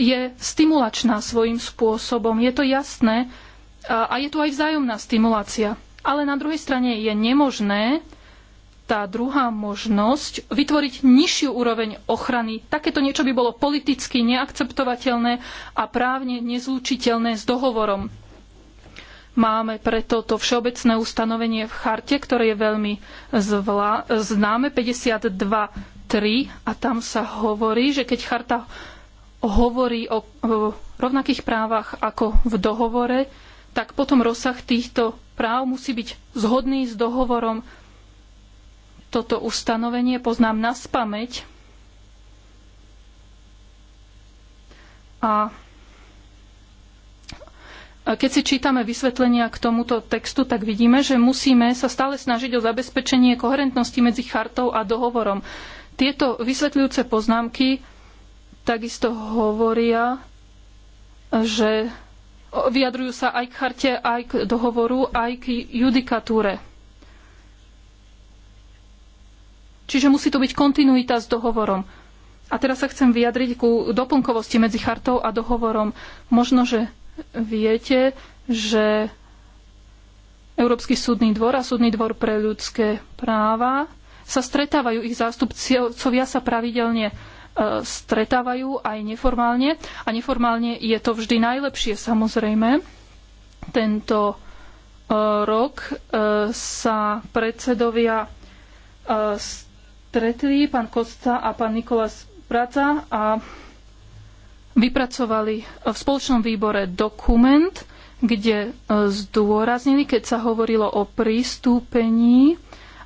je stimulačná svojím spôsobom. Je to jasné a je tu aj vzájomná stimulácia. Ale na druhej strane je nemožné tá druhá možnosť vytvoriť nižšiu úroveň ochrany. Takéto niečo by bolo politicky neakceptovateľné a právne nezlučiteľné s dohovorom. Máme preto to všeobecné ustanovenie v charte, ktoré je veľmi známe, 52.3, a tam sa hovorí, že keď charta hovorí o, rovnakých právach ako v dohovore, tak potom rozsah týchto práv musí byť zhodný s dohovorom. Toto ustanovenie poznám na spameť. A keď si čítame vysvetlenia k tomuto textu, tak vidíme, že musíme sa stále snažiť o zabezpečenie koherentnosti medzi chartou a dohovorom. Tieto vysvetľujúce poznámky takisto hovoria, že vyjadrujú sa aj k charte, aj k dohovoru, aj k judikatúre. Čiže musí to byť kontinuita s dohovorom. A teraz sa chcem vyjadriť ku doplnkovosti medzi chartou a dohovorom. Možno, že viete, že Európsky súdny dvor a súdny dvor pre ľudské práva sa stretávajú, ich zástupcovia sa pravidelne E, stretávajú aj neformálne. A neformálne je to vždy najlepšie, samozrejme. Tento e, rok e, sa predsedovia stretli, pán Kosta a pán Nikolás Braca a vypracovali v spoločnom výbore dokument, kde zdôraznili, keď sa hovorilo o pristúpení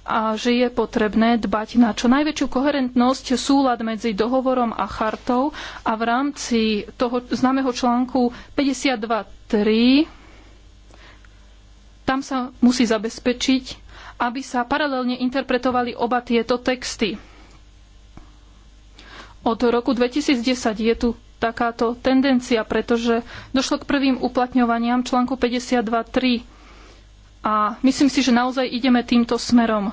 a že je potrebné dbať na čo najväčšiu koherentnosť, súlad medzi dohovorom a chartou a v rámci toho známeho článku 52.3 tam sa musí zabezpečiť, aby sa paralelne interpretovali oba tieto texty. Od roku 2010 je tu takáto tendencia, pretože došlo k prvým uplatňovaniam článku 52.3 a myslím si, že naozaj ideme týmto smerom.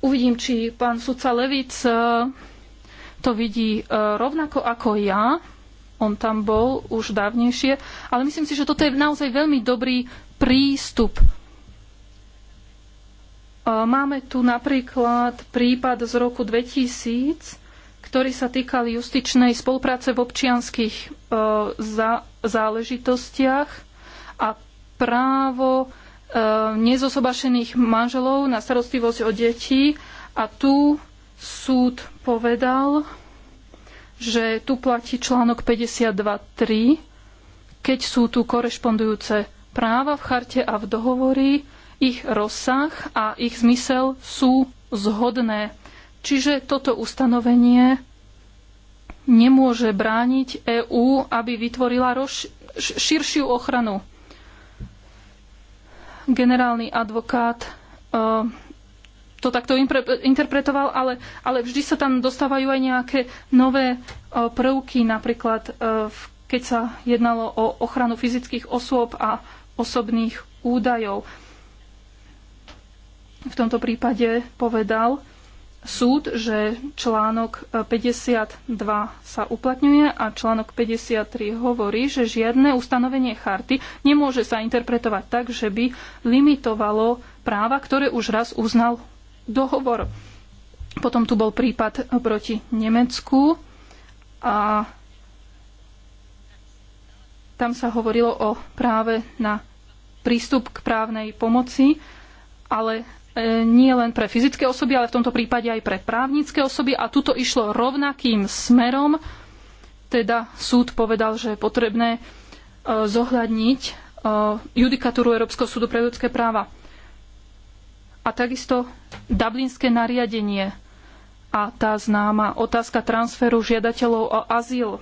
Uvidím, či pán sudca Levic e, to vidí e, rovnako ako ja. On tam bol už dávnejšie. Ale myslím si, že toto je naozaj veľmi dobrý prístup. E, máme tu napríklad prípad z roku 2000, ktorý sa týkal justičnej spolupráce v občianských záležitostiach a právo e, nezosobašených manželov na starostlivosť o deti a tu súd povedal, že tu platí článok 52.3, keď sú tu korešpondujúce práva v charte a v dohovori, ich rozsah a ich zmysel sú zhodné. Čiže toto ustanovenie nemôže brániť EÚ, aby vytvorila širšiu ochranu generálny advokát e, to takto interpretoval, ale, ale vždy sa tam dostávajú aj nejaké nové e, prvky, napríklad e, keď sa jednalo o ochranu fyzických osôb a osobných údajov. V tomto prípade povedal, súd, že článok 52 sa uplatňuje a článok 53 hovorí, že žiadne ustanovenie charty nemôže sa interpretovať tak, že by limitovalo práva, ktoré už raz uznal dohovor. Potom tu bol prípad proti Nemecku a tam sa hovorilo o práve na prístup k právnej pomoci, ale E, nie len pre fyzické osoby, ale v tomto prípade aj pre právnické osoby. A tuto išlo rovnakým smerom. Teda súd povedal, že je potrebné e, zohľadniť e, judikatúru Európskeho súdu pre ľudské práva. A takisto dublinské nariadenie a tá známa otázka transferu žiadateľov o azyl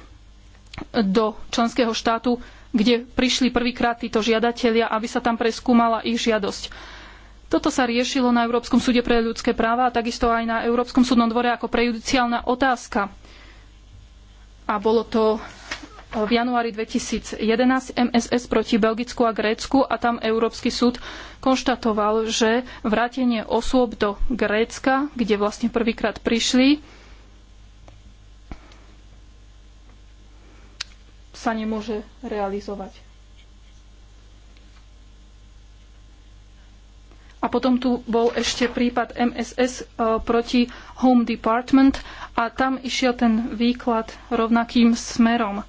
do členského štátu, kde prišli prvýkrát títo žiadatelia, aby sa tam preskúmala ich žiadosť. Toto sa riešilo na Európskom súde pre ľudské práva a takisto aj na Európskom súdnom dvore ako prejudiciálna otázka. A bolo to v januári 2011 MSS proti Belgicku a Grécku a tam Európsky súd konštatoval, že vrátenie osôb do Grécka, kde vlastne prvýkrát prišli, sa nemôže realizovať. A potom tu bol ešte prípad MSS eh, proti Home Department a tam išiel ten výklad rovnakým smerom.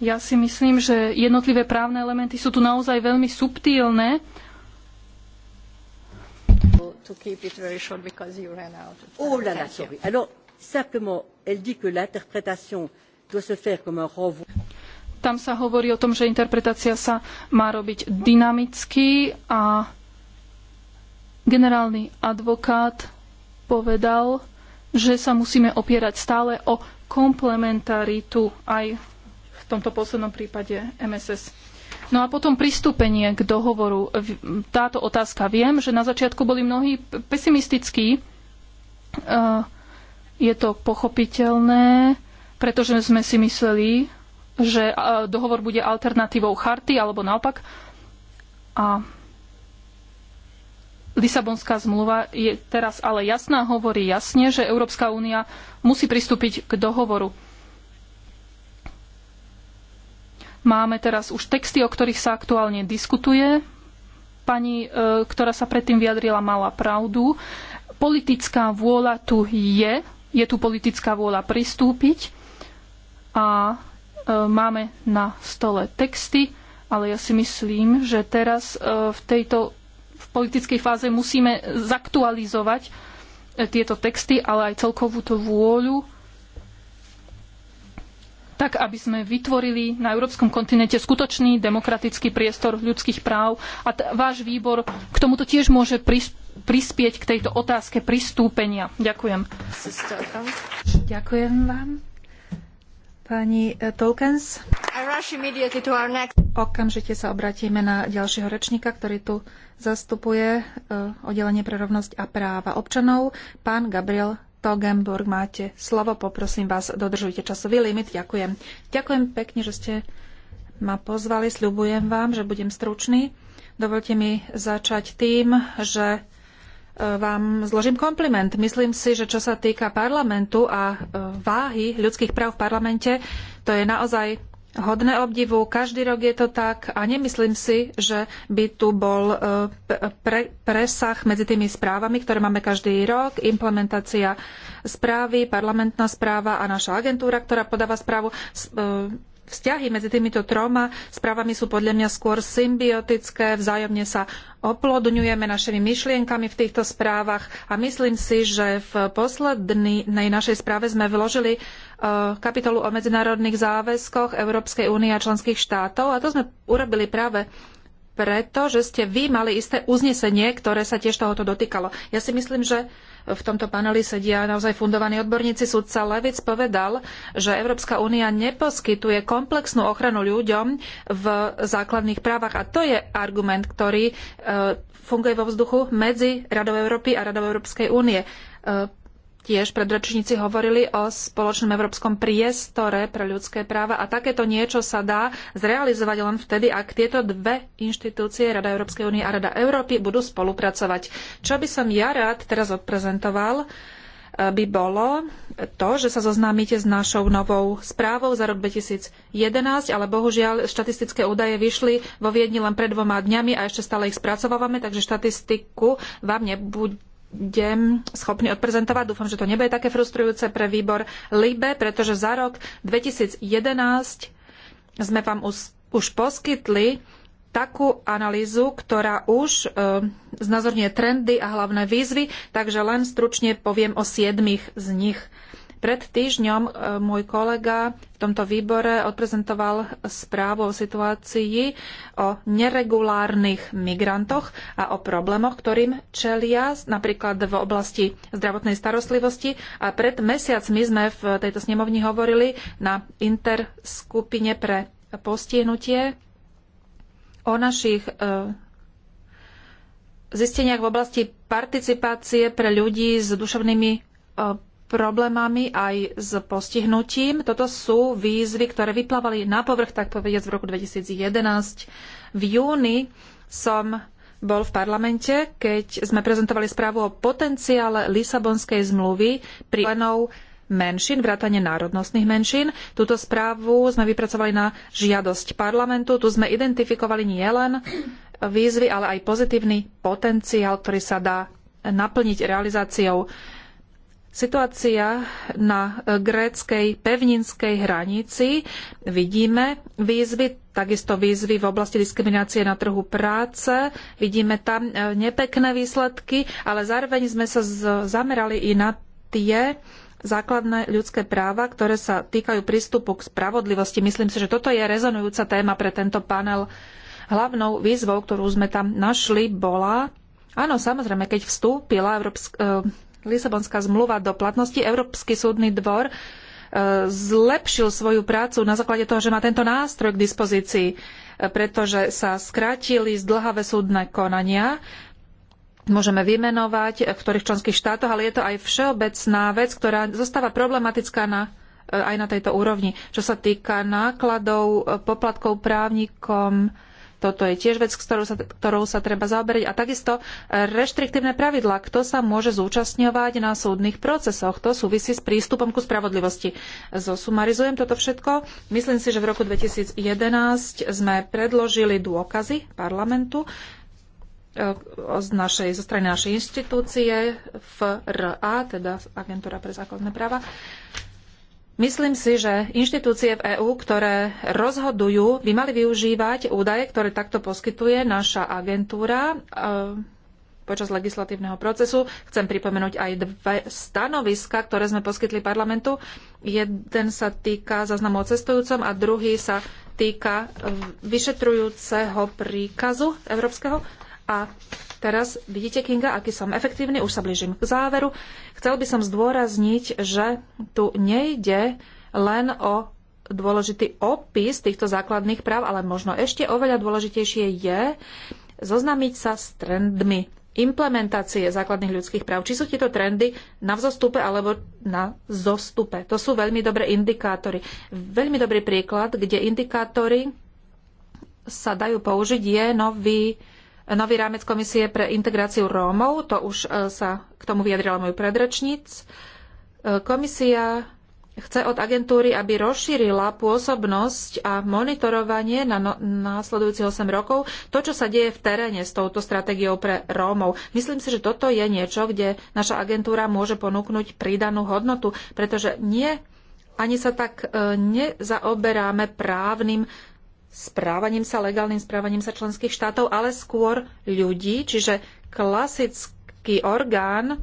Ja si myslím, že jednotlivé právne elementy sú tu naozaj veľmi subtílne. Oh là là, sorry. Alors, simplement, elle dit que l'interprétation doit se faire comme un renvoi. Tam sa hovorí o tom, že interpretácia sa má robiť dynamicky a Generálny advokát povedal, že sa musíme opierať stále o komplementaritu aj v tomto poslednom prípade MSS. No a potom pristúpenie k dohovoru. Táto otázka viem, že na začiatku boli mnohí pesimistickí. Eh, je to pochopiteľné, pretože sme si mysleli, že eh, dohovor bude alternatívou charty alebo naopak. A Lisabonská zmluva je teraz ale jasná, hovorí jasne, že Európska únia musí pristúpiť k dohovoru. Máme teraz už texty, o ktorých sa aktuálne diskutuje. Pani, e, ktorá sa predtým vyjadrila, mala pravdu. Politická vôľa tu je, je tu politická vôľa pristúpiť a e, máme na stole texty, ale ja si myslím, že teraz e, v tejto v politickej fáze musíme zaktualizovať e, tieto texty, ale aj celkovú tú vôľu, tak aby sme vytvorili na európskom kontinente skutočný demokratický priestor ľudských práv. A váš výbor k tomuto tiež môže pris- prispieť k tejto otázke pristúpenia. Ďakujem. Ďakujem vám. Pani e, Tolkens. Okamžite sa obratíme na ďalšieho rečníka, ktorý tu zastupuje e, oddelenie pre rovnosť a práva občanov. Pán Gabriel Togenburg, máte slovo. Poprosím vás, dodržujte časový limit. Ďakujem. Ďakujem pekne, že ste ma pozvali. Sľubujem vám, že budem stručný. Dovolte mi začať tým, že vám zložím kompliment. Myslím si, že čo sa týka parlamentu a e, váhy ľudských práv v parlamente, to je naozaj hodné obdivu. Každý rok je to tak a nemyslím si, že by tu bol e, pre, presah medzi tými správami, ktoré máme každý rok, implementácia správy, parlamentná správa a naša agentúra, ktorá podáva správu. E, vzťahy medzi týmito troma správami sú podľa mňa skôr symbiotické, vzájomne sa oplodňujeme našimi myšlienkami v týchto správach a myslím si, že v poslednej našej správe sme vložili e, kapitolu o medzinárodných záväzkoch Európskej únie a členských štátov a to sme urobili práve preto, že ste vy mali isté uznesenie, ktoré sa tiež tohoto dotýkalo. Ja si myslím, že v tomto paneli sedia naozaj fundovaní odborníci. Sudca Levic povedal, že Európska únia neposkytuje komplexnú ochranu ľuďom v základných právach. A to je argument, ktorý eh, funguje vo vzduchu medzi Radou Európy a Radou Európskej únie eh, tiež predrečníci hovorili o spoločnom európskom priestore pre ľudské práva a takéto niečo sa dá zrealizovať len vtedy, ak tieto dve inštitúcie, Rada Európskej únie a Rada Európy, budú spolupracovať. Čo by som ja rád teraz odprezentoval, e, by bolo to, že sa zoznámite s našou novou správou za rok 2011, ale bohužiaľ štatistické údaje vyšli vo Viedni len pred dvoma dňami a ešte stále ich spracovávame, takže štatistiku vám nebude budem schopný odprezentovať. Dúfam, že to nebude také frustrujúce pre výbor LIBE, pretože za rok 2011 sme vám už, už poskytli takú analýzu, ktorá už e, znázorňuje trendy a hlavné výzvy, takže len stručne poviem o siedmých z nich. Pred týždňom e, môj kolega v tomto výbore odprezentoval správu o situácii o neregulárnych migrantoch a o problémoch, ktorým čelia napríklad v oblasti zdravotnej starostlivosti. A pred mesiacmi sme v tejto snemovni hovorili na interskupine pre postihnutie o našich e, zisteniach v oblasti participácie pre ľudí s duševnými e, problémami, aj s postihnutím. Toto sú výzvy, ktoré vyplávali na povrch, tak povediať, v roku 2011. V júni som bol v parlamente, keď sme prezentovali správu o potenciále Lisabonskej zmluvy pri členov menšín, vrátane národnostných menšín. Túto správu sme vypracovali na žiadosť parlamentu. Tu sme identifikovali nielen výzvy, ale aj pozitívny potenciál, ktorý sa dá naplniť realizáciou Situácia na e, gréckej pevninskej hranici. Vidíme výzvy, takisto výzvy v oblasti diskriminácie na trhu práce. Vidíme tam e, nepekné výsledky, ale zároveň sme sa zamerali i na tie základné ľudské práva, ktoré sa týkajú prístupu k spravodlivosti. Myslím si, že toto je rezonujúca téma pre tento panel. Hlavnou výzvou, ktorú sme tam našli, bola Áno, samozrejme, keď vstúpila Európska, e, Lisabonská zmluva do platnosti, Európsky súdny dvor e, zlepšil svoju prácu na základe toho, že má tento nástroj k dispozícii, e, pretože sa skrátili zdlhavé súdne konania. Môžeme vymenovať e, v ktorých členských štátoch, ale je to aj všeobecná vec, ktorá zostáva problematická na, aj na tejto úrovni. Čo sa týka nákladov, poplatkov právnikom, toto je tiež vec, ktorou sa, ktorou sa treba zaoberať. A takisto e, reštriktívne pravidlá, kto sa môže zúčastňovať na súdnych procesoch. To súvisí s prístupom ku spravodlivosti. Zosumarizujem toto všetko. Myslím si, že v roku 2011 sme predložili dôkazy parlamentu e, z našej, zo strany našej inštitúcie FRA, teda Agentúra pre základné práva, Myslím si, že inštitúcie v EÚ, ktoré rozhodujú, by mali využívať údaje, ktoré takto poskytuje naša agentúra e, počas legislatívneho procesu. Chcem pripomenúť aj dve stanoviska, ktoré sme poskytli parlamentu. Jeden sa týka zaznamu o cestujúcom a druhý sa týka e, vyšetrujúceho príkazu európskeho. A Teraz vidíte, Kinga, aký som efektívny, už sa blížim k záveru. Chcel by som zdôrazniť, že tu nejde len o dôležitý opis týchto základných práv, ale možno ešte oveľa dôležitejšie je zoznamiť sa s trendmi implementácie základných ľudských práv. Či sú tieto trendy na vzostupe alebo na zostupe. To sú veľmi dobré indikátory. Veľmi dobrý príklad, kde indikátory sa dajú použiť, je nový nový rámec komisie pre integráciu Rómov, to už e, sa k tomu vyjadrila môj predrečníc. E, Komisia chce od agentúry, aby rozšírila pôsobnosť a monitorovanie na no, následujúcich 8 rokov to, čo sa deje v teréne s touto stratégiou pre Rómov. Myslím si, že toto je niečo, kde naša agentúra môže ponúknuť pridanú hodnotu, pretože nie ani sa tak e, nezaoberáme právnym správaním sa, legálnym správaním sa členských štátov, ale skôr ľudí, čiže klasický orgán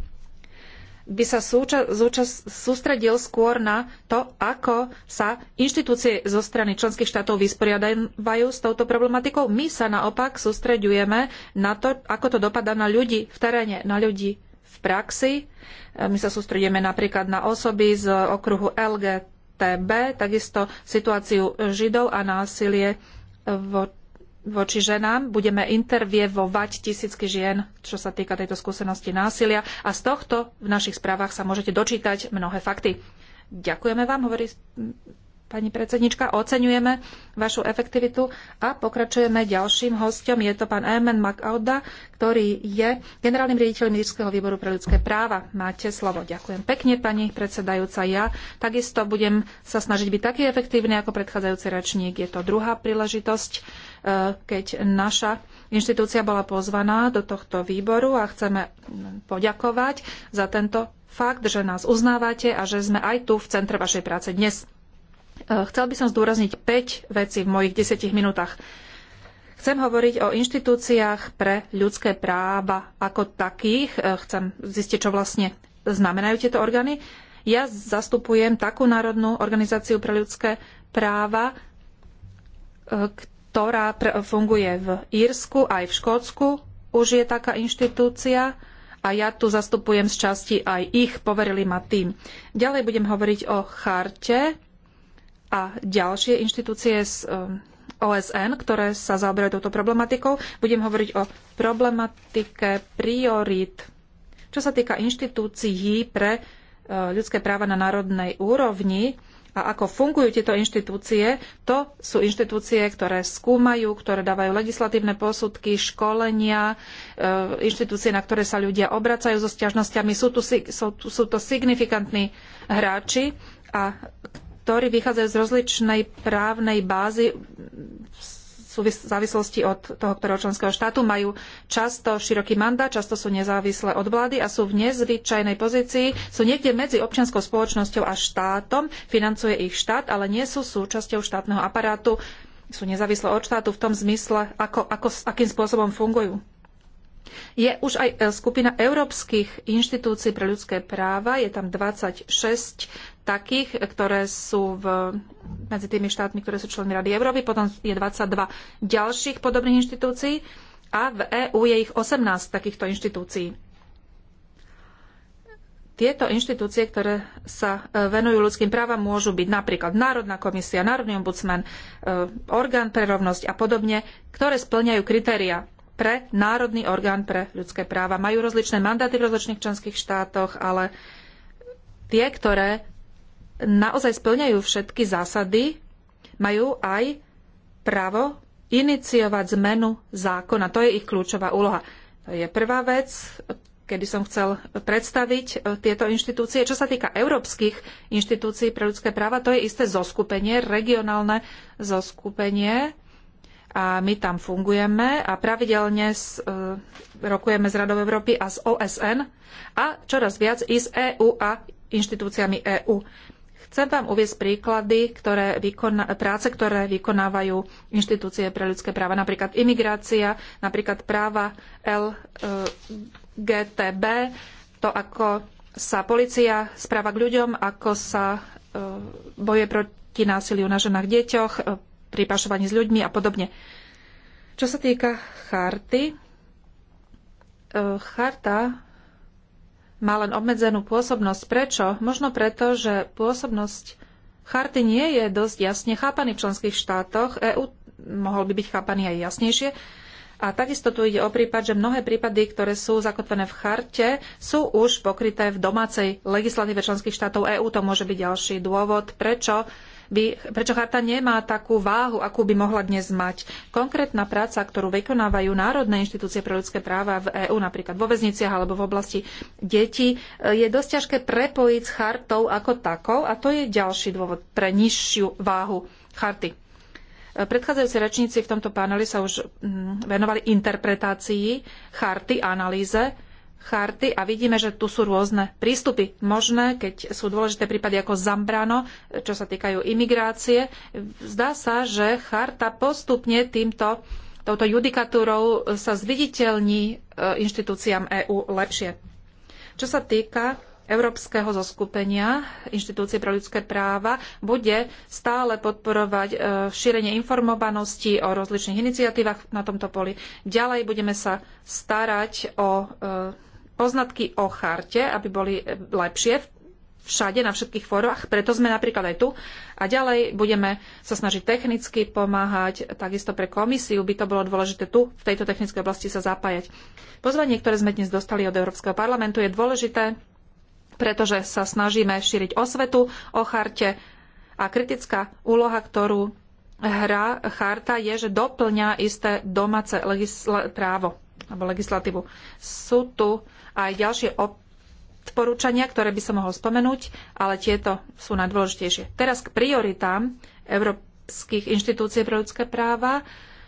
by sa súča, súčas, sústredil skôr na to, ako sa inštitúcie zo strany členských štátov vysporiadajú s touto problematikou. My sa naopak sústreďujeme na to, ako to dopadá na ľudí v teréne, na ľudí v praxi. E, my sa sústredíme napríklad na osoby z okruhu LGT TB, takisto situáciu židov a násilie vo, voči ženám. Budeme intervievovať tisícky žien, čo sa týka tejto skúsenosti násilia. A z tohto v našich správach sa môžete dočítať mnohé fakty. Ďakujeme vám, hovorí Pani predsednička, oceňujeme vašu efektivitu a pokračujeme ďalším hostom. Je to pán Eamon McAuda, ktorý je generálnym riaditeľom mírskeho výboru pre ľudské práva. Máte slovo. Ďakujem pekne, pani predsedajúca. Ja takisto budem sa snažiť byť taký efektívny ako predchádzajúci rečník. Je to druhá príležitosť, e, keď naša inštitúcia bola pozvaná do tohto výboru a chceme poďakovať za tento fakt, že nás uznávate a že sme aj tu v centre vašej práce dnes. E, chcel by som zdôrazniť 5 vecí v mojich 10 minútach. Chcem hovoriť o inštitúciách pre ľudské práva ako takých. E, chcem zistiť, čo vlastne znamenajú tieto orgány. Ja zastupujem takú národnú organizáciu pre ľudské práva, e, ktorá funguje v Írsku, aj v Škótsku už je taká inštitúcia a ja tu zastupujem z časti aj ich, poverili ma tým. Ďalej budem hovoriť o charte a ďalšie inštitúcie z um, OSN, ktoré sa zaoberajú touto problematikou. Budem hovoriť o problematike priorít, čo sa týka inštitúcií pre uh, ľudské práva na národnej úrovni a ako fungujú tieto inštitúcie. To sú inštitúcie, ktoré skúmajú, ktoré dávajú legislatívne posudky, školenia, uh, inštitúcie, na ktoré sa ľudia obracajú so sťažnosťami. Sú, sú, sú to signifikantní hráči a ktorí vychádzajú z rozličnej právnej bázy v závislosti od toho, ktorého členského štátu, majú často široký mandát, často sú nezávislé od vlády a sú v nezvyčajnej pozícii, sú niekde medzi občianskou spoločnosťou a štátom, financuje ich štát, ale nie sú súčasťou štátneho aparátu, sú nezávislé od štátu v tom zmysle, ako, ako, akým spôsobom fungujú. Je už aj e, skupina európskych inštitúcií pre ľudské práva, je tam 26 takých, ktoré sú v, medzi tými štátmi, ktoré sú členmi Rady Európy, potom je 22 ďalších podobných inštitúcií a v EÚ je ich 18 takýchto inštitúcií. Tieto inštitúcie, ktoré sa e, venujú ľudským právam, môžu byť napríklad Národná komisia, Národný ombudsman, e, orgán pre rovnosť a podobne, ktoré splňajú kritéria pre Národný orgán pre ľudské práva. Majú rozličné mandáty v rozličných členských štátoch, ale tie, ktoré naozaj splňajú všetky zásady, majú aj právo iniciovať zmenu zákona. To je ich kľúčová úloha. To je prvá vec, kedy som chcel predstaviť e, tieto inštitúcie. Čo sa týka európskych inštitúcií pre ľudské práva, to je isté zoskupenie, regionálne zoskupenie. A my tam fungujeme a pravidelne s, e, rokujeme z Radov Európy a z OSN a čoraz viac i s EÚ a inštitúciami EÚ. Chcem vám uvieť príklady ktoré vykoná, práce, ktoré vykonávajú inštitúcie pre ľudské práva, napríklad imigrácia, napríklad práva LGTB, to, ako sa policia správa k ľuďom, ako sa e, boje proti násiliu na ženách, deťoch, e, pri pašovaní s ľuďmi a podobne. Čo sa týka charty, e, charta má len obmedzenú pôsobnosť. Prečo? Možno preto, že pôsobnosť charty nie je dosť jasne chápaný v členských štátoch. EÚ mohol by byť chápaný aj jasnejšie. A takisto tu ide o prípad, že mnohé prípady, ktoré sú zakotvené v charte, sú už pokryté v domácej legislatíve členských štátov EÚ. To môže byť ďalší dôvod, prečo by, prečo charta nemá takú váhu, akú by mohla dnes mať. Konkrétna práca, ktorú vykonávajú národné inštitúcie pre ľudské práva v EÚ, napríklad vo väzniciach alebo v oblasti detí, je dosť ťažké prepojiť s chartou ako takou a to je ďalší dôvod pre nižšiu váhu charty. Predchádzajúci rečníci v tomto paneli sa už mm, venovali interpretácii charty, analýze charty a vidíme, že tu sú rôzne prístupy možné, keď sú dôležité prípady ako Zambrano, čo sa týkajú imigrácie. Zdá sa, že charta postupne týmto touto judikatúrou sa zviditeľní e, inštitúciám EÚ lepšie. Čo sa týka Európskeho zoskupenia Inštitúcie pre ľudské práva bude stále podporovať e, šírenie informovanosti o rozličných iniciatívach na tomto poli. Ďalej budeme sa starať o e, poznatky o charte, aby boli lepšie všade, na všetkých fórach, preto sme napríklad aj tu. A ďalej budeme sa snažiť technicky pomáhať, takisto pre komisiu by to bolo dôležité tu, v tejto technickej oblasti sa zapájať. Pozvanie, ktoré sme dnes dostali od Európskeho parlamentu, je dôležité, pretože sa snažíme šíriť osvetu o charte a kritická úloha, ktorú hra charta je, že doplňa isté domáce právo alebo legislatívu. Sú tu aj ďalšie odporúčania, ktoré by som mohol spomenúť, ale tieto sú najdôležitejšie. Teraz k prioritám európskych inštitúcií pre ľudské práva.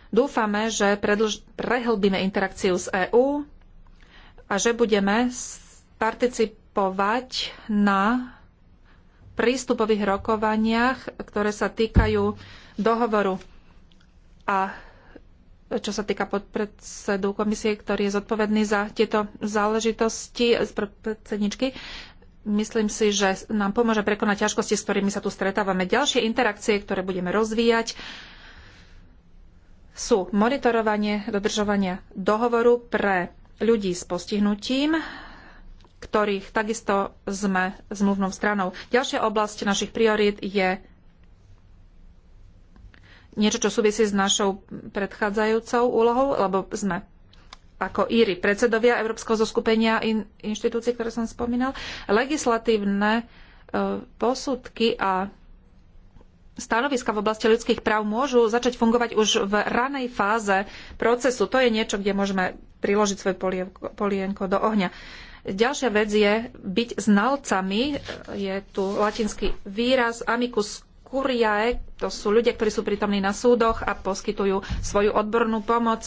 Dúfame, že predlž- prehlbíme interakciu s EÚ a že budeme participovať na prístupových rokovaniach, ktoré sa týkajú dohovoru a čo sa týka podpredsedu komisie, ktorý je zodpovedný za tieto záležitosti z predsedničky. Myslím si, že nám pomôže prekonať ťažkosti, s ktorými sa tu stretávame. Ďalšie interakcie, ktoré budeme rozvíjať, sú monitorovanie dodržovania dohovoru pre ľudí s postihnutím, ktorých takisto sme zmluvnou stranou. Ďalšia oblasť našich priorít je niečo, čo súvisí s našou predchádzajúcou úlohou, lebo sme ako Íry, predsedovia Európskeho zoskupenia in, inštitúcií, ktoré som spomínal, legislatívne e, posudky a stanoviska v oblasti ľudských práv môžu začať fungovať už v ranej fáze procesu. To je niečo, kde môžeme priložiť svoje polienko, polienko do ohňa. Ďalšia vec je byť znalcami. E, je tu latinský výraz amicus kuriae, to sú ľudia, ktorí sú prítomní na súdoch a poskytujú svoju odbornú pomoc.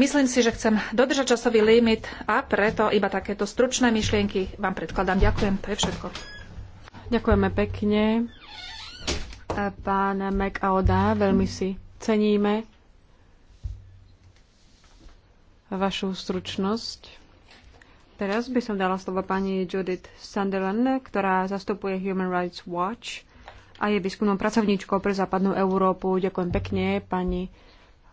Myslím si, že chcem dodržať časový limit a preto iba takéto stručné myšlienky vám predkladám. Ďakujem, to je všetko. Ďakujeme pekne. Pán McAoda, veľmi si ceníme vašu stručnosť. Teraz by som dala slovo pani Judith Sunderland, ktorá zastupuje Human Rights Watch a je výskumnou pracovníčkou pre západnú Európu. Ďakujem pekne, pani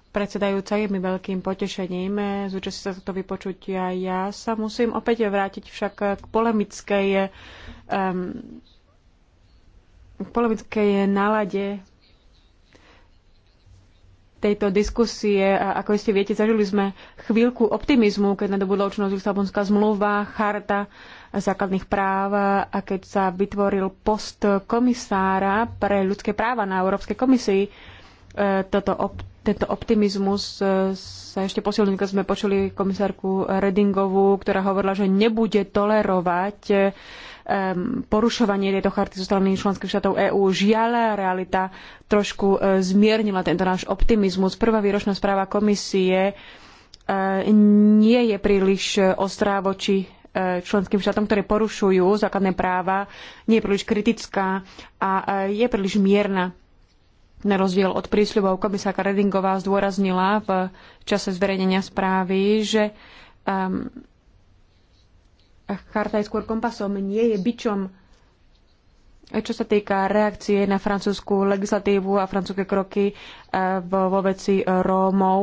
predsedajúca. Je mi veľkým potešením zúčastniť sa toto vypočutia. Ja sa musím opäť vrátiť však k polemickej, um, k polemickej nálade tejto diskusie. A ako ste viete, zažili sme chvíľku optimizmu, keď nadobudla účinnosť Lisabonská zmluva, charta základných práv a keď sa vytvoril post komisára pre ľudské práva na Európskej komisii, e, toto op- tento optimizmus e, sa ešte posilnil, keď sme počuli komisárku Redingovú, ktorá hovorila, že nebude tolerovať e, porušovanie tejto charty zo strany členských štátov EÚ. Žiaľ, realita trošku zmiernila tento náš optimizmus. Prvá výročná správa komisie nie je príliš ostrá voči E, členským štátom, ktoré porušujú základné práva, nie je príliš kritická a e, je príliš mierna. Na rozdiel od prísľubov komisárka Redingová zdôraznila v čase zverejnenia správy, že um, charta je skôr kompasom, nie je byčom. E, čo sa týka reakcie na francúzskú legislatívu a francúzske kroky vo veci Rómov,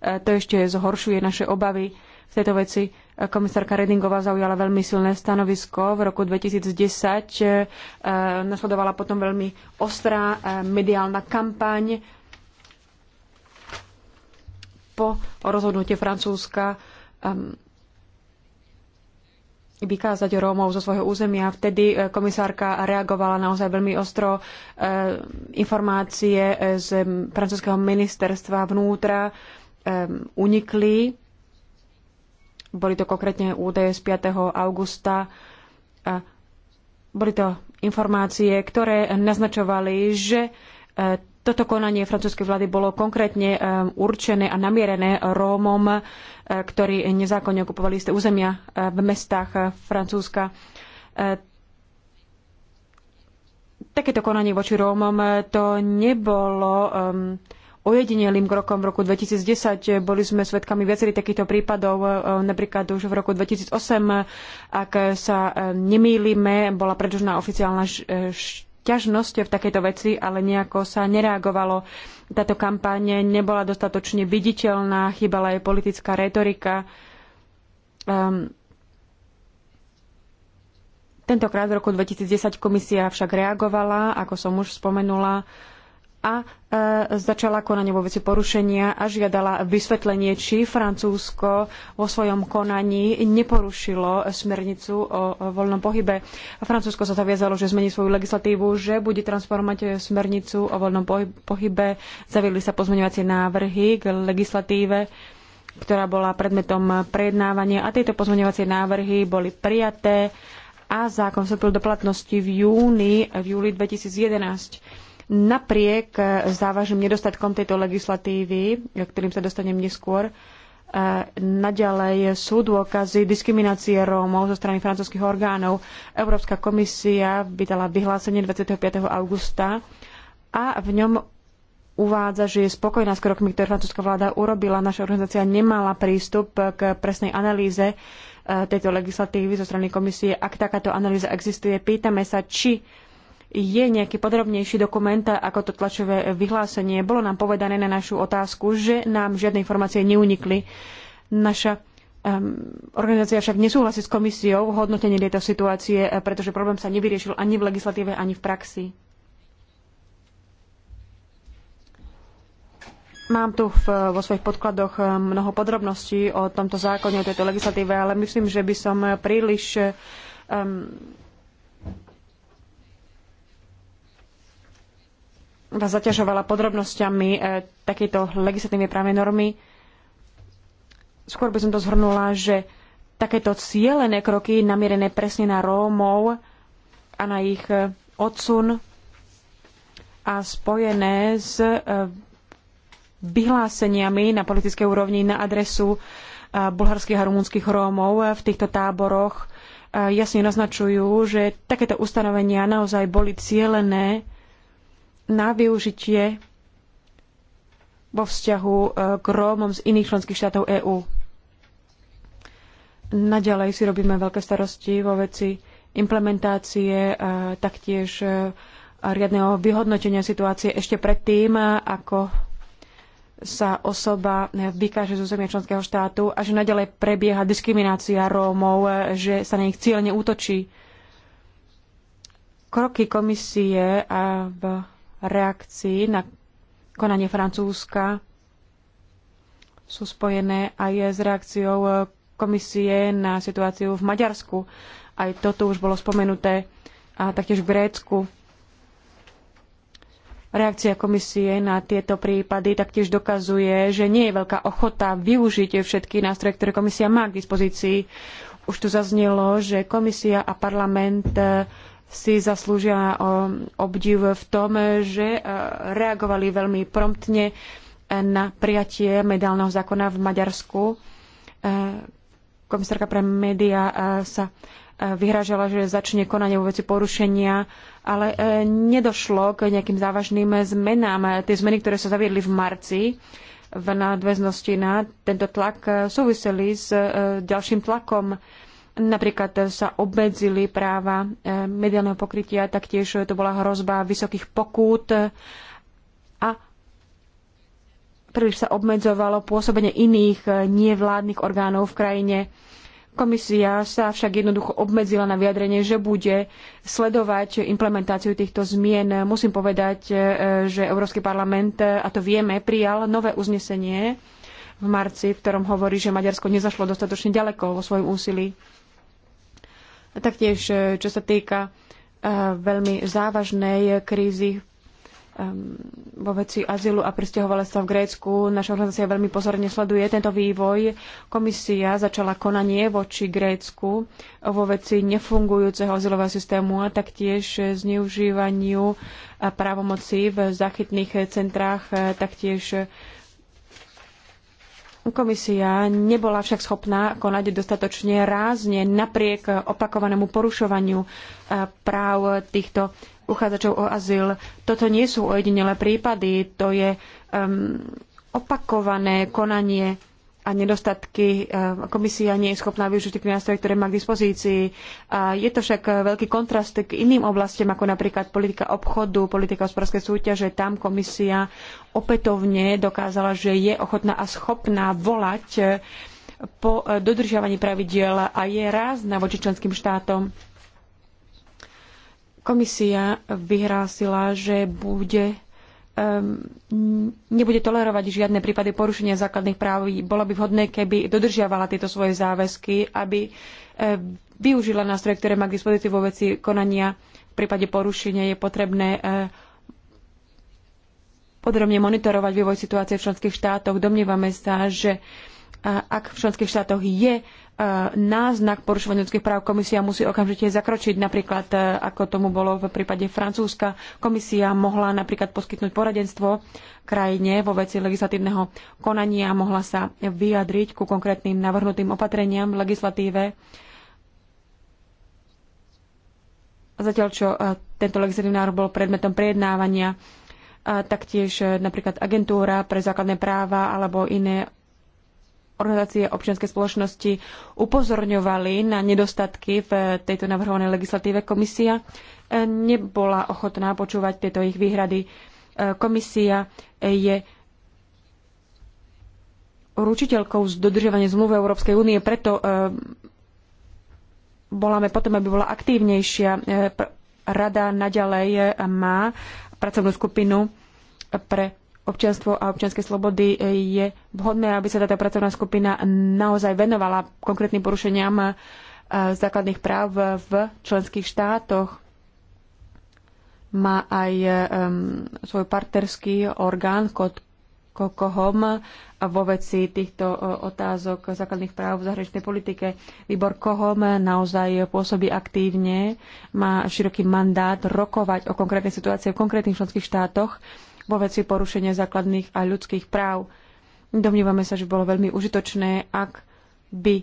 to ešte zhoršuje naše obavy v tejto veci. Komisárka Redingová zaujala veľmi silné stanovisko v roku 2010. Eh, nasledovala potom veľmi ostrá eh, mediálna kampaň po rozhodnutí Francúzska ehm, vykázať Rómov zo svojho územia. Vtedy eh, komisárka reagovala naozaj veľmi ostro. Informácie z francúzského ministerstva vnútra ehm, unikli boli to konkrétne údaje z 5. augusta. A boli to informácie, ktoré naznačovali, že e, toto konanie francúzskej vlády bolo konkrétne e, určené a namierené Rómom, e, ktorí nezákonne okupovali isté územia v mestách Francúzska. Takéto konanie voči Rómom to nebolo ojedinelým krokom v roku 2010. Boli sme svedkami viacerých takýchto prípadov, e, napríklad už v roku 2008, ak sa e, nemýlime, bola predložená oficiálna e, ťažnosť v takejto veci, ale nejako sa nereagovalo. Táto kampáň nebola dostatočne viditeľná, chýbala aj politická retorika. Um, ehm, tentokrát v roku 2010 komisia však reagovala, ako som už spomenula, uh, a e, začala konanie vo veci porušenia a žiadala vysvetlenie, či Francúzsko vo svojom konaní neporušilo smernicu o, o voľnom pohybe. Francúzsko sa zaviazalo, že zmení svoju legislatívu, že bude transformovať smernicu o voľnom pohybe. Zaviedli sa pozmeňovacie návrhy k legislatíve ktorá bola predmetom prejednávania a tieto pozmeňovacie návrhy boli prijaté a zákon vstúpil do platnosti v júni, v júli 2011 napriek závažným nedostatkom tejto legislatívy, ktorým sa dostanem neskôr, e, naďalej sú dôkazy diskriminácie Rómov zo strany francúzských orgánov. Európska komisia vydala vyhlásenie 25. augusta a v ňom uvádza, že je spokojná s krokmi, ktoré francúzska vláda urobila. Naša organizácia nemala prístup k presnej analýze e, tejto legislatívy zo strany komisie. Ak takáto analýza existuje, pýtame sa, či je nejaký podrobnejší dokument ako to tlačové vyhlásenie. Bolo nám povedané na našu otázku, že nám žiadne informácie neunikli. Naša um, organizácia však nesúhlasí s komisiou v hodnotení tejto situácie, e, pretože problém sa nevyriešil ani v legislatíve, ani v praxi. Mám tu v, vo svojich podkladoch e, mnoho podrobností o tomto zákone, o tejto legislatíve, ale myslím, že by som príliš um, vás zaťažovala podrobnosťami e, takéto legislatívnej právnej normy. Skôr by som to zhrnula, že takéto cielené kroky namierené presne na Rómov a na ich e, odsun a spojené s e, vyhláseniami na politickej úrovni na adresu bulharských a rumúnskych Rómov v týchto táboroch jasne naznačujú, že takéto ustanovenia naozaj boli cielené na využitie vo vzťahu e, k Rómom z iných členských štátov EÚ. Naďalej si robíme veľké starosti vo veci implementácie, e, taktiež e, riadneho vyhodnotenia situácie ešte predtým, ako sa osoba vykáže z územia členského štátu a že naďalej prebieha diskriminácia Rómov, že sa na nich cieľne útočí. Kroky komisie a v reakcií na konanie Francúzska sú spojené aj s reakciou komisie na situáciu v Maďarsku. Aj toto už bolo spomenuté a taktiež v Grécku. Reakcia komisie na tieto prípady taktiež dokazuje, že nie je veľká ochota využiť všetky nástroje, ktoré komisia má k dispozícii. Už tu zaznelo, že komisia a parlament si zaslúžia e, obdiv v tom, že e, reagovali veľmi promptne e, na prijatie mediálneho zákona v Maďarsku. Komisárka pre médiá sa vyhražala, že začne konanie vo veci porušenia, ale nedošlo k nejakým závažným zmenám. Tie zmeny, ktoré sa zaviedli v marci v nadväznosti na tento tlak, súviseli s ďalším tlakom Napríklad sa obmedzili práva eh, mediálneho pokrytia, taktiež to bola hrozba vysokých pokút a príliš sa obmedzovalo pôsobenie iných eh, nevládnych orgánov v krajine. Komisia sa však jednoducho obmedzila na vyjadrenie, že bude sledovať implementáciu týchto zmien. Musím povedať, eh, že Európsky parlament, a to vieme, prijal nové uznesenie v marci, v ktorom hovorí, že Maďarsko nezašlo dostatočne ďaleko vo svojom úsilí a taktiež, e, čo sa týka e, veľmi závažnej krízy e, vo veci azylu a sa v Grécku. Naša organizácia veľmi pozorne sleduje tento vývoj. Komisia začala konanie voči Grécku vo veci nefungujúceho azylového systému a taktiež zneužívaniu právomocí v zachytných centrách, taktiež Komisia nebola však schopná konať dostatočne rázne napriek opakovanému porušovaniu e, práv týchto uchádzačov o azyl. Toto nie sú ojedinelé prípady, to je um, opakované konanie a nedostatky. Eh, komisia nie je schopná využiť tie nástroje, ktoré má k dispozícii. je to však veľký kontrast k iným oblastiam, ako napríklad politika obchodu, politika hospodárskej súťaže. Tam komisia opätovne dokázala, že je ochotná a schopná volať eh, po eh, dodržiavaní pravidiel a je rázna voči členským štátom. Komisia vyhrásila, že bude Ehm, nebude tolerovať žiadne prípady porušenia základných práv. Bolo by vhodné, keby dodržiavala tieto svoje záväzky, aby ehm, využila nástroje, ktoré má k dispozícii vo veci konania. V prípade porušenia je potrebné ehm, podrobne monitorovať vývoj situácie v členských štátoch. Domnievame sa, že ak v členských štátoch je náznak porušovania ľudských práv komisia musí okamžite zakročiť. Napríklad, e, ako tomu bolo v prípade Francúzska, komisia mohla napríklad poskytnúť poradenstvo krajine vo veci legislatívneho konania a mohla sa vyjadriť ku konkrétnym navrhnutým opatreniam v legislatíve. Zatiaľ, čo e, tento legislatívny návrh bol predmetom prejednávania, e, taktiež napríklad agentúra pre základné práva alebo iné organizácie občianskej spoločnosti upozorňovali na nedostatky v tejto navrhovanej legislatíve. Komisia eh, nebola ochotná počúvať tieto ich výhrady. Eh, komisia eh, je ručiteľkou z dodržovania zmluvy Európskej únie, preto voláme potom, aby bola aktívnejšia. Rada naďalej má pracovnú skupinu pre občianstvo a občianske slobody e, je vhodné, aby sa táto pracovná skupina naozaj venovala konkrétnym porušeniam e, základných práv v členských štátoch. Má aj e, svoj partnerský orgán KOKOHOM vo veci týchto otázok základných práv v zahraničnej politike. Výbor KOHOM naozaj pôsobí aktívne, má široký mandát rokovať o konkrétnej situácii v konkrétnych členských štátoch vo veci porušenia základných a ľudských práv. Domnívame sa, že bolo veľmi užitočné, ak by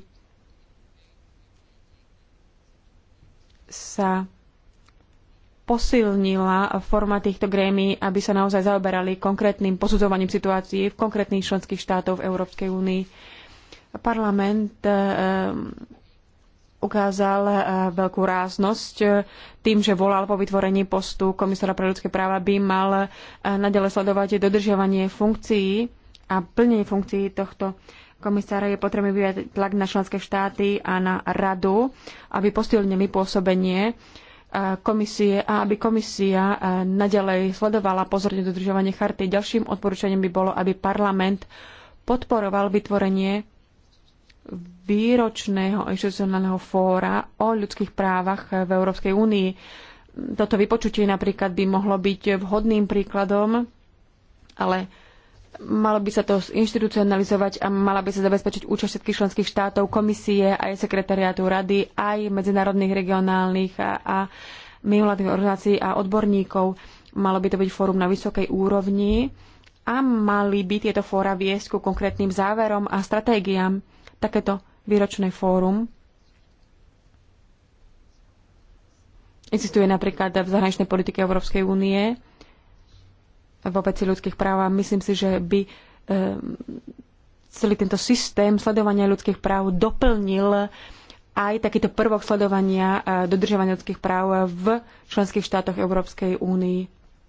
sa posilnila forma týchto grémií, aby sa naozaj zaoberali konkrétnym posudzovaním situácií v konkrétnych členských štátoch v Európskej únii. Parlament eh, ukázal eh, veľkú ráznosť eh, tým, že volal po vytvorení postu komisára pre ľudské práva, by mal eh, nadalej sledovať dodržiavanie funkcií a plnenie funkcií tohto komisára. Je potrebné vyvíjať tlak na členské štáty a na radu, aby posilnili pôsobenie komisie a aby komisia nadalej sledovala pozorne dodržovanie charty. Ďalším odporúčaním by bolo, aby parlament podporoval vytvorenie výročného inštitucionálneho fóra o ľudských právach v Európskej únii. Toto vypočutie napríklad by mohlo byť vhodným príkladom, ale malo by sa to inštitucionalizovať a mala by sa zabezpečiť účasť všetkých členských štátov, komisie, aj sekretariátu rady, aj medzinárodných, regionálnych a, a mimovládnych organizácií a odborníkov. Malo by to byť fórum na vysokej úrovni a mali by tieto fóra viesť ku konkrétnym záverom a stratégiám. Takéto výročné fórum. Existuje napríklad v zahraničnej politike Európskej únie v obeci ľudských práv a myslím si, že by eh, celý tento systém sledovania ľudských práv doplnil aj takýto prvok sledovania eh, dodržiavania ľudských práv v členských štátoch Európskej únii,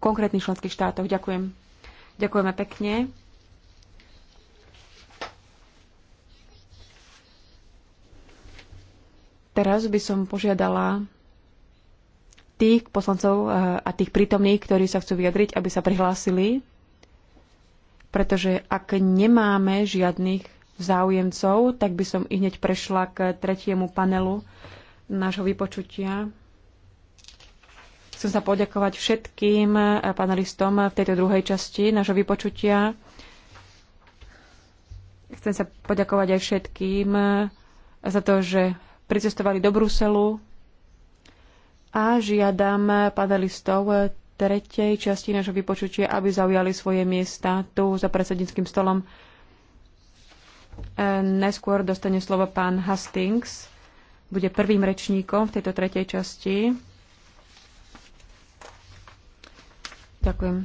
konkrétnych členských štátoch. Ďakujem. Ďakujeme pekne. Teraz by som požiadala tých poslancov eh, a tých prítomných, ktorí sa chcú vyjadriť, aby sa prihlásili, pretože ak nemáme žiadnych záujemcov, tak by som i hneď prešla k tretiemu panelu nášho vypočutia. Chcem sa poďakovať všetkým eh, panelistom v tejto druhej časti nášho vypočutia. Chcem sa poďakovať aj všetkým eh, za to, že pricestovali do Bruselu a žiadam panelistov tretej časti nášho vypočutia, aby zaujali svoje miesta tu za predsedníckým stolom. E, neskôr dostane slovo pán Hastings. Bude prvým rečníkom v tejto tretej časti. Ďakujem.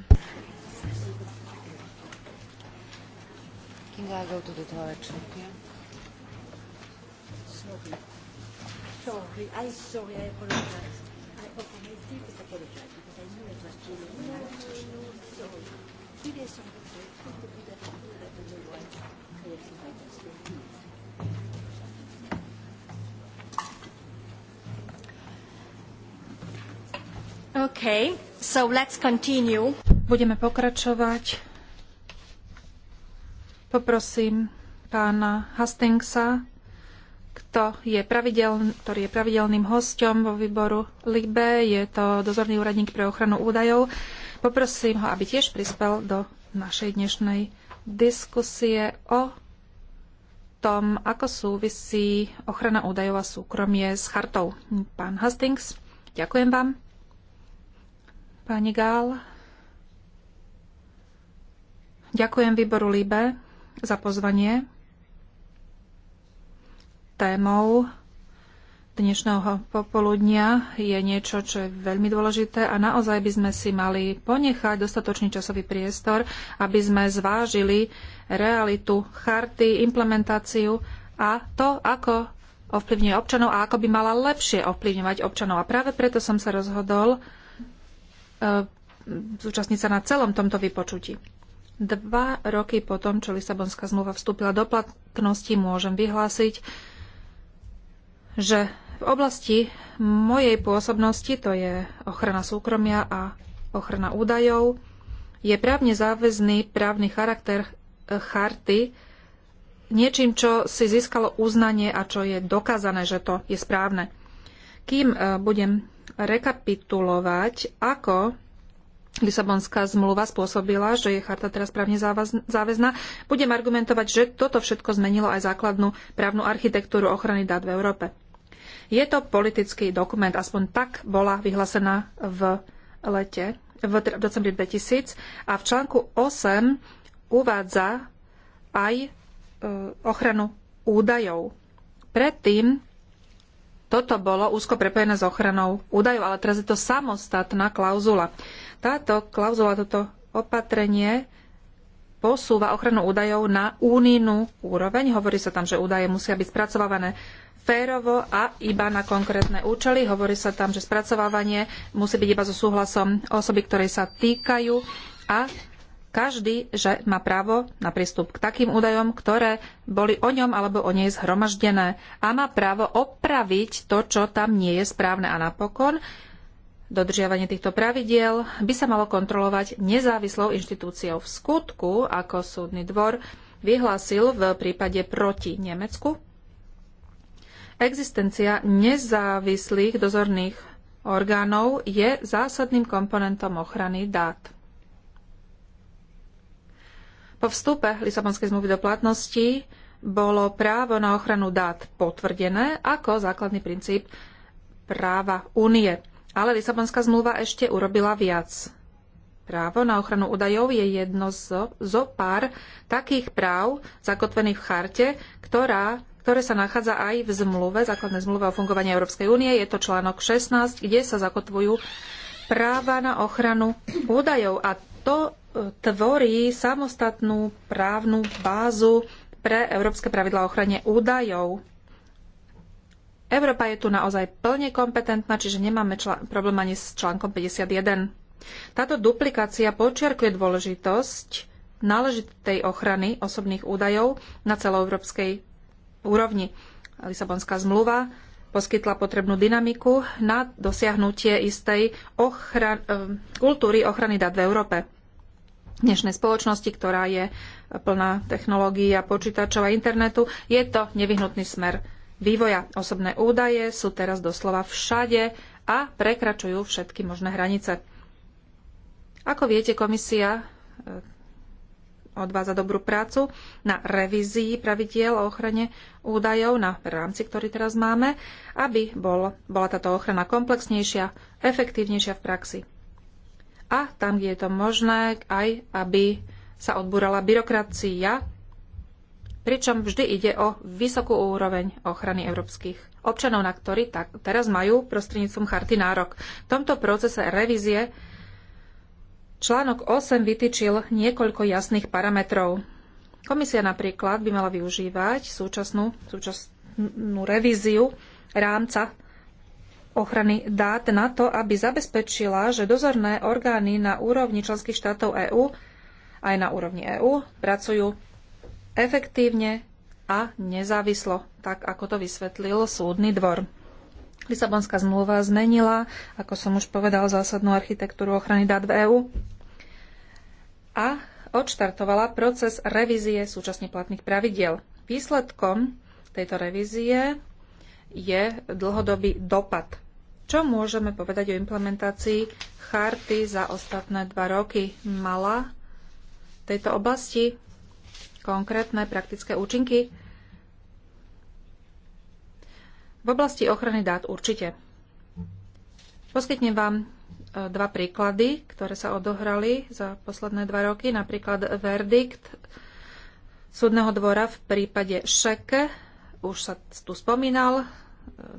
Can I go to the toilet? Yeah. sorry. I'm sorry. I apologize. I apologize. Please apologize because I knew it was Jimmy. No, no, no. Sorry. days He is sorry. Please to be that I don't know why. I have to find that Okay, so let's continue. Budeme pokračovať. Poprosím pána Hastingsa, kto je ktorý je pravidelným hostom vo výboru LIBE. Je to dozorný úradník pre ochranu údajov. Poprosím ho, aby tiež prispel do našej dnešnej diskusie o tom, ako súvisí ochrana údajov a súkromie s chartou. Pán Hastings, ďakujem vám. Pani Gál, ďakujem výboru LIBE za pozvanie témou dnešného popoludnia je niečo, čo je veľmi dôležité a naozaj by sme si mali ponechať dostatočný časový priestor, aby sme zvážili realitu charty, implementáciu a to, ako ovplyvňuje občanov a ako by mala lepšie ovplyvňovať občanov. A práve preto som sa rozhodol eh, zúčastniť sa na celom tomto vypočutí. Dva roky potom, čo Lisabonská zmluva vstúpila do platnosti, môžem vyhlásiť, že v oblasti mojej pôsobnosti, to je ochrana súkromia a ochrana údajov, je právne záväzný právny charakter eh, charty niečím, čo si získalo uznanie a čo je dokázané, že to je správne. Kým eh, budem rekapitulovať, ako Lisabonská zmluva spôsobila, že je charta teraz právne záväzná. Budem argumentovať, že toto všetko zmenilo aj základnú právnu architektúru ochrany dát v Európe. Je to politický dokument, aspoň tak bola vyhlásená v lete, v, decembri 2000 a v článku 8 uvádza aj e, ochranu údajov. Predtým toto bolo úzko prepojené s ochranou údajov, ale teraz je to samostatná klauzula. Táto klauzula, toto opatrenie posúva ochranu údajov na únijnú úroveň. Hovorí sa tam, že údaje musia byť spracovávané férovo a iba na konkrétne účely. Hovorí sa tam, že spracovávanie musí byť iba so súhlasom osoby, ktorej sa týkajú a každý, že má právo na prístup k takým údajom, ktoré boli o ňom alebo o nej zhromaždené a má právo opraviť to, čo tam nie je správne. A napokon Dodržiavanie týchto pravidiel by sa malo kontrolovať nezávislou inštitúciou. V skutku, ako súdny dvor vyhlásil v prípade proti Nemecku, Existencia nezávislých dozorných orgánov je zásadným komponentom ochrany dát. Po vstupe Lisabonskej zmluvy do platnosti bolo právo na ochranu dát potvrdené ako základný princíp práva únie. Ale Lisabonská zmluva ešte urobila viac. Právo na ochranu údajov je jedno zo, zo pár takých práv zakotvených v charte, ktorá ktoré sa nachádza aj v zmluve, základnej zmluve o fungovaní Európskej únie. Je to článok 16, kde sa zakotvujú práva na ochranu údajov a to e, tvorí samostatnú právnu bázu pre európske pravidlá o ochrane údajov. Európa je tu naozaj plne kompetentná, čiže nemáme problém ani s článkom 51. Táto duplikácia počiarkuje dôležitosť náležitej ochrany osobných údajov na celoeurópskej úrovni. Lisabonská zmluva poskytla potrebnú dynamiku na dosiahnutie istej ochran- eh, kultúry ochrany dát v Európe. V dnešnej spoločnosti, ktorá je plná technológií a počítačov a internetu, je to nevyhnutný smer vývoja. Osobné údaje sú teraz doslova všade a prekračujú všetky možné hranice. Ako viete, komisia eh, za dobrú prácu na revízii pravidiel o ochrane údajov na rámci, ktorý teraz máme, aby bol, bola táto ochrana komplexnejšia, efektívnejšia v praxi. A tam, kde je to možné, aj aby sa odbúrala byrokracia, pričom vždy ide o vysokú úroveň ochrany európskych občanov, na ktorí tak, teraz majú prostredníctvom charty nárok. V tomto procese revízie Článok 8 vytýčil niekoľko jasných parametrov. Komisia napríklad by mala využívať súčasnú, súčasnú revíziu rámca ochrany dát na to, aby zabezpečila, že dozorné orgány na úrovni členských štátov EÚ aj na úrovni EÚ pracujú efektívne a nezávislo, tak ako to vysvetlil súdny dvor. Lisabonská zmluva zmenila, ako som už povedal, zásadnú architektúru ochrany dát v EÚ a odštartovala proces revízie súčasne platných pravidiel. Výsledkom tejto revízie je dlhodobý dopad. Čo môžeme povedať o implementácii charty za ostatné dva roky? Mala v tejto oblasti konkrétne praktické účinky? V oblasti ochrany dát určite. Poskytnem vám e, dva príklady, ktoré sa odohrali za posledné dva roky. Napríklad verdikt súdneho dvora v prípade Šeke, už sa tu spomínal, e,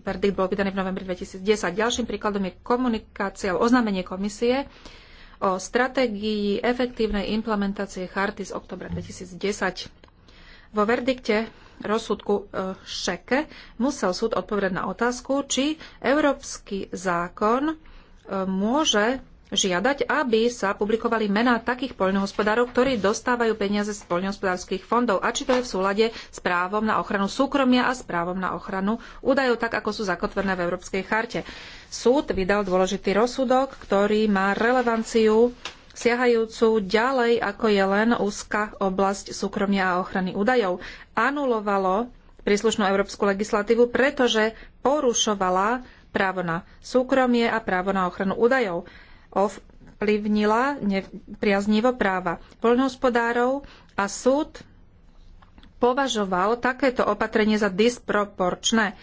verdikt bol vydaný v novembri 2010. Ďalším príkladom je komunikácia, oznámenie komisie o stratégii efektívnej implementácie charty z oktobra 2010. Vo verdikte rozsudku e, Šeke musel súd odpovedať na otázku, či európsky zákon e, môže žiadať, aby sa publikovali mená takých poľnohospodárov, ktorí dostávajú peniaze z poľnohospodárskych fondov a či to je v súlade s právom na ochranu súkromia a s právom na ochranu údajov, tak ako sú zakotvené v Európskej charte. Súd vydal dôležitý rozsudok, ktorý má relevanciu siahajúcu ďalej, ako je len úzka oblasť súkromia a ochrany údajov. Anulovalo príslušnú európsku legislatívu, pretože porušovala právo na súkromie a právo na ochranu údajov. Ovplyvnila nepriaznivo práva poľnohospodárov a súd považoval takéto opatrenie za disproporčné,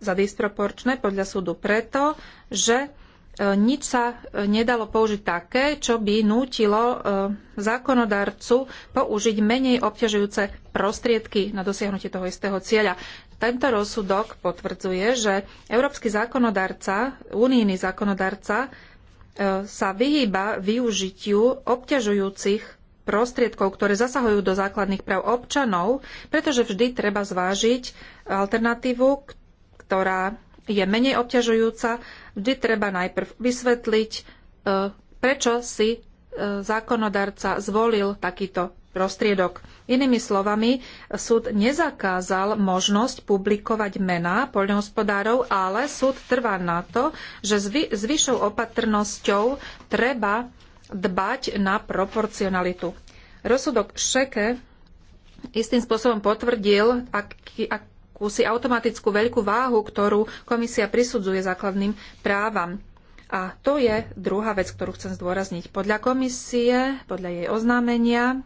za disproporčné podľa súdu preto, že nič sa e, nedalo použiť také, čo by nútilo e, zákonodarcu použiť menej obťažujúce prostriedky na dosiahnutie toho istého cieľa. Tento rozsudok potvrdzuje, že európsky zákonodarca, unijný zákonodarca e, sa vyhýba využitiu obťažujúcich prostriedkov, ktoré zasahujú do základných práv občanov, pretože vždy treba zvážiť alternatívu, ktorá je menej obťažujúca, vždy treba najprv vysvetliť, e, prečo si e, zákonodarca zvolil takýto prostriedok. Inými slovami, súd nezakázal možnosť publikovať mená poľnohospodárov, ale súd trvá na to, že s vyššou opatrnosťou treba dbať na proporcionalitu. Rozsudok Šeke istým spôsobom potvrdil, aký, aký akúsi automatickú veľkú váhu, ktorú komisia prisudzuje základným právam. A to je druhá vec, ktorú chcem zdôrazniť. Podľa komisie, podľa jej oznámenia,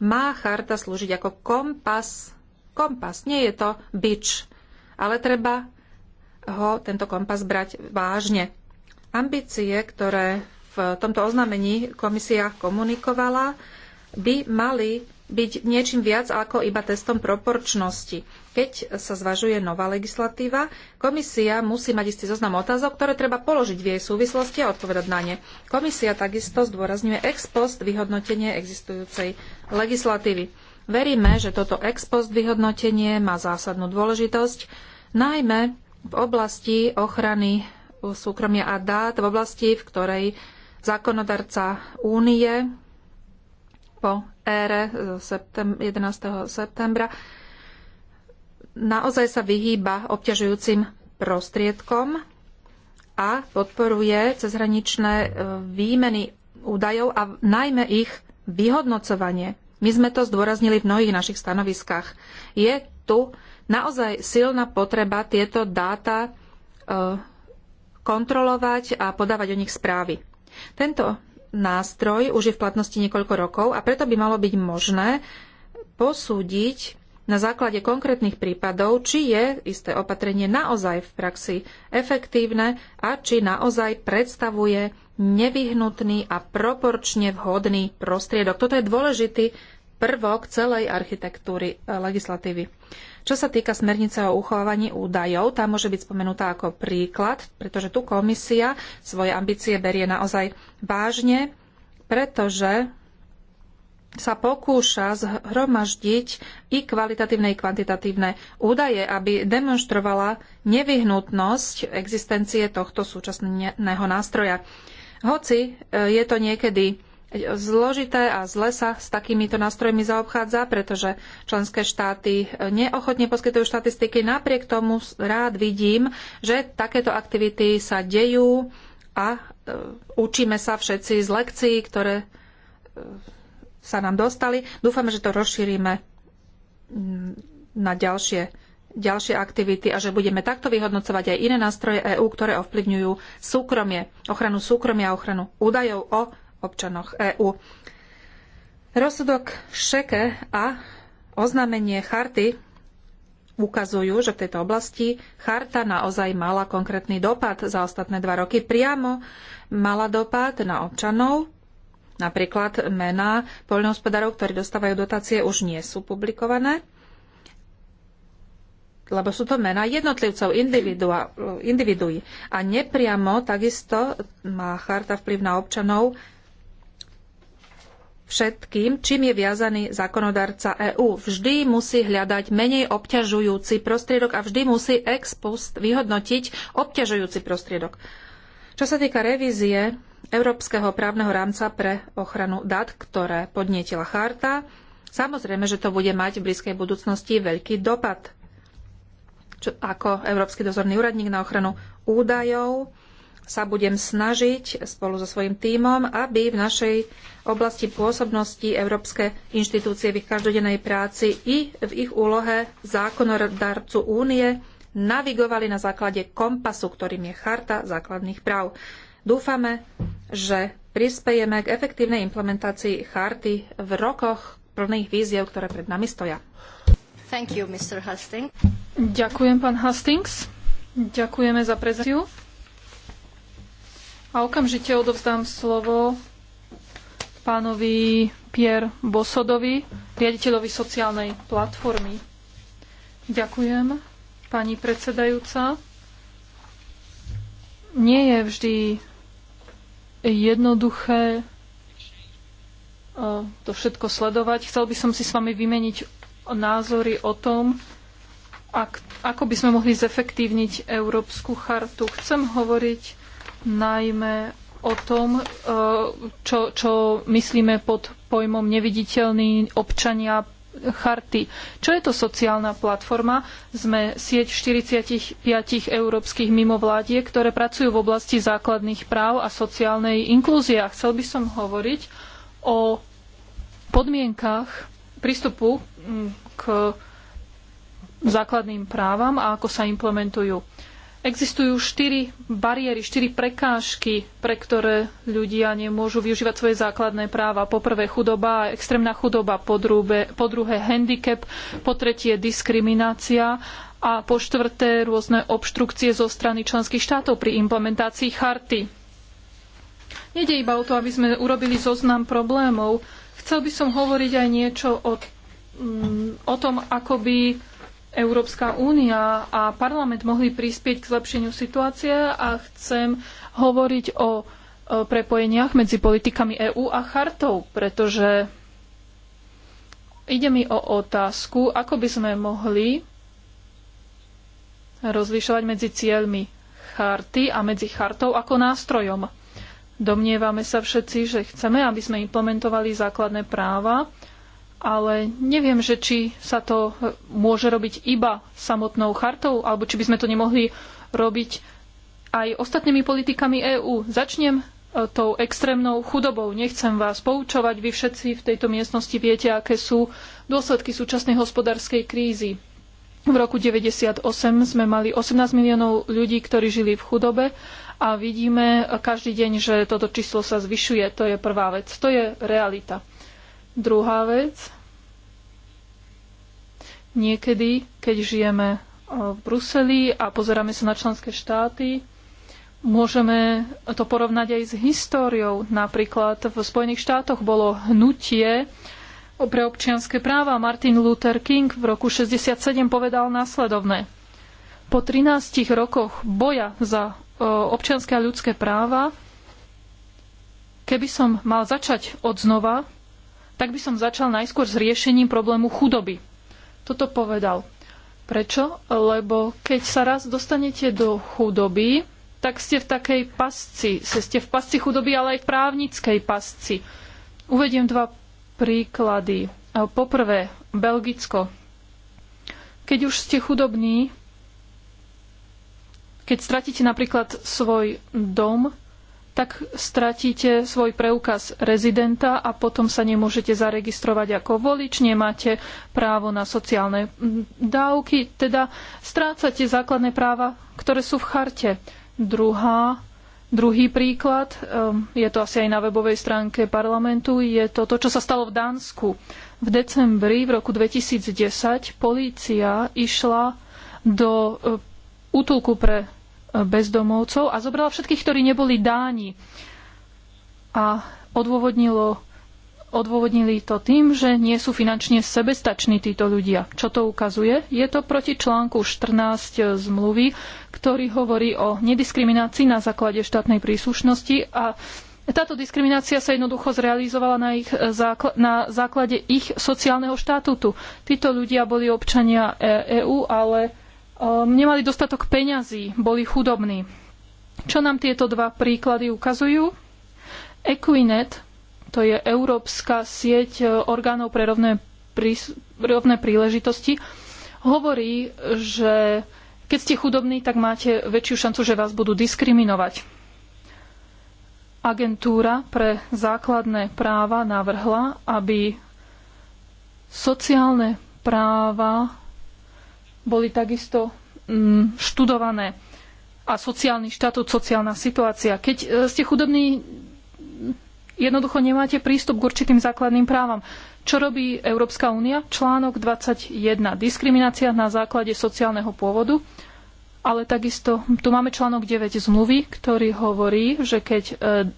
má charta slúžiť ako kompas. Kompas, nie je to bič, ale treba ho, tento kompas, brať vážne. Ambície, ktoré v tomto oznámení komisia komunikovala, by mali byť niečím viac ako iba testom proporčnosti. Keď sa zvažuje nová legislatíva, komisia musí mať istý zoznam otázok, ktoré treba položiť v jej súvislosti a odpovedať na ne. Komisia takisto zdôrazňuje ex post vyhodnotenie existujúcej legislatívy. Veríme, že toto ex post vyhodnotenie má zásadnú dôležitosť, najmä v oblasti ochrany súkromia a dát, v oblasti, v ktorej zákonodarca únie po ére 11. E, septembra naozaj sa vyhýba obťažujúcim prostriedkom a podporuje cezhraničné e, výmeny údajov a najmä ich vyhodnocovanie. My sme to zdôraznili v mnohých našich stanoviskách. Je tu naozaj silná potreba tieto dáta e, kontrolovať a podávať o nich správy. Tento nástroj už je v platnosti niekoľko rokov a preto by malo byť možné posúdiť na základe konkrétnych prípadov, či je isté opatrenie naozaj v praxi efektívne a či naozaj predstavuje nevyhnutný a proporčne vhodný prostriedok. Toto je dôležitý prvok celej architektúry eh, legislatívy. Čo sa týka smernice o uchovávaní údajov, tá môže byť spomenutá ako príklad, pretože tu komisia svoje ambície berie naozaj vážne, pretože sa pokúša zhromaždiť i kvalitatívne, i kvantitatívne údaje, aby demonstrovala nevyhnutnosť existencie tohto súčasného nástroja. Hoci e, je to niekedy zložité a zle sa s takýmito nástrojmi zaobchádza, pretože členské štáty e, neochotne poskytujú štatistiky. Napriek tomu rád vidím, že takéto aktivity sa dejú a e, učíme sa všetci z lekcií, ktoré e, sa nám dostali. Dúfame, že to rozšírime na ďalšie, ďalšie aktivity a že budeme takto vyhodnocovať aj iné nástroje EÚ, ktoré ovplyvňujú súkromie, ochranu súkromia a ochranu údajov o občanoch EÚ. Rozsudok Šeke a oznámenie charty ukazujú, že v tejto oblasti charta naozaj mala konkrétny dopad za ostatné dva roky. Priamo mala dopad na občanov. Napríklad mená poľnohospodárov, ktorí dostávajú dotácie, už nie sú publikované lebo sú to mená jednotlivcov, individuí. A nepriamo takisto má charta vplyv na občanov všetkým, čím je viazaný zákonodarca EÚ. Vždy musí hľadať menej obťažujúci prostriedok a vždy musí ex post vyhodnotiť obťažujúci prostriedok. Čo sa týka revízie Európskeho právneho rámca pre ochranu dát, ktoré podnietila charta, samozrejme, že to bude mať v blízkej budúcnosti veľký dopad. Čo, ako Európsky dozorný úradník na ochranu údajov, sa budem snažiť spolu so svojím tímom, aby v našej oblasti pôsobnosti európske inštitúcie v ich každodennej práci i v ich úlohe zákonodarcu únie navigovali na základe kompasu, ktorým je Charta základných práv. Dúfame, že prispejeme k efektívnej implementácii charty v rokoch plných víziev, ktoré pred nami stoja. You, Ďakujem, pán Hastings. Ďakujeme za prezentáciu. A okamžite odovzdám slovo pánovi Pierre Bosodovi, riaditeľovi sociálnej platformy. Ďakujem, pani predsedajúca. Nie je vždy jednoduché e, to všetko sledovať. Chcel by som si s vami vymeniť názory o tom, ako by sme mohli zefektívniť Európsku chartu. Chcem hovoriť najmä o tom, e, čo, čo myslíme pod pojmom neviditeľní občania charty. Čo je to sociálna platforma? Sme sieť 45 európskych mimovládiek, ktoré pracujú v oblasti základných práv a sociálnej inklúzie. A chcel by som hovoriť o podmienkach prístupu mm, k základným právam a ako sa implementujú. Existujú štyri bariéry, štyri prekážky, pre ktoré ľudia nemôžu využívať svoje základné práva. Po prvé chudoba, extrémna chudoba, po, po druhé handicap, po tretie diskriminácia a po štvrté rôzne obštrukcie zo strany členských štátov pri implementácii charty. Nede iba o to, aby sme urobili zoznam problémov. Chcel by som hovoriť aj niečo o, mm, o tom, ako by Európska únia a parlament mohli prispieť k zlepšeniu situácie a chcem hovoriť o prepojeniach medzi politikami EÚ a chartou, pretože ide mi o otázku, ako by sme mohli rozlišovať medzi cieľmi charty a medzi chartou ako nástrojom. Domnievame sa všetci, že chceme, aby sme implementovali základné práva ale neviem, že či sa to e, môže robiť iba samotnou chartou, alebo či by sme to nemohli robiť aj ostatnými politikami EÚ. Začnem e, tou extrémnou chudobou. Nechcem vás poučovať, vy všetci v tejto miestnosti viete, aké sú dôsledky súčasnej hospodárskej krízy. V roku 1998 sme mali 18 miliónov ľudí, ktorí žili v chudobe a vidíme každý deň, že toto číslo sa zvyšuje. To je prvá vec. To je realita. Druhá vec, Niekedy, keď žijeme e, v Bruseli a pozeráme sa na členské štáty, môžeme to porovnať aj s históriou. Napríklad v Spojených štátoch bolo hnutie pre občianske práva. Martin Luther King v roku 67 povedal následovné. Po 13 rokoch boja za e, občianske a ľudské práva, keby som mal začať od znova, tak by som začal najskôr s riešením problému chudoby toto povedal. Prečo? Lebo keď sa raz dostanete do chudoby, tak ste v takej pasci. Ste v pasci chudoby, ale aj v právnickej pasci. Uvediem dva príklady. Poprvé, Belgicko. Keď už ste chudobní, keď stratíte napríklad svoj dom, tak stratíte svoj preukaz rezidenta a potom sa nemôžete zaregistrovať ako volič, nemáte právo na sociálne dávky, teda strácate základné práva, ktoré sú v charte. Druhá, druhý príklad, ehm, je to asi aj na webovej stránke parlamentu, je to to, čo sa stalo v Dánsku. V decembri v roku 2010 polícia išla do e, útulku pre bezdomovcov a zobrala všetkých, ktorí neboli dáni. A odôvodnilo, odôvodnili to tým, že nie sú finančne sebestační títo ľudia. Čo to ukazuje? Je to proti článku 14 zmluvy, ktorý hovorí o nediskriminácii na základe štátnej príslušnosti a táto diskriminácia sa jednoducho zrealizovala na, ich zákl- na základe ich sociálneho štatútu. Títo ľudia boli občania EÚ, e ale Ehm, nemali dostatok peňazí, boli chudobní. Čo nám tieto dva príklady ukazujú? Equinet, to je európska sieť e, orgánov pre rovné, prí, rovné príležitosti, hovorí, že keď ste chudobní, tak máte väčšiu šancu, že vás budú diskriminovať. Agentúra pre základné práva navrhla, aby sociálne práva boli takisto mm, študované. A sociálny štatút, sociálna situácia. Keď e, ste chudobní, jednoducho nemáte prístup k určitým základným právam. Čo robí Európska únia? Článok 21. Diskriminácia na základe sociálneho pôvodu. Ale takisto tu máme článok 9 zmluvy, ktorý hovorí, že keď e,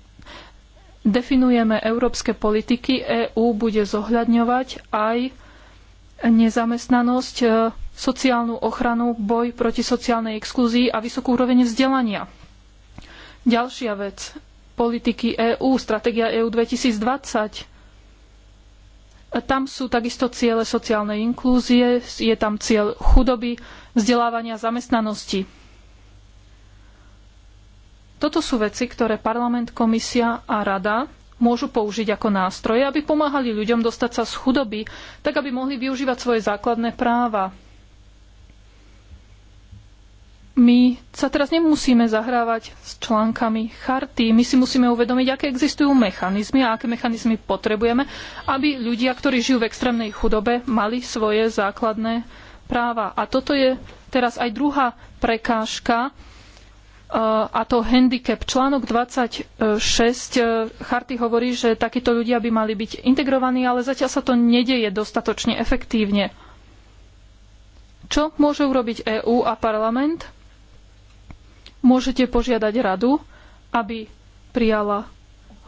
definujeme európske politiky, EÚ bude zohľadňovať aj nezamestnanosť e, sociálnu ochranu, boj proti sociálnej exklúzii a vysokú úroveň vzdelania. Ďalšia vec. Politiky EÚ, stratégia EÚ 2020. Tam sú takisto ciele sociálnej inklúzie, je tam cieľ chudoby, vzdelávania zamestnanosti. Toto sú veci, ktoré parlament, komisia a rada môžu použiť ako nástroje, aby pomáhali ľuďom dostať sa z chudoby, tak aby mohli využívať svoje základné práva my sa teraz nemusíme zahrávať s článkami charty. My si musíme uvedomiť, aké existujú mechanizmy a aké mechanizmy potrebujeme, aby ľudia, ktorí žijú v extrémnej chudobe, mali svoje základné práva. A toto je teraz aj druhá prekážka, e, a to handicap. Článok 26 e, charty hovorí, že takíto ľudia by mali byť integrovaní, ale zatiaľ sa to nedeje dostatočne efektívne. Čo môže urobiť EÚ a parlament? môžete požiadať radu, aby prijala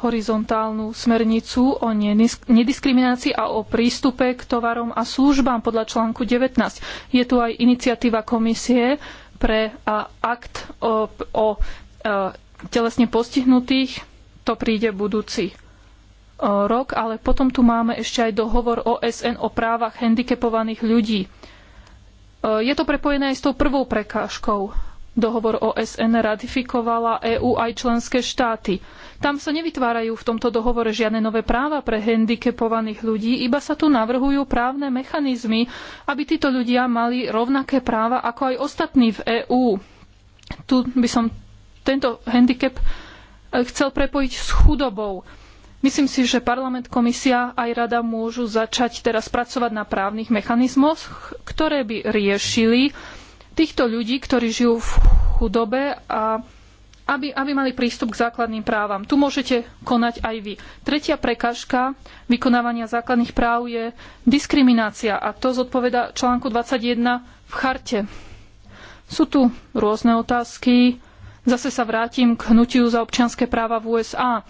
horizontálnu smernicu o nediskriminácii a o prístupe k tovarom a službám podľa článku 19. Je tu aj iniciatíva komisie pre akt o, o e, telesne postihnutých. To príde budúci e, rok, ale potom tu máme ešte aj dohovor OSN o právach handicapovaných ľudí. E, je to prepojené aj s tou prvou prekážkou dohovor OSN ratifikovala EÚ aj členské štáty. Tam sa nevytvárajú v tomto dohovore žiadne nové práva pre handicapovaných ľudí, iba sa tu navrhujú právne mechanizmy, aby títo ľudia mali rovnaké práva ako aj ostatní v EÚ. Tu by som tento handicap e, chcel prepojiť s chudobou. Myslím si, že parlament, komisia aj rada môžu začať teraz pracovať na právnych mechanizmoch, ktoré by riešili uh, týchto ľudí, ktorí žijú v chudobe a aby, aby mali prístup k základným právam. Tu môžete konať aj vy. Tretia prekážka vykonávania základných práv je diskriminácia a to zodpoveda článku 21 v charte. Sú tu rôzne otázky. Zase sa vrátim k hnutiu za občianske práva v USA.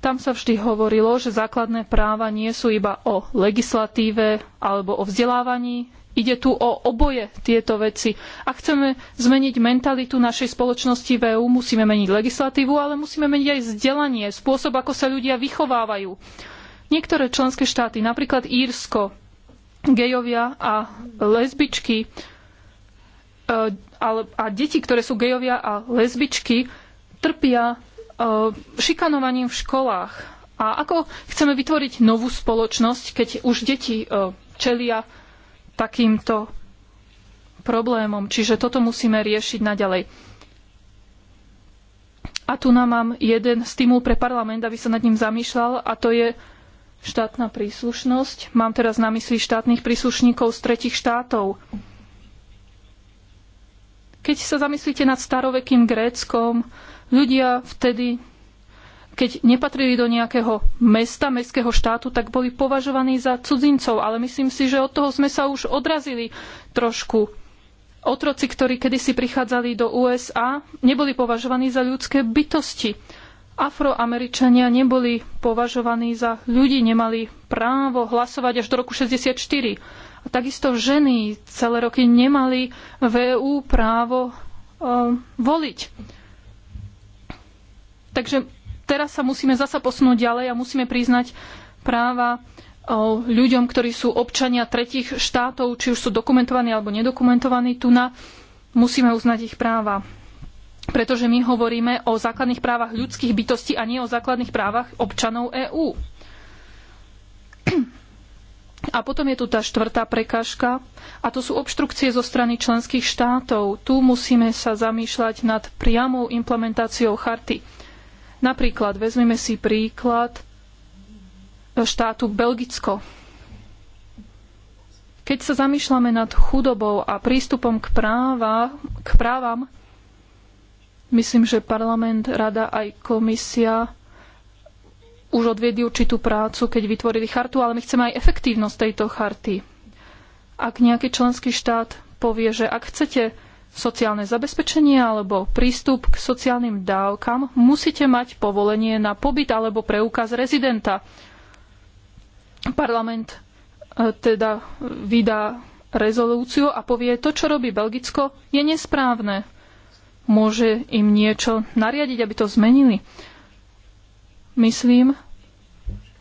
Tam sa vždy hovorilo, že základné práva nie sú iba o legislatíve alebo o vzdelávaní, Ide tu o oboje tieto veci. Ak chceme zmeniť mentalitu našej spoločnosti v EÚ, musíme meniť legislatívu, ale musíme meniť aj vzdelanie, spôsob, ako sa ľudia vychovávajú. Niektoré členské štáty, napríklad Írsko, gejovia a lesbičky e, a deti, ktoré sú gejovia a lesbičky, trpia e, šikanovaním v školách. A ako chceme vytvoriť novú spoločnosť, keď už deti e, čelia takýmto problémom. Čiže toto musíme riešiť naďalej. A tu nám mám jeden stimul pre parlament, aby sa nad ním zamýšľal, a to je štátna príslušnosť. Mám teraz na mysli štátnych príslušníkov z tretich štátov. Keď sa zamyslíte nad starovekým Gréckom, ľudia vtedy keď nepatrili do nejakého mesta, mestského štátu, tak boli považovaní za cudzincov. Ale myslím si, že od toho sme sa už odrazili trošku. Otroci, ktorí kedysi prichádzali do USA, neboli považovaní za ľudské bytosti. Afroameričania neboli považovaní za ľudí, nemali právo hlasovať až do roku 64. A takisto ženy celé roky nemali v EÚ právo um, voliť. Takže teraz sa musíme zasa posunúť ďalej a musíme priznať práva ľuďom, ktorí sú občania tretich štátov, či už sú dokumentovaní alebo nedokumentovaní tu na, musíme uznať ich práva. Pretože my hovoríme o základných právach ľudských bytostí a nie o základných právach občanov EÚ. A potom je tu tá štvrtá prekážka a to sú obštrukcie zo strany členských štátov. Tu musíme sa zamýšľať nad priamou implementáciou charty. Napríklad vezmeme si príklad e, štátu Belgicko. Keď sa zamýšľame nad chudobou a prístupom k, práva, k právam, myslím, že parlament, rada aj komisia už odviedli určitú prácu, keď vytvorili chartu, ale my chceme aj efektívnosť tejto charty. Ak nejaký členský štát povie, že ak chcete sociálne zabezpečenie alebo prístup k sociálnym dávkam, musíte mať povolenie na pobyt alebo preukaz rezidenta. Parlament e, teda vydá rezolúciu a povie, to, čo robí Belgicko, je nesprávne. Môže im niečo nariadiť, aby to zmenili. Myslím,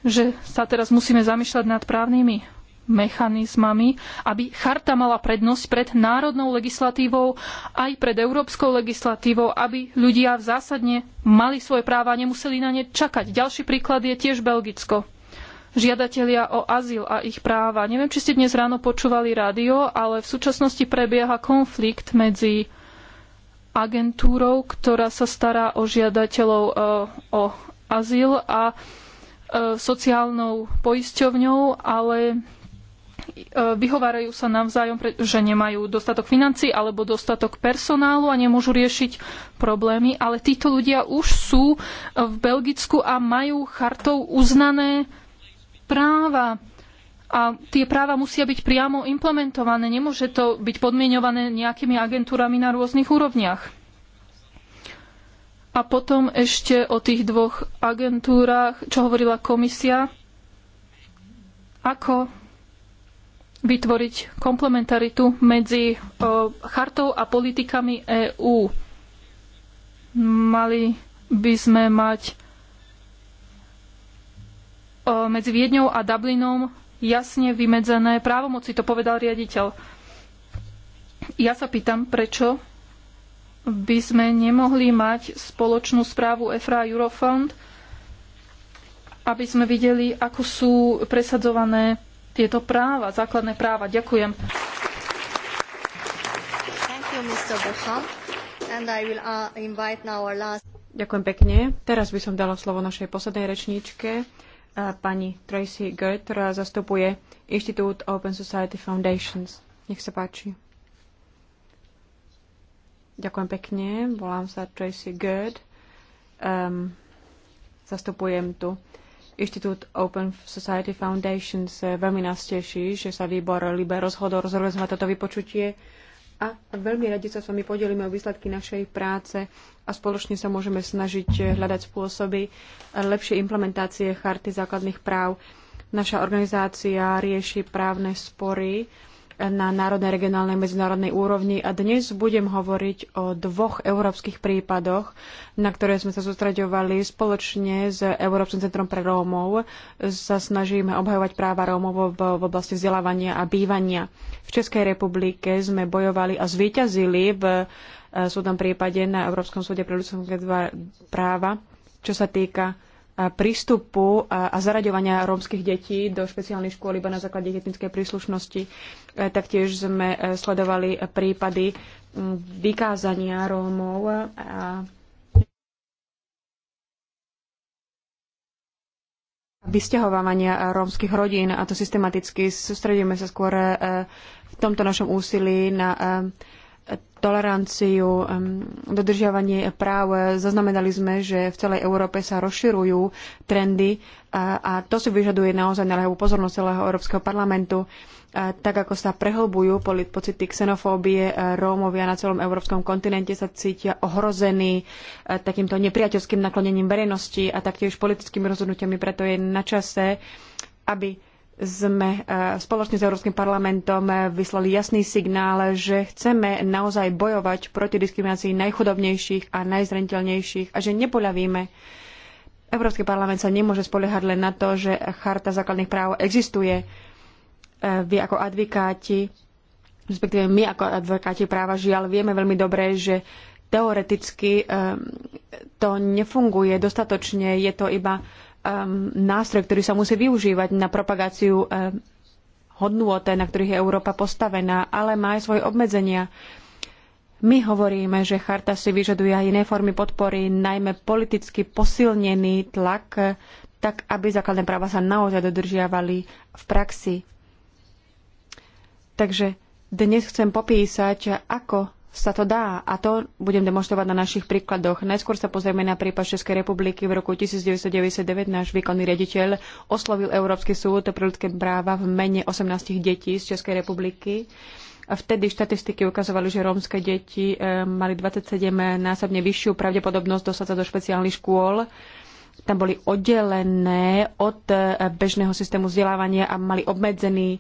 že sa teraz musíme zamýšľať nad právnymi mechanizmami, aby charta mala prednosť pred národnou legislatívou aj pred európskou legislatívou, aby ľudia v zásadne mali svoje práva a nemuseli na ne čakať. Ďalší príklad je tiež Belgicko. Žiadatelia o azyl a ich práva. Neviem, či ste dnes ráno počúvali rádio, ale v súčasnosti prebieha konflikt medzi agentúrou, ktorá sa stará o žiadateľov e, o azyl a e, sociálnou poisťovňou, ale E, vyhovárajú sa navzájom, že nemajú dostatok financií alebo dostatok personálu a nemôžu riešiť problémy, ale títo ľudia už sú v Belgicku a majú chartou uznané práva. A tie práva musia byť priamo implementované. Nemôže to byť podmienované nejakými agentúrami na rôznych úrovniach. A potom ešte o tých dvoch agentúrach, čo hovorila komisia. Ako vytvoriť komplementaritu medzi e, chartou a politikami EÚ. Mali by sme mať e, medzi Viedňou a Dublinom jasne vymedzené právomoci, to povedal riaditeľ. Ja sa pýtam, prečo by sme nemohli mať spoločnú správu EFRA a Eurofund, aby sme videli, ako sú presadzované tieto práva, základné práva. Ďakujem. Uh, Ďakujem pekne. Teraz by som dala slovo našej poslednej rečníčke, uh, pani Tracy Gert, ktorá zastupuje Inštitút Open Society Foundations. Nech sa páči. Ďakujem pekne. Volám sa Tracy Gerd. Um, zastupujem tu Inštitút Open Society Foundation sa veľmi nás teší, že sa výbor Libe rozhodol rozhodovať toto vypočutie a veľmi radi sa s vami podelíme o výsledky našej práce a spoločne sa môžeme snažiť hľadať spôsoby lepšie implementácie Charty základných práv. Naša organizácia rieši právne spory na národnej, regionálnej, medzinárodnej úrovni. A dnes budem hovoriť o dvoch európskych prípadoch, na ktoré sme sa sústraďovali spoločne s Európskym centrom pre Rómov. Sa snažíme obhajovať práva Rómov v oblasti vzdelávania a bývania. V Českej republike sme bojovali a zvíťazili v eh, súdnom prípade na Európskom súde pre ľudské práva, čo sa týka eh, prístupu eh, a zaraďovania rómskych detí do špeciálnych škôl iba na základe etnickej príslušnosti. E, taktiež sme e, sledovali prípady vykázania Rómov a vysťahovávania rómskych rodín a to systematicky. Sústredíme sa skôr e, v tomto našom úsilí na toleranciu, dodržiavanie práv. Zaznamenali sme, že v celej Európe sa rozširujú trendy a, to si vyžaduje naozaj naliehavú pozornosť celého Európskeho parlamentu tak ako sa prehlbujú pocity xenofóbie, e, Rómovia na celom európskom kontinente sa cítia ohrození e, takýmto nepriateľským naklonením verejnosti a taktiež politickými rozhodnutiami. Preto je na čase, aby sme e, spoločne s Európskym parlamentom vyslali jasný signál, že chceme naozaj bojovať proti diskriminácii najchudobnejších a najzraniteľnejších a že nepoľavíme Európsky parlament sa nemôže spoliehať len na to, že Charta základných práv existuje. Eh, vy ako advokáti, respektíve my ako advokáti práva žiaľ vieme veľmi dobre, že teoreticky eh, to nefunguje dostatočne, je to iba ehm, nástroj, ktorý sa musí využívať na propagáciu eh, hodnôt, na ktorých je Európa postavená, ale má aj svoje obmedzenia. My hovoríme, že charta si vyžaduje aj iné formy podpory, najmä politicky posilnený tlak, tak aby základné práva sa naozaj dodržiavali v praxi. Takže dnes chcem popísať, ako sa to dá a to budem demonstrovať na našich príkladoch. Najskôr sa pozrieme na prípad Českej republiky. V roku 1999 náš výkonný riaditeľ oslovil Európsky súd pre ľudské práva v mene 18 detí z Českej republiky. A vtedy štatistiky ukazovali, že rómske deti eh, mali 27 násobne vyššiu pravdepodobnosť dostať sa do špeciálnych škôl. Tam boli oddelené od eh, bežného systému vzdelávania a mali obmedzený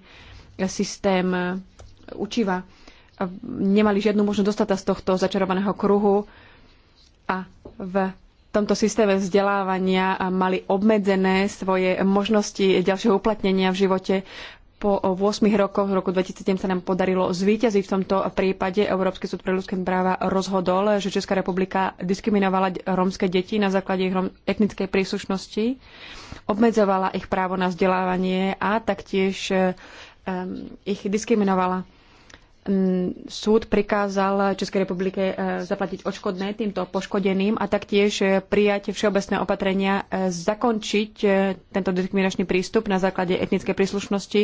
systém e, učiva. E, nemali žiadnu možnosť dostať z tohto začarovaného kruhu a v tomto systéme vzdelávania mali obmedzené svoje možnosti ďalšieho uplatnenia v živote. Po 8 rokoch, v roku 2007 sa nám podarilo zvíťaziť v tomto prípade. Európsky súd pre ľudské práva rozhodol, že Česká republika diskriminovala rómske deti na základe ich etnickej príslušnosti, obmedzovala ich právo na vzdelávanie a taktiež e, Ehm, ich diskriminovala. Ehm, súd prikázal Českej republike e, zaplatiť odškodné týmto poškodeným a taktiež e, prijať všeobecné opatrenia e, zakončiť tento diskriminačný prístup na základe etnickej príslušnosti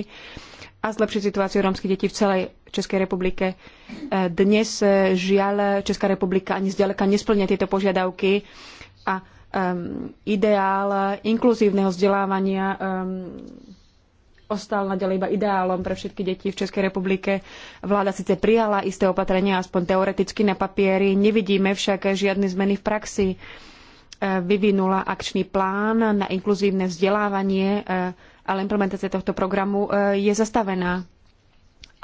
a zlepšiť situáciu rómskych detí v celej Českej republike. Dnes žiaľ Česká republika ani zďaleka nesplňa tieto požiadavky a um, ideál inkluzívneho vzdelávania um, ostal naďalej iba ideálom pre všetky deti v Českej republike. Vláda síce prijala isté opatrenia, aspoň teoreticky na papieri, nevidíme však žiadne zmeny v praxi. E, vyvinula akčný plán na inkluzívne vzdelávanie, e, ale implementácia tohto programu e, je zastavená.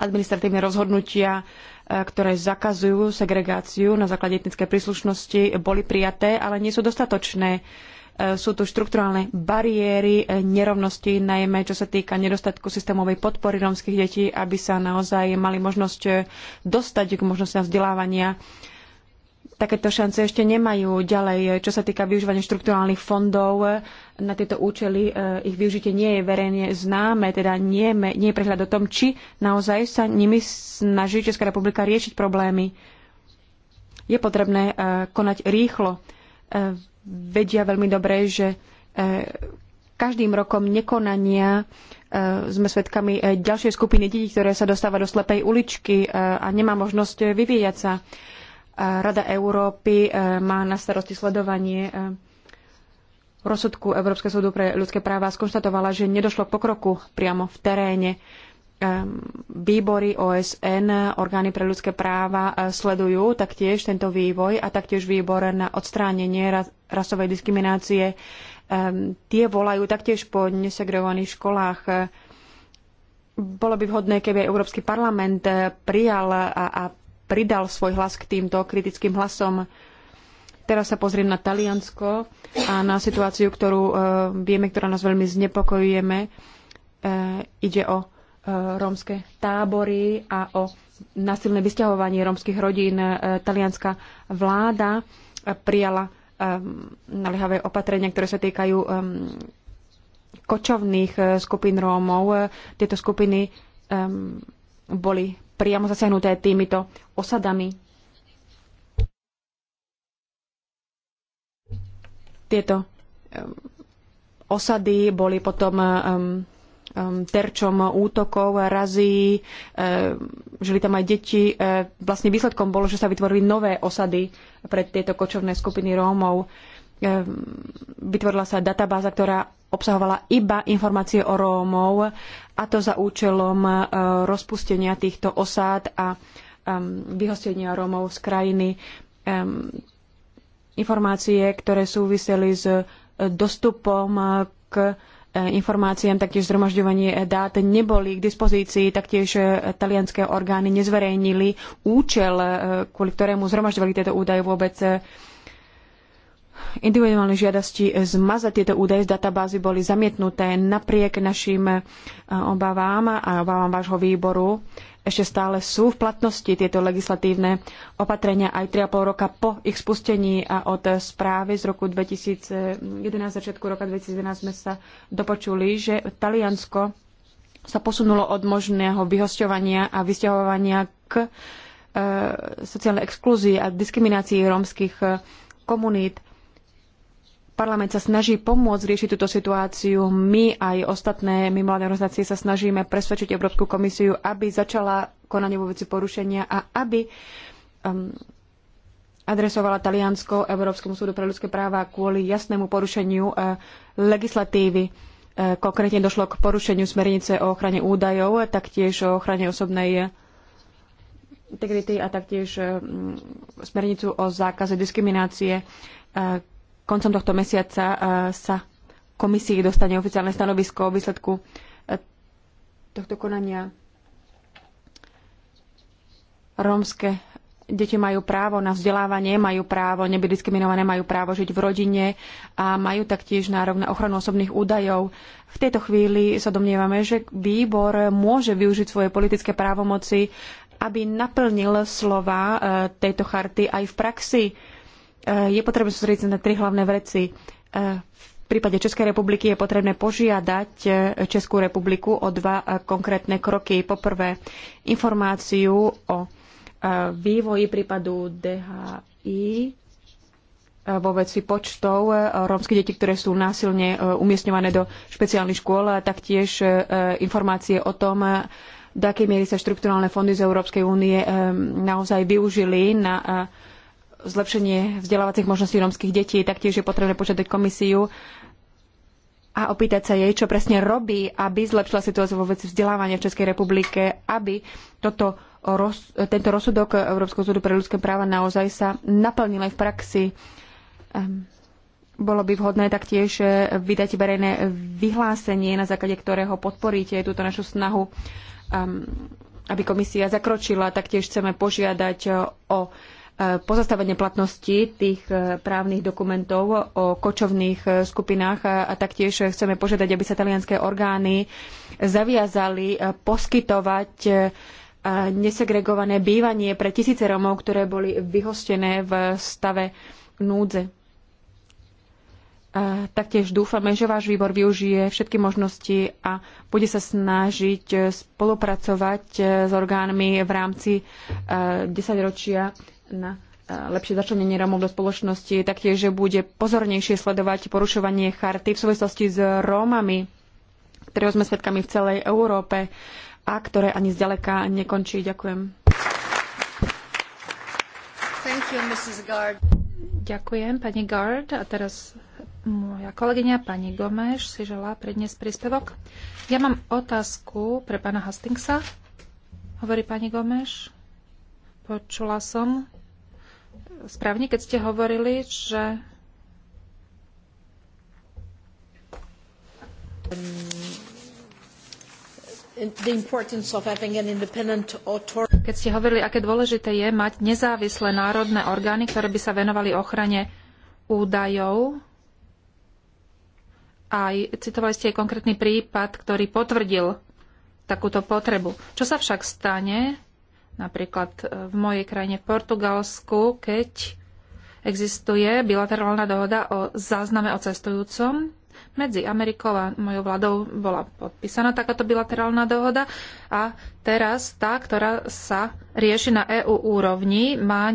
Administratívne rozhodnutia, ktoré zakazujú segregáciu na základe etnickej príslušnosti, boli prijaté, ale nie sú dostatočné E, sú tu štrukturálne bariéry, e, nerovnosti, najmä čo sa týka nedostatku systémovej podpory rómskych detí, aby sa naozaj mali možnosť e, dostať k možnostiam vzdelávania. Takéto šance ešte nemajú. Ďalej, čo sa týka využívania štrukturálnych fondov, na tieto účely ich využitie nie je verejne známe, teda nie, nie je prehľad o tom, či naozaj sa nimi snaží Česká republika riešiť problémy je potrebné konať rýchlo vedia veľmi dobre, že e, každým rokom nekonania e, sme svedkami e, ďalšej skupiny detí, ktoré sa dostáva do slepej uličky a nemá možnosť vyvíjať sa. Rada Európy má na starosti sledovanie rozsudku Európskeho súdu pre ľudské práva a skonštatovala, že nedošlo k pokroku priamo v teréne výbory OSN, orgány pre ľudské práva e, sledujú taktiež tento vývoj a taktiež výbor na odstránenie rasovej diskriminácie. Tie volajú taktiež po nesegregovaných školách. E, bolo by vhodné, keby Európsky parlament e, prijal a, a pridal svoj hlas k týmto kritickým hlasom. Teraz sa pozriem na Taliansko a na situáciu, ktorú vieme, ktorá nás veľmi znepokojujeme. Ide o rómske tábory a o nasilné vysťahovanie rómskych rodín. E, talianská vláda e, prijala e, naliehavé opatrenia, ktoré sa týkajú kočovných skupín Rómov. Tieto skupiny boli priamo zasiahnuté týmito osadami. Tieto osady boli potom Um, terčom útokov, razí, eh, žili tam aj deti. Eh, vlastne výsledkom bolo, že sa vytvorili nové osady pre tieto kočovné skupiny Rómov. Eh, vytvorila sa databáza, ktorá obsahovala iba informácie o Rómov a to za účelom rozpustenia týchto osád a vyhostenia Rómov z krajiny. Informácie, ktoré súviseli s dostupom k Eh, informáciám, taktiež zhromažďovanie eh, dát neboli k dispozícii, taktiež eh, talianské orgány nezverejnili účel, kvôli ktorému zhromažďovali tieto údaje vôbec individuálne žiadosti zmazať tieto údaje z databázy boli zamietnuté napriek našim obavám a obavám vášho výboru ešte stále sú v platnosti tieto legislatívne opatrenia aj 3,5 roka po ich spustení a od správy z roku 2011, začiatku roka 2011 sme sa dopočuli, že Taliansko sa posunulo od možného vyhosťovania a vysťahovania k e, sociálnej exklúzii a diskriminácii rómskych e, komunít parlament sa snaží pomôcť riešiť túto situáciu. My aj ostatné mimovládne organizácie sa snažíme presvedčiť Európsku komisiu, aby začala konanie vo veci porušenia a aby um, adresovala Taliansko Európskemu súdu pre ľudské práva kvôli jasnému porušeniu uh, legislatívy. Uh, konkrétne došlo k porušeniu smernice o ochrane údajov, taktiež o ochrane osobnej uh, integrity a taktiež um, smernicu o zákaze diskriminácie. Uh, koncom tohto mesiaca e, sa komisii dostane oficiálne stanovisko o výsledku e, tohto konania. Rómske deti majú právo na vzdelávanie, majú právo nebyť diskriminované, majú právo žiť v rodine a majú taktiež nárok na ochranu osobných údajov. V tejto chvíli sa domnievame, že výbor môže využiť svoje politické právomoci, aby naplnil slova e, tejto charty aj v praxi Eh, je potrebné sústrediť sa na tri hlavné veci. Eh, v prípade Českej republiky je potrebné požiadať eh, Českú republiku o dva konkrétne kroky. Poprvé, informáciu o vývoji prípadu DHI vo veci počtov rómskych detí, ktoré sú násilne umiestňované do špeciálnych škôl, a taktiež informácie o tom, do akej miery sa štrukturálne fondy z Európskej únie naozaj využili na zlepšenie vzdelávacích možností rómskych detí. Taktiež je potrebné požiadať komisiu a opýtať sa jej, čo presne robí, aby zlepšila situáciu vo veci vzdelávania v Českej republike, aby toto, roz, tento rozsudok Európskeho súdu pre ľudské práva naozaj sa naplnil aj v praxi. Ehm, bolo by vhodné taktiež e, vydať verejné vyhlásenie, na základe ktorého podporíte túto našu snahu, ehm, aby komisia zakročila. Taktiež chceme požiadať e, o E, pozastavenie platnosti tých e, právnych dokumentov o kočovných e, skupinách a taktiež chceme požiadať, aby sa talianské orgány zaviazali poskytovať nesegregované bývanie pre tisíce Romov, ktoré boli vyhostené v stave núdze. Taktiež dúfame, že váš výbor využije všetky možnosti a bude sa snažiť spolupracovať s orgánmi v rámci desaťročia na e, lepšie začlenenie Rómov do spoločnosti, taktiež, že bude pozornejšie sledovať porušovanie charty v súvislosti s Rómami, ktorého sme svedkami v celej Európe a ktoré ani zďaleka nekončí. Ďakujem. You, Ďakujem, pani Gard. A teraz moja kolegyňa, pani Gomeš, si želá predniesť príspevok. Ja mám otázku pre pána Hastingsa, hovorí pani Gomeš. Počula som, správne, keď ste hovorili, že um, keď ste hovorili, aké dôležité je mať nezávislé národné orgány, ktoré by sa venovali ochrane údajov, aj citovali ste aj konkrétny prípad, ktorý potvrdil takúto potrebu. Čo sa však stane, Napríklad e, v mojej krajine Portugalsku, keď existuje bilaterálna dohoda o zázname o cestujúcom, medzi Amerikou a mojou vládou bola podpísaná takáto bilaterálna dohoda a teraz tá, ktorá sa rieši na EU úrovni, má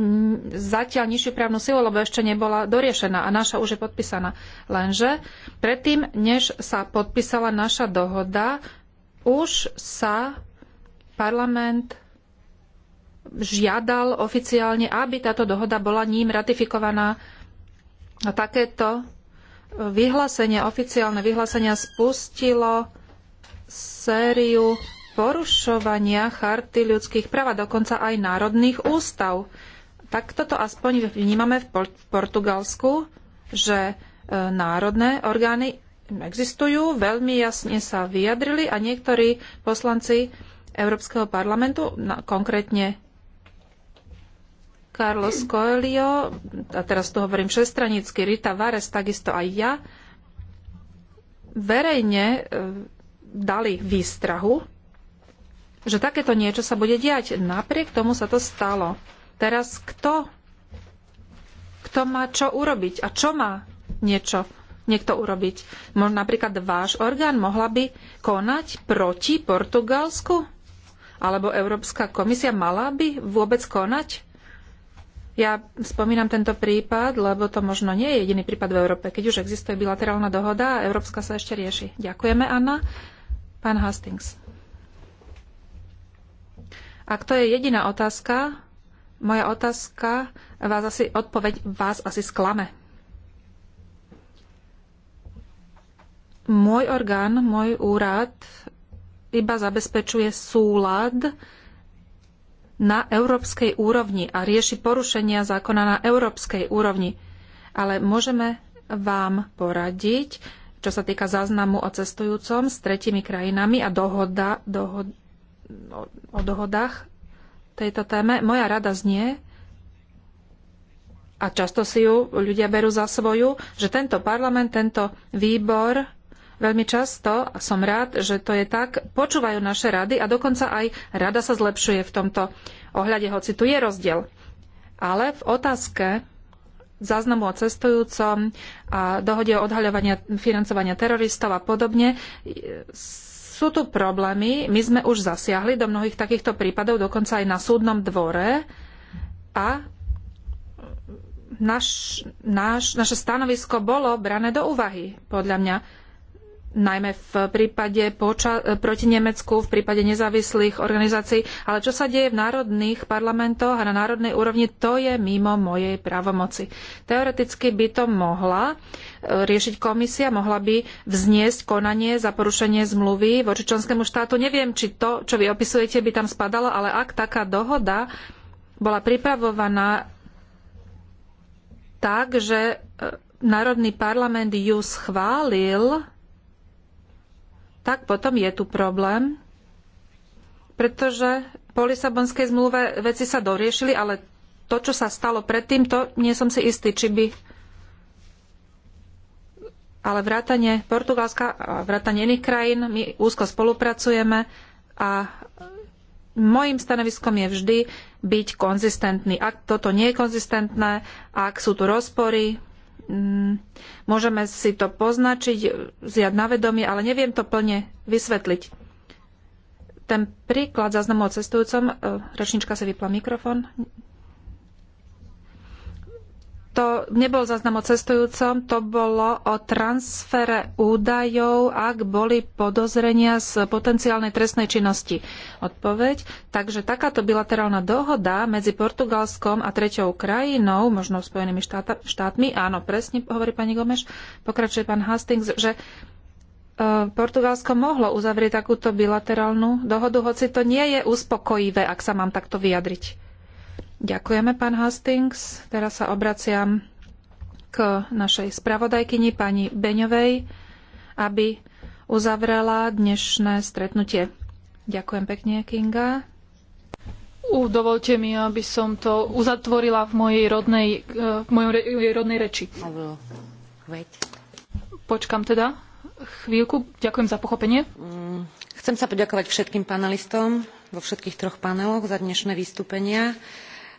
zatiaľ nižšiu právnu silu, lebo ešte nebola doriešená a naša už je podpísaná. Lenže predtým, než sa podpísala naša dohoda, už sa parlament žiadal oficiálne, aby táto dohoda bola ním ratifikovaná. A takéto vyhlásenie, oficiálne vyhlásenia spustilo sériu porušovania charty ľudských práv a dokonca aj národných ústav. Tak toto aspoň vnímame v Portugalsku, že e, národné orgány existujú, veľmi jasne sa vyjadrili a niektorí poslanci Európskeho parlamentu, konkrétne Carlos Coelho, a teraz tu hovorím všestranicky, Rita Vares, takisto aj ja, verejne e, dali výstrahu, že takéto niečo sa bude diať. Napriek tomu sa to stalo. Teraz kto? Kto má čo urobiť? A čo má niečo niekto urobiť. Možno napríklad váš orgán mohla by konať proti Portugalsku? Alebo Európska komisia mala by vôbec konať? Ja spomínam tento prípad, lebo to možno nie je jediný prípad v Európe, keď už existuje bilaterálna dohoda a európska sa ešte rieši. Ďakujeme, Anna. Pán Hastings. Ak to je jediná otázka, moja otázka vás asi, odpoveď vás asi sklame. Môj orgán, môj úrad iba zabezpečuje súlad na európskej úrovni a rieši porušenia zákona na európskej úrovni. Ale môžeme vám poradiť, čo sa týka záznamu o cestujúcom s tretimi krajinami a dohoda, dohod, o, no, o dohodách tejto téme. Moja rada znie, a často si ju ľudia berú za svoju, že tento parlament, tento výbor Veľmi často som rád, že to je tak, počúvajú naše rady a dokonca aj rada sa zlepšuje v tomto ohľade, hoci tu je rozdiel. Ale v otázke záznamu o cestujúcom a dohode o odhaľovania financovania teroristov a podobne sú tu problémy. My sme už zasiahli do mnohých takýchto prípadov, dokonca aj na súdnom dvore a naš, naš, naše stanovisko bolo brané do úvahy, podľa mňa najmä v prípade poča- proti Nemecku, v prípade nezávislých organizácií. Ale čo sa deje v národných parlamentoch a na národnej úrovni, to je mimo mojej právomoci. Teoreticky by to mohla e, riešiť komisia, mohla by vzniesť konanie za porušenie zmluvy voči členskému štátu. Neviem, či to, čo vy opisujete, by tam spadalo, ale ak taká dohoda bola pripravovaná tak, že e, Národný parlament ju schválil tak potom je tu problém, pretože po Lisabonskej zmluve veci sa doriešili, ale to, čo sa stalo predtým, to nie som si istý, či by ale vrátane Portugalska a vrátane iných krajín, my úzko spolupracujeme a môjim stanoviskom je vždy byť konzistentný. Ak toto nie je konzistentné, ak sú tu rozpory, Mm, môžeme si to poznačiť, zjať na vedomie, ale neviem to plne vysvetliť. Ten príklad záznamu o cestujúcom, e, rečnička sa vypla mikrofón, to nebol záznam o cestujúcom, to bolo o transfere údajov, ak boli podozrenia z potenciálnej trestnej činnosti. Odpoveď. Takže takáto bilaterálna dohoda medzi Portugalskom a treťou krajinou, možno Spojenými štátmi, áno, presne hovorí pani Gomeš, pokračuje pán Hastings, že e, Portugalsko mohlo uzavrieť takúto bilaterálnu dohodu, hoci to nie je uspokojivé, ak sa mám takto vyjadriť. Ďakujeme, pán Hastings. Teraz sa obraciam k našej spravodajkyni, pani Beňovej, aby uzavrela dnešné stretnutie. Ďakujem pekne, Kinga. U, dovolte mi, aby som to uzatvorila v mojej rodnej, eh, v mojej rodnej reči. Počkam teda chvíľku. Ďakujem za pochopenie. Mm, chcem sa poďakovať všetkým panelistom vo všetkých troch paneloch za dnešné vystúpenia.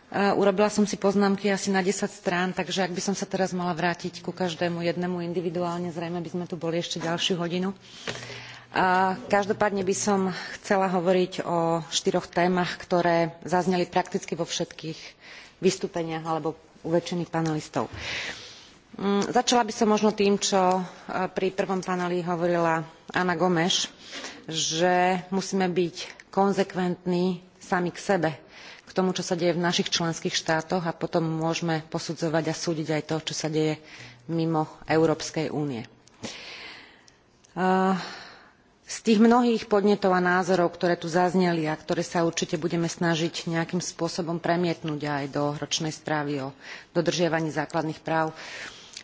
Eh, urobila som si poznámky asi na ten strán takže ak by som sa teraz mala vrátiť ku každému jednému individuálne zrejme by sme tu boli ešte ďalšiu hodinu. Eh, každopádne by som chcela hovoriť o štyroch témach ktoré zazneli prakticky vo všetkých vystúpeniach alebo u väčšiny panelistov. Mm, začala by som možno tým, čo eh, pri prvom paneli hovorila Anna Gomes, že musíme byť konzekventní sami k sebe tomu čo sa deje v našich členských štátoch a potom môžeme posudzovať a súdiť aj to čo sa deje mimo európskej únie. z tých mnohých podnetov a názorov ktoré tu zazneli a ktoré sa určite budeme snažiť nejakým spôsobom premietnuť aj do ročnej správy o dodržiavaní základných práv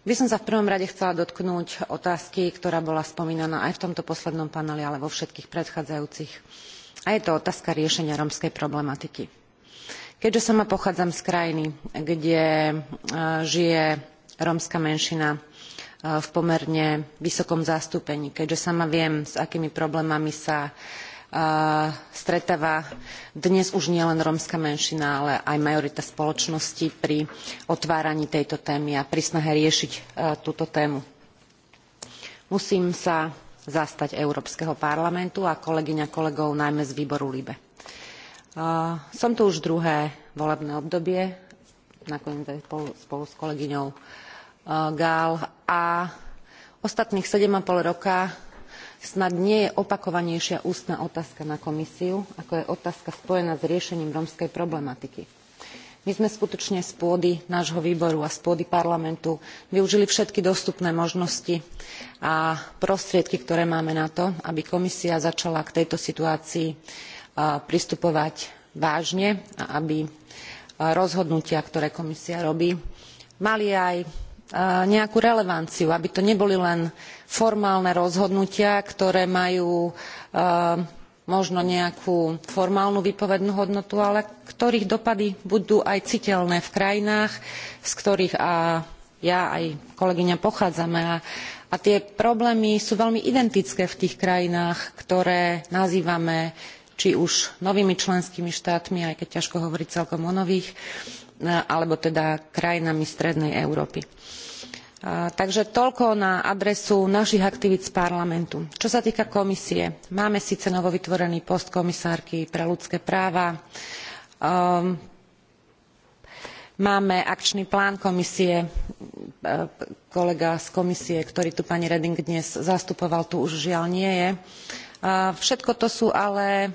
by som sa v prvom rade chcela dotknúť otázky ktorá bola spomínaná aj v tomto poslednom paneli ale vo všetkých predchádzajúcich a je to otázka riešenia rómskej problematiky keďže sama pochádzam z krajiny kde e, žije rómska menšina e, v pomerne vysokom zastúpení keďže sama viem s akými problémami sa e, stretáva dnes už nielen rómska menšina ale aj majorita spoločnosti pri otváraní tejto témy a pri snahe riešiť túto tému. musím sa zastať európskeho parlamentu a kolegýň a kolegov najmä z výboru libe som tu už druhé volebné obdobie, nakoniec spolu s kolegyňou Gál a ostatných sedem a pol roka snad nie je opakovanejšia ústna otázka na komisiu, ako je otázka spojená s riešením rómskej problematiky. My sme skutočne z pôdy nášho výboru a z pôdy parlamentu využili všetky dostupné možnosti a prostriedky, ktoré máme na to, aby komisia začala k tejto situácii pristupovať vážne a aby rozhodnutia, ktoré komisia robí, mali aj nejakú relevanciu, aby to neboli len formálne rozhodnutia, ktoré majú možno nejakú formálnu výpovednú hodnotu, ale ktorých dopady budú aj citeľné v krajinách, z ktorých ja aj kolegyňa pochádzame. a tie problémy sú veľmi identické v tých krajinách, ktoré nazývame či už novými členskými štátmi aj keď ťažko hovoriť celkom o nových e, alebo teda krajinami strednej európy. E, takže toľko na adresu našich aktivít z parlamentu. Čo sa týka komisie, máme síce novo vytvorený post komisárky pre ľudské práva, um, máme akčný plán komisie, e, kolega z komisie, ktorý tu pani Reding dnes zastupoval, tu už žiaľ nie je. Uh, Všetko to sú ale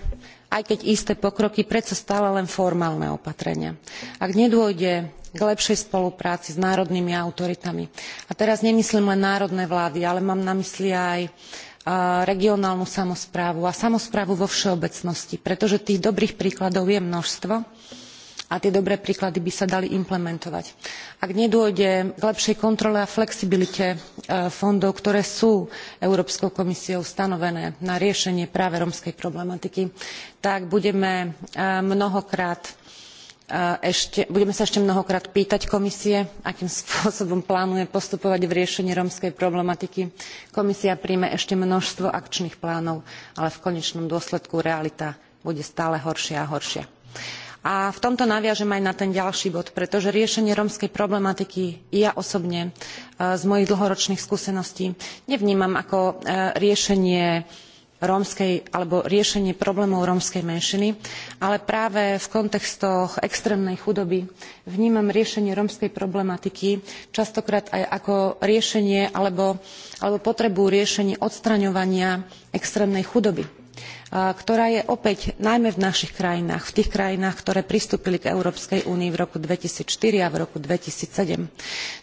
aj keď isté pokroky, predsa stále len formálne opatrenia. Ak nedôjde k lepšej spolupráci s národnými autoritami, a teraz nemyslím len národné vlády, ale mám na mysli aj regionálnu samosprávu a samosprávu vo všeobecnosti, pretože tých dobrých príkladov je množstvo a tie dobré príklady by sa dali implementovať. Ak nedôjde k lepšej kontrole a flexibilite e, fondov, ktoré sú Európskou komisiou stanovené na riešenie práve rómskej problematiky, tak budeme e, mnohokrát e, ešte, budeme sa ešte mnohokrát pýtať komisie akým (laughs) spôsobom plánuje postupovať v riešení rómskej problematiky. komisia prijme ešte množstvo akčných plánov ale v konečnom dôsledku realita bude stále horšia a horšia. A v tomto naviažem aj na ten ďalší bod, pretože riešenie rómskej problematiky ja osobne e, z mojich dlhoročných skúseností nevnímam ako e, riešenie rómskej alebo riešenie problémov rómskej menšiny ale práve v kontextoch extrémnej chudoby vnímam riešenie rómskej problematiky častokrát aj ako riešenie alebo, alebo potrebu riešenia odstraňovania extrémnej chudoby ktorá je opäť najmä v našich krajinách v tých krajinách ktoré pristúpili k európskej únii v roku two thousand and four a v roku two thousand and seven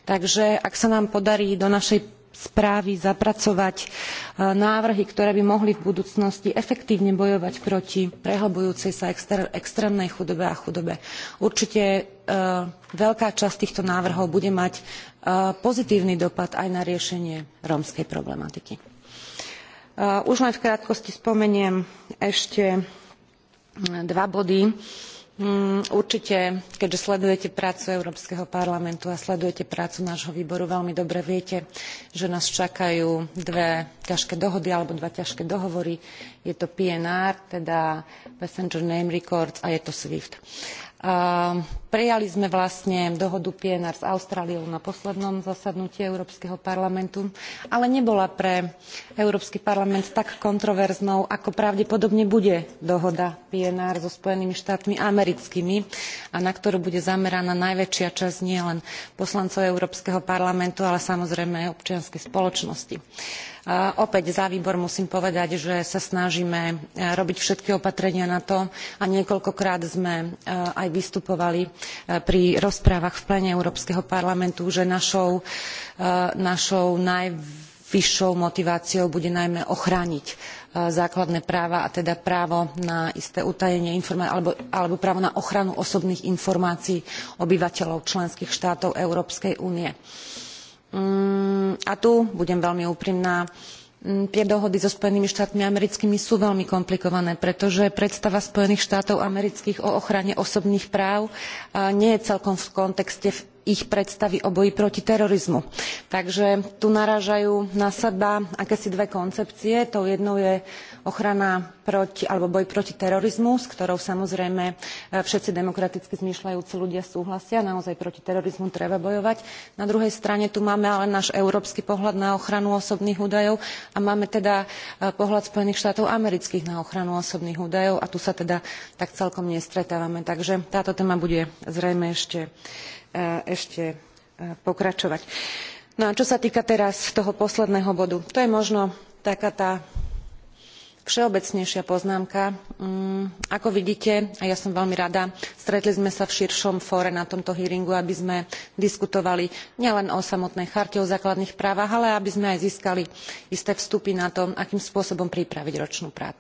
takže ak sa nám podarí do našej správy zapracovať návrhy ktoré by mohli v budúcnosti efektívne bojovať proti prehlbujúcej sa extrémnej chudobe a chudobe. určite e, veľká časť týchto návrhov bude mať e, pozitívny dopad aj na riešenie rómskej problematiky. Uh, už len v krátkosti spomeniem ešte mm, dva body. Mm, určite, keďže sledujete prácu Európskeho parlamentu a sledujete prácu nášho výboru, veľmi dobre viete, že nás čakajú dve ťažké dohody alebo dva ťažké dohovory. Je to PNR, teda Passenger Name Records a je to SWIFT. Ehm, prijali sme vlastne dohodu pnr s austráliou na poslednom zasadnutí európskeho parlamentu ale nebola pre európsky parlament tak kontroverznou ako pravdepodobne bude dohoda pnr so spojenými štátmi americkými a na ktorú bude zameraná najväčšia časť nielen poslancov európskeho parlamentu ale samozrejme aj občianskej spoločnosti opäť za výbor musím povedať že sa snažíme e, robiť všetky opatrenia na to a niekoľkokrát sme e, aj vystupovali e, pri rozprávach v pléne európskeho parlamentu že našou, najvyššou motiváciou bude najmä ochrániť základné práva a teda právo na isté utajenie alebo, alebo právo na ochranu osobných informácií obyvateľov členských štátov európskej únie. Mm, a tu budem veľmi úprimná mm, tie dohody so spojenými štátmi americkými sú veľmi komplikované pretože predstava spojených štátov amerických o ochrane osobných práv nie je celkom v kontexte ich predstavy o boji proti terorizmu. takže tu narážajú na seba akési dve koncepcie tou jednou je ochrana proti, alebo boj proti terorizmu, s ktorou samozrejme e, všetci demokraticky zmýšľajúci ľudia súhlasia. Naozaj proti terorizmu treba bojovať. Na druhej strane tu máme ale náš európsky pohľad na ochranu osobných údajov a máme teda e, pohľad Spojených štátov amerických na ochranu osobných údajov a tu sa teda tak celkom nestretávame. Takže táto téma bude zrejme ešte, e, ešte pokračovať. No a čo sa týka teraz toho posledného bodu, to je možno taká tá všeobecnejšia poznámka. Mm, ako vidíte, a ja som veľmi rada, stretli sme sa v širšom fóre na tomto hearingu, aby sme diskutovali nielen o samotnej charte o základných právach, ale aby sme aj získali isté vstupy na to, akým spôsobom pripraviť ročnú, e, e,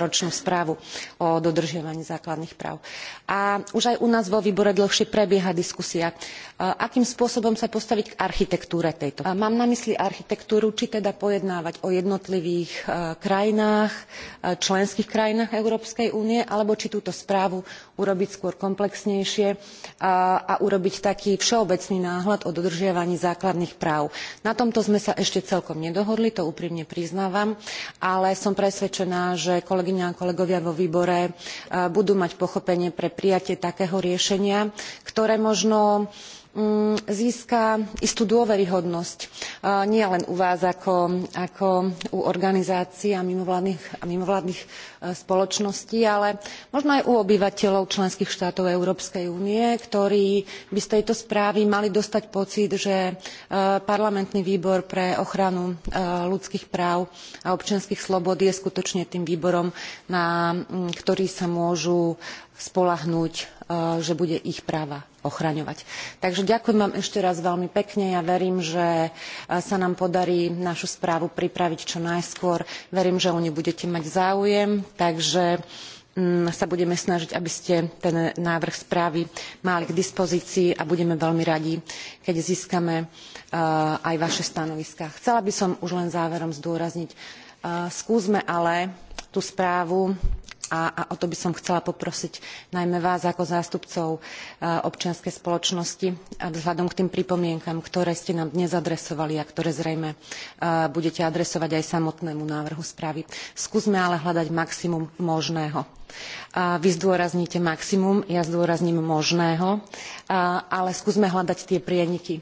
ročnú správu o dodržiavaní základných práv. A už aj u nás vo výbore dlhšie prebieha diskusia, e, akým spôsobom sa postaviť k architektúre tejto. Mám na mysli architektúru, či teda pojednávať o jednotlivých krajinách Eh, členských krajinách Európskej únie, alebo či túto správu urobiť skôr komplexnejšie eh, a, urobiť taký všeobecný náhľad o dodržiavaní základných práv. Na tomto sme sa ešte celkom nedohodli, to úprimne priznávam, ale som presvedčená, že kolegyňa a kolegovia vo výbore eh, budú mať pochopenie pre prijatie takého riešenia, ktoré možno Mm, získa istú dôveryhodnosť nielen u vás ako, u organizácií a mimovládnych, e, spoločností, ale možno aj u obyvateľov členských štátov Európskej únie, ktorí by z tejto správy mali dostať pocit, že e, parlamentný výbor pre ochranu e, ľudských práv a občianskych slobod je skutočne tým výborom, na ktorý sa môžu spolahnúť, že bude ich práva ochraňovať. Takže ďakujem vám ešte raz veľmi pekne. Ja verím, že eh, sa nám podarí našu správu pripraviť čo najskôr. Verím, že o ňu budete mať záujem, takže mm, sa budeme snažiť, aby ste ten návrh správy mali k dispozícii a budeme veľmi radi, keď získame eh, aj vaše stanoviská. Chcela by som už len záverom zdôrazniť, eh, skúsme ale tú správu a, a o to by som chcela poprosiť najmä vás ako zástupcov e, občianskej spoločnosti vzhľadom k tým pripomienkam, ktoré ste nám dnes adresovali a ktoré zrejme e, budete adresovať aj samotnému návrhu správy. Skúsme ale hľadať maximum možného. Vy zdôrazníte maximum, ja zdôrazním možného, e, ale skúsme hľadať tie prieniky.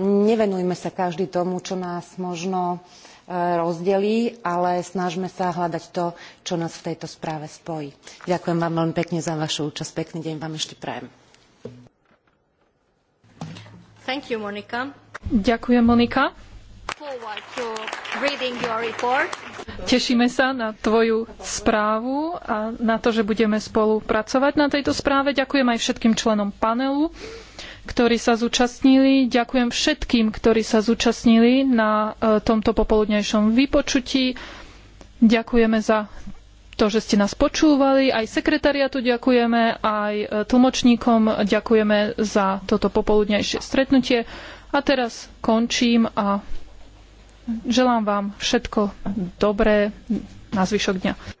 Nevenujme sa každý tomu, čo nás možno E, rozdelí, ale snažme sa hľadať to, čo nás v tejto správe spojí. Ďakujem vám veľmi pekne za vašu účasť. Pekný deň vám ešte prajem. You, Monika. Ďakujem, Monika. Tešíme sa na tvoju správu a na to, že budeme spolupracovať na tejto správe. Ďakujem aj všetkým členom panelu ktorí sa zúčastnili. Ďakujem všetkým, ktorí sa zúčastnili na e, tomto popoludnejšom vypočutí. Ďakujeme za to, že ste nás počúvali. Aj sekretariatu ďakujeme, aj e, tlmočníkom ďakujeme za toto popoludnejšie stretnutie. A teraz končím a želám vám všetko dobré na zvyšok dňa.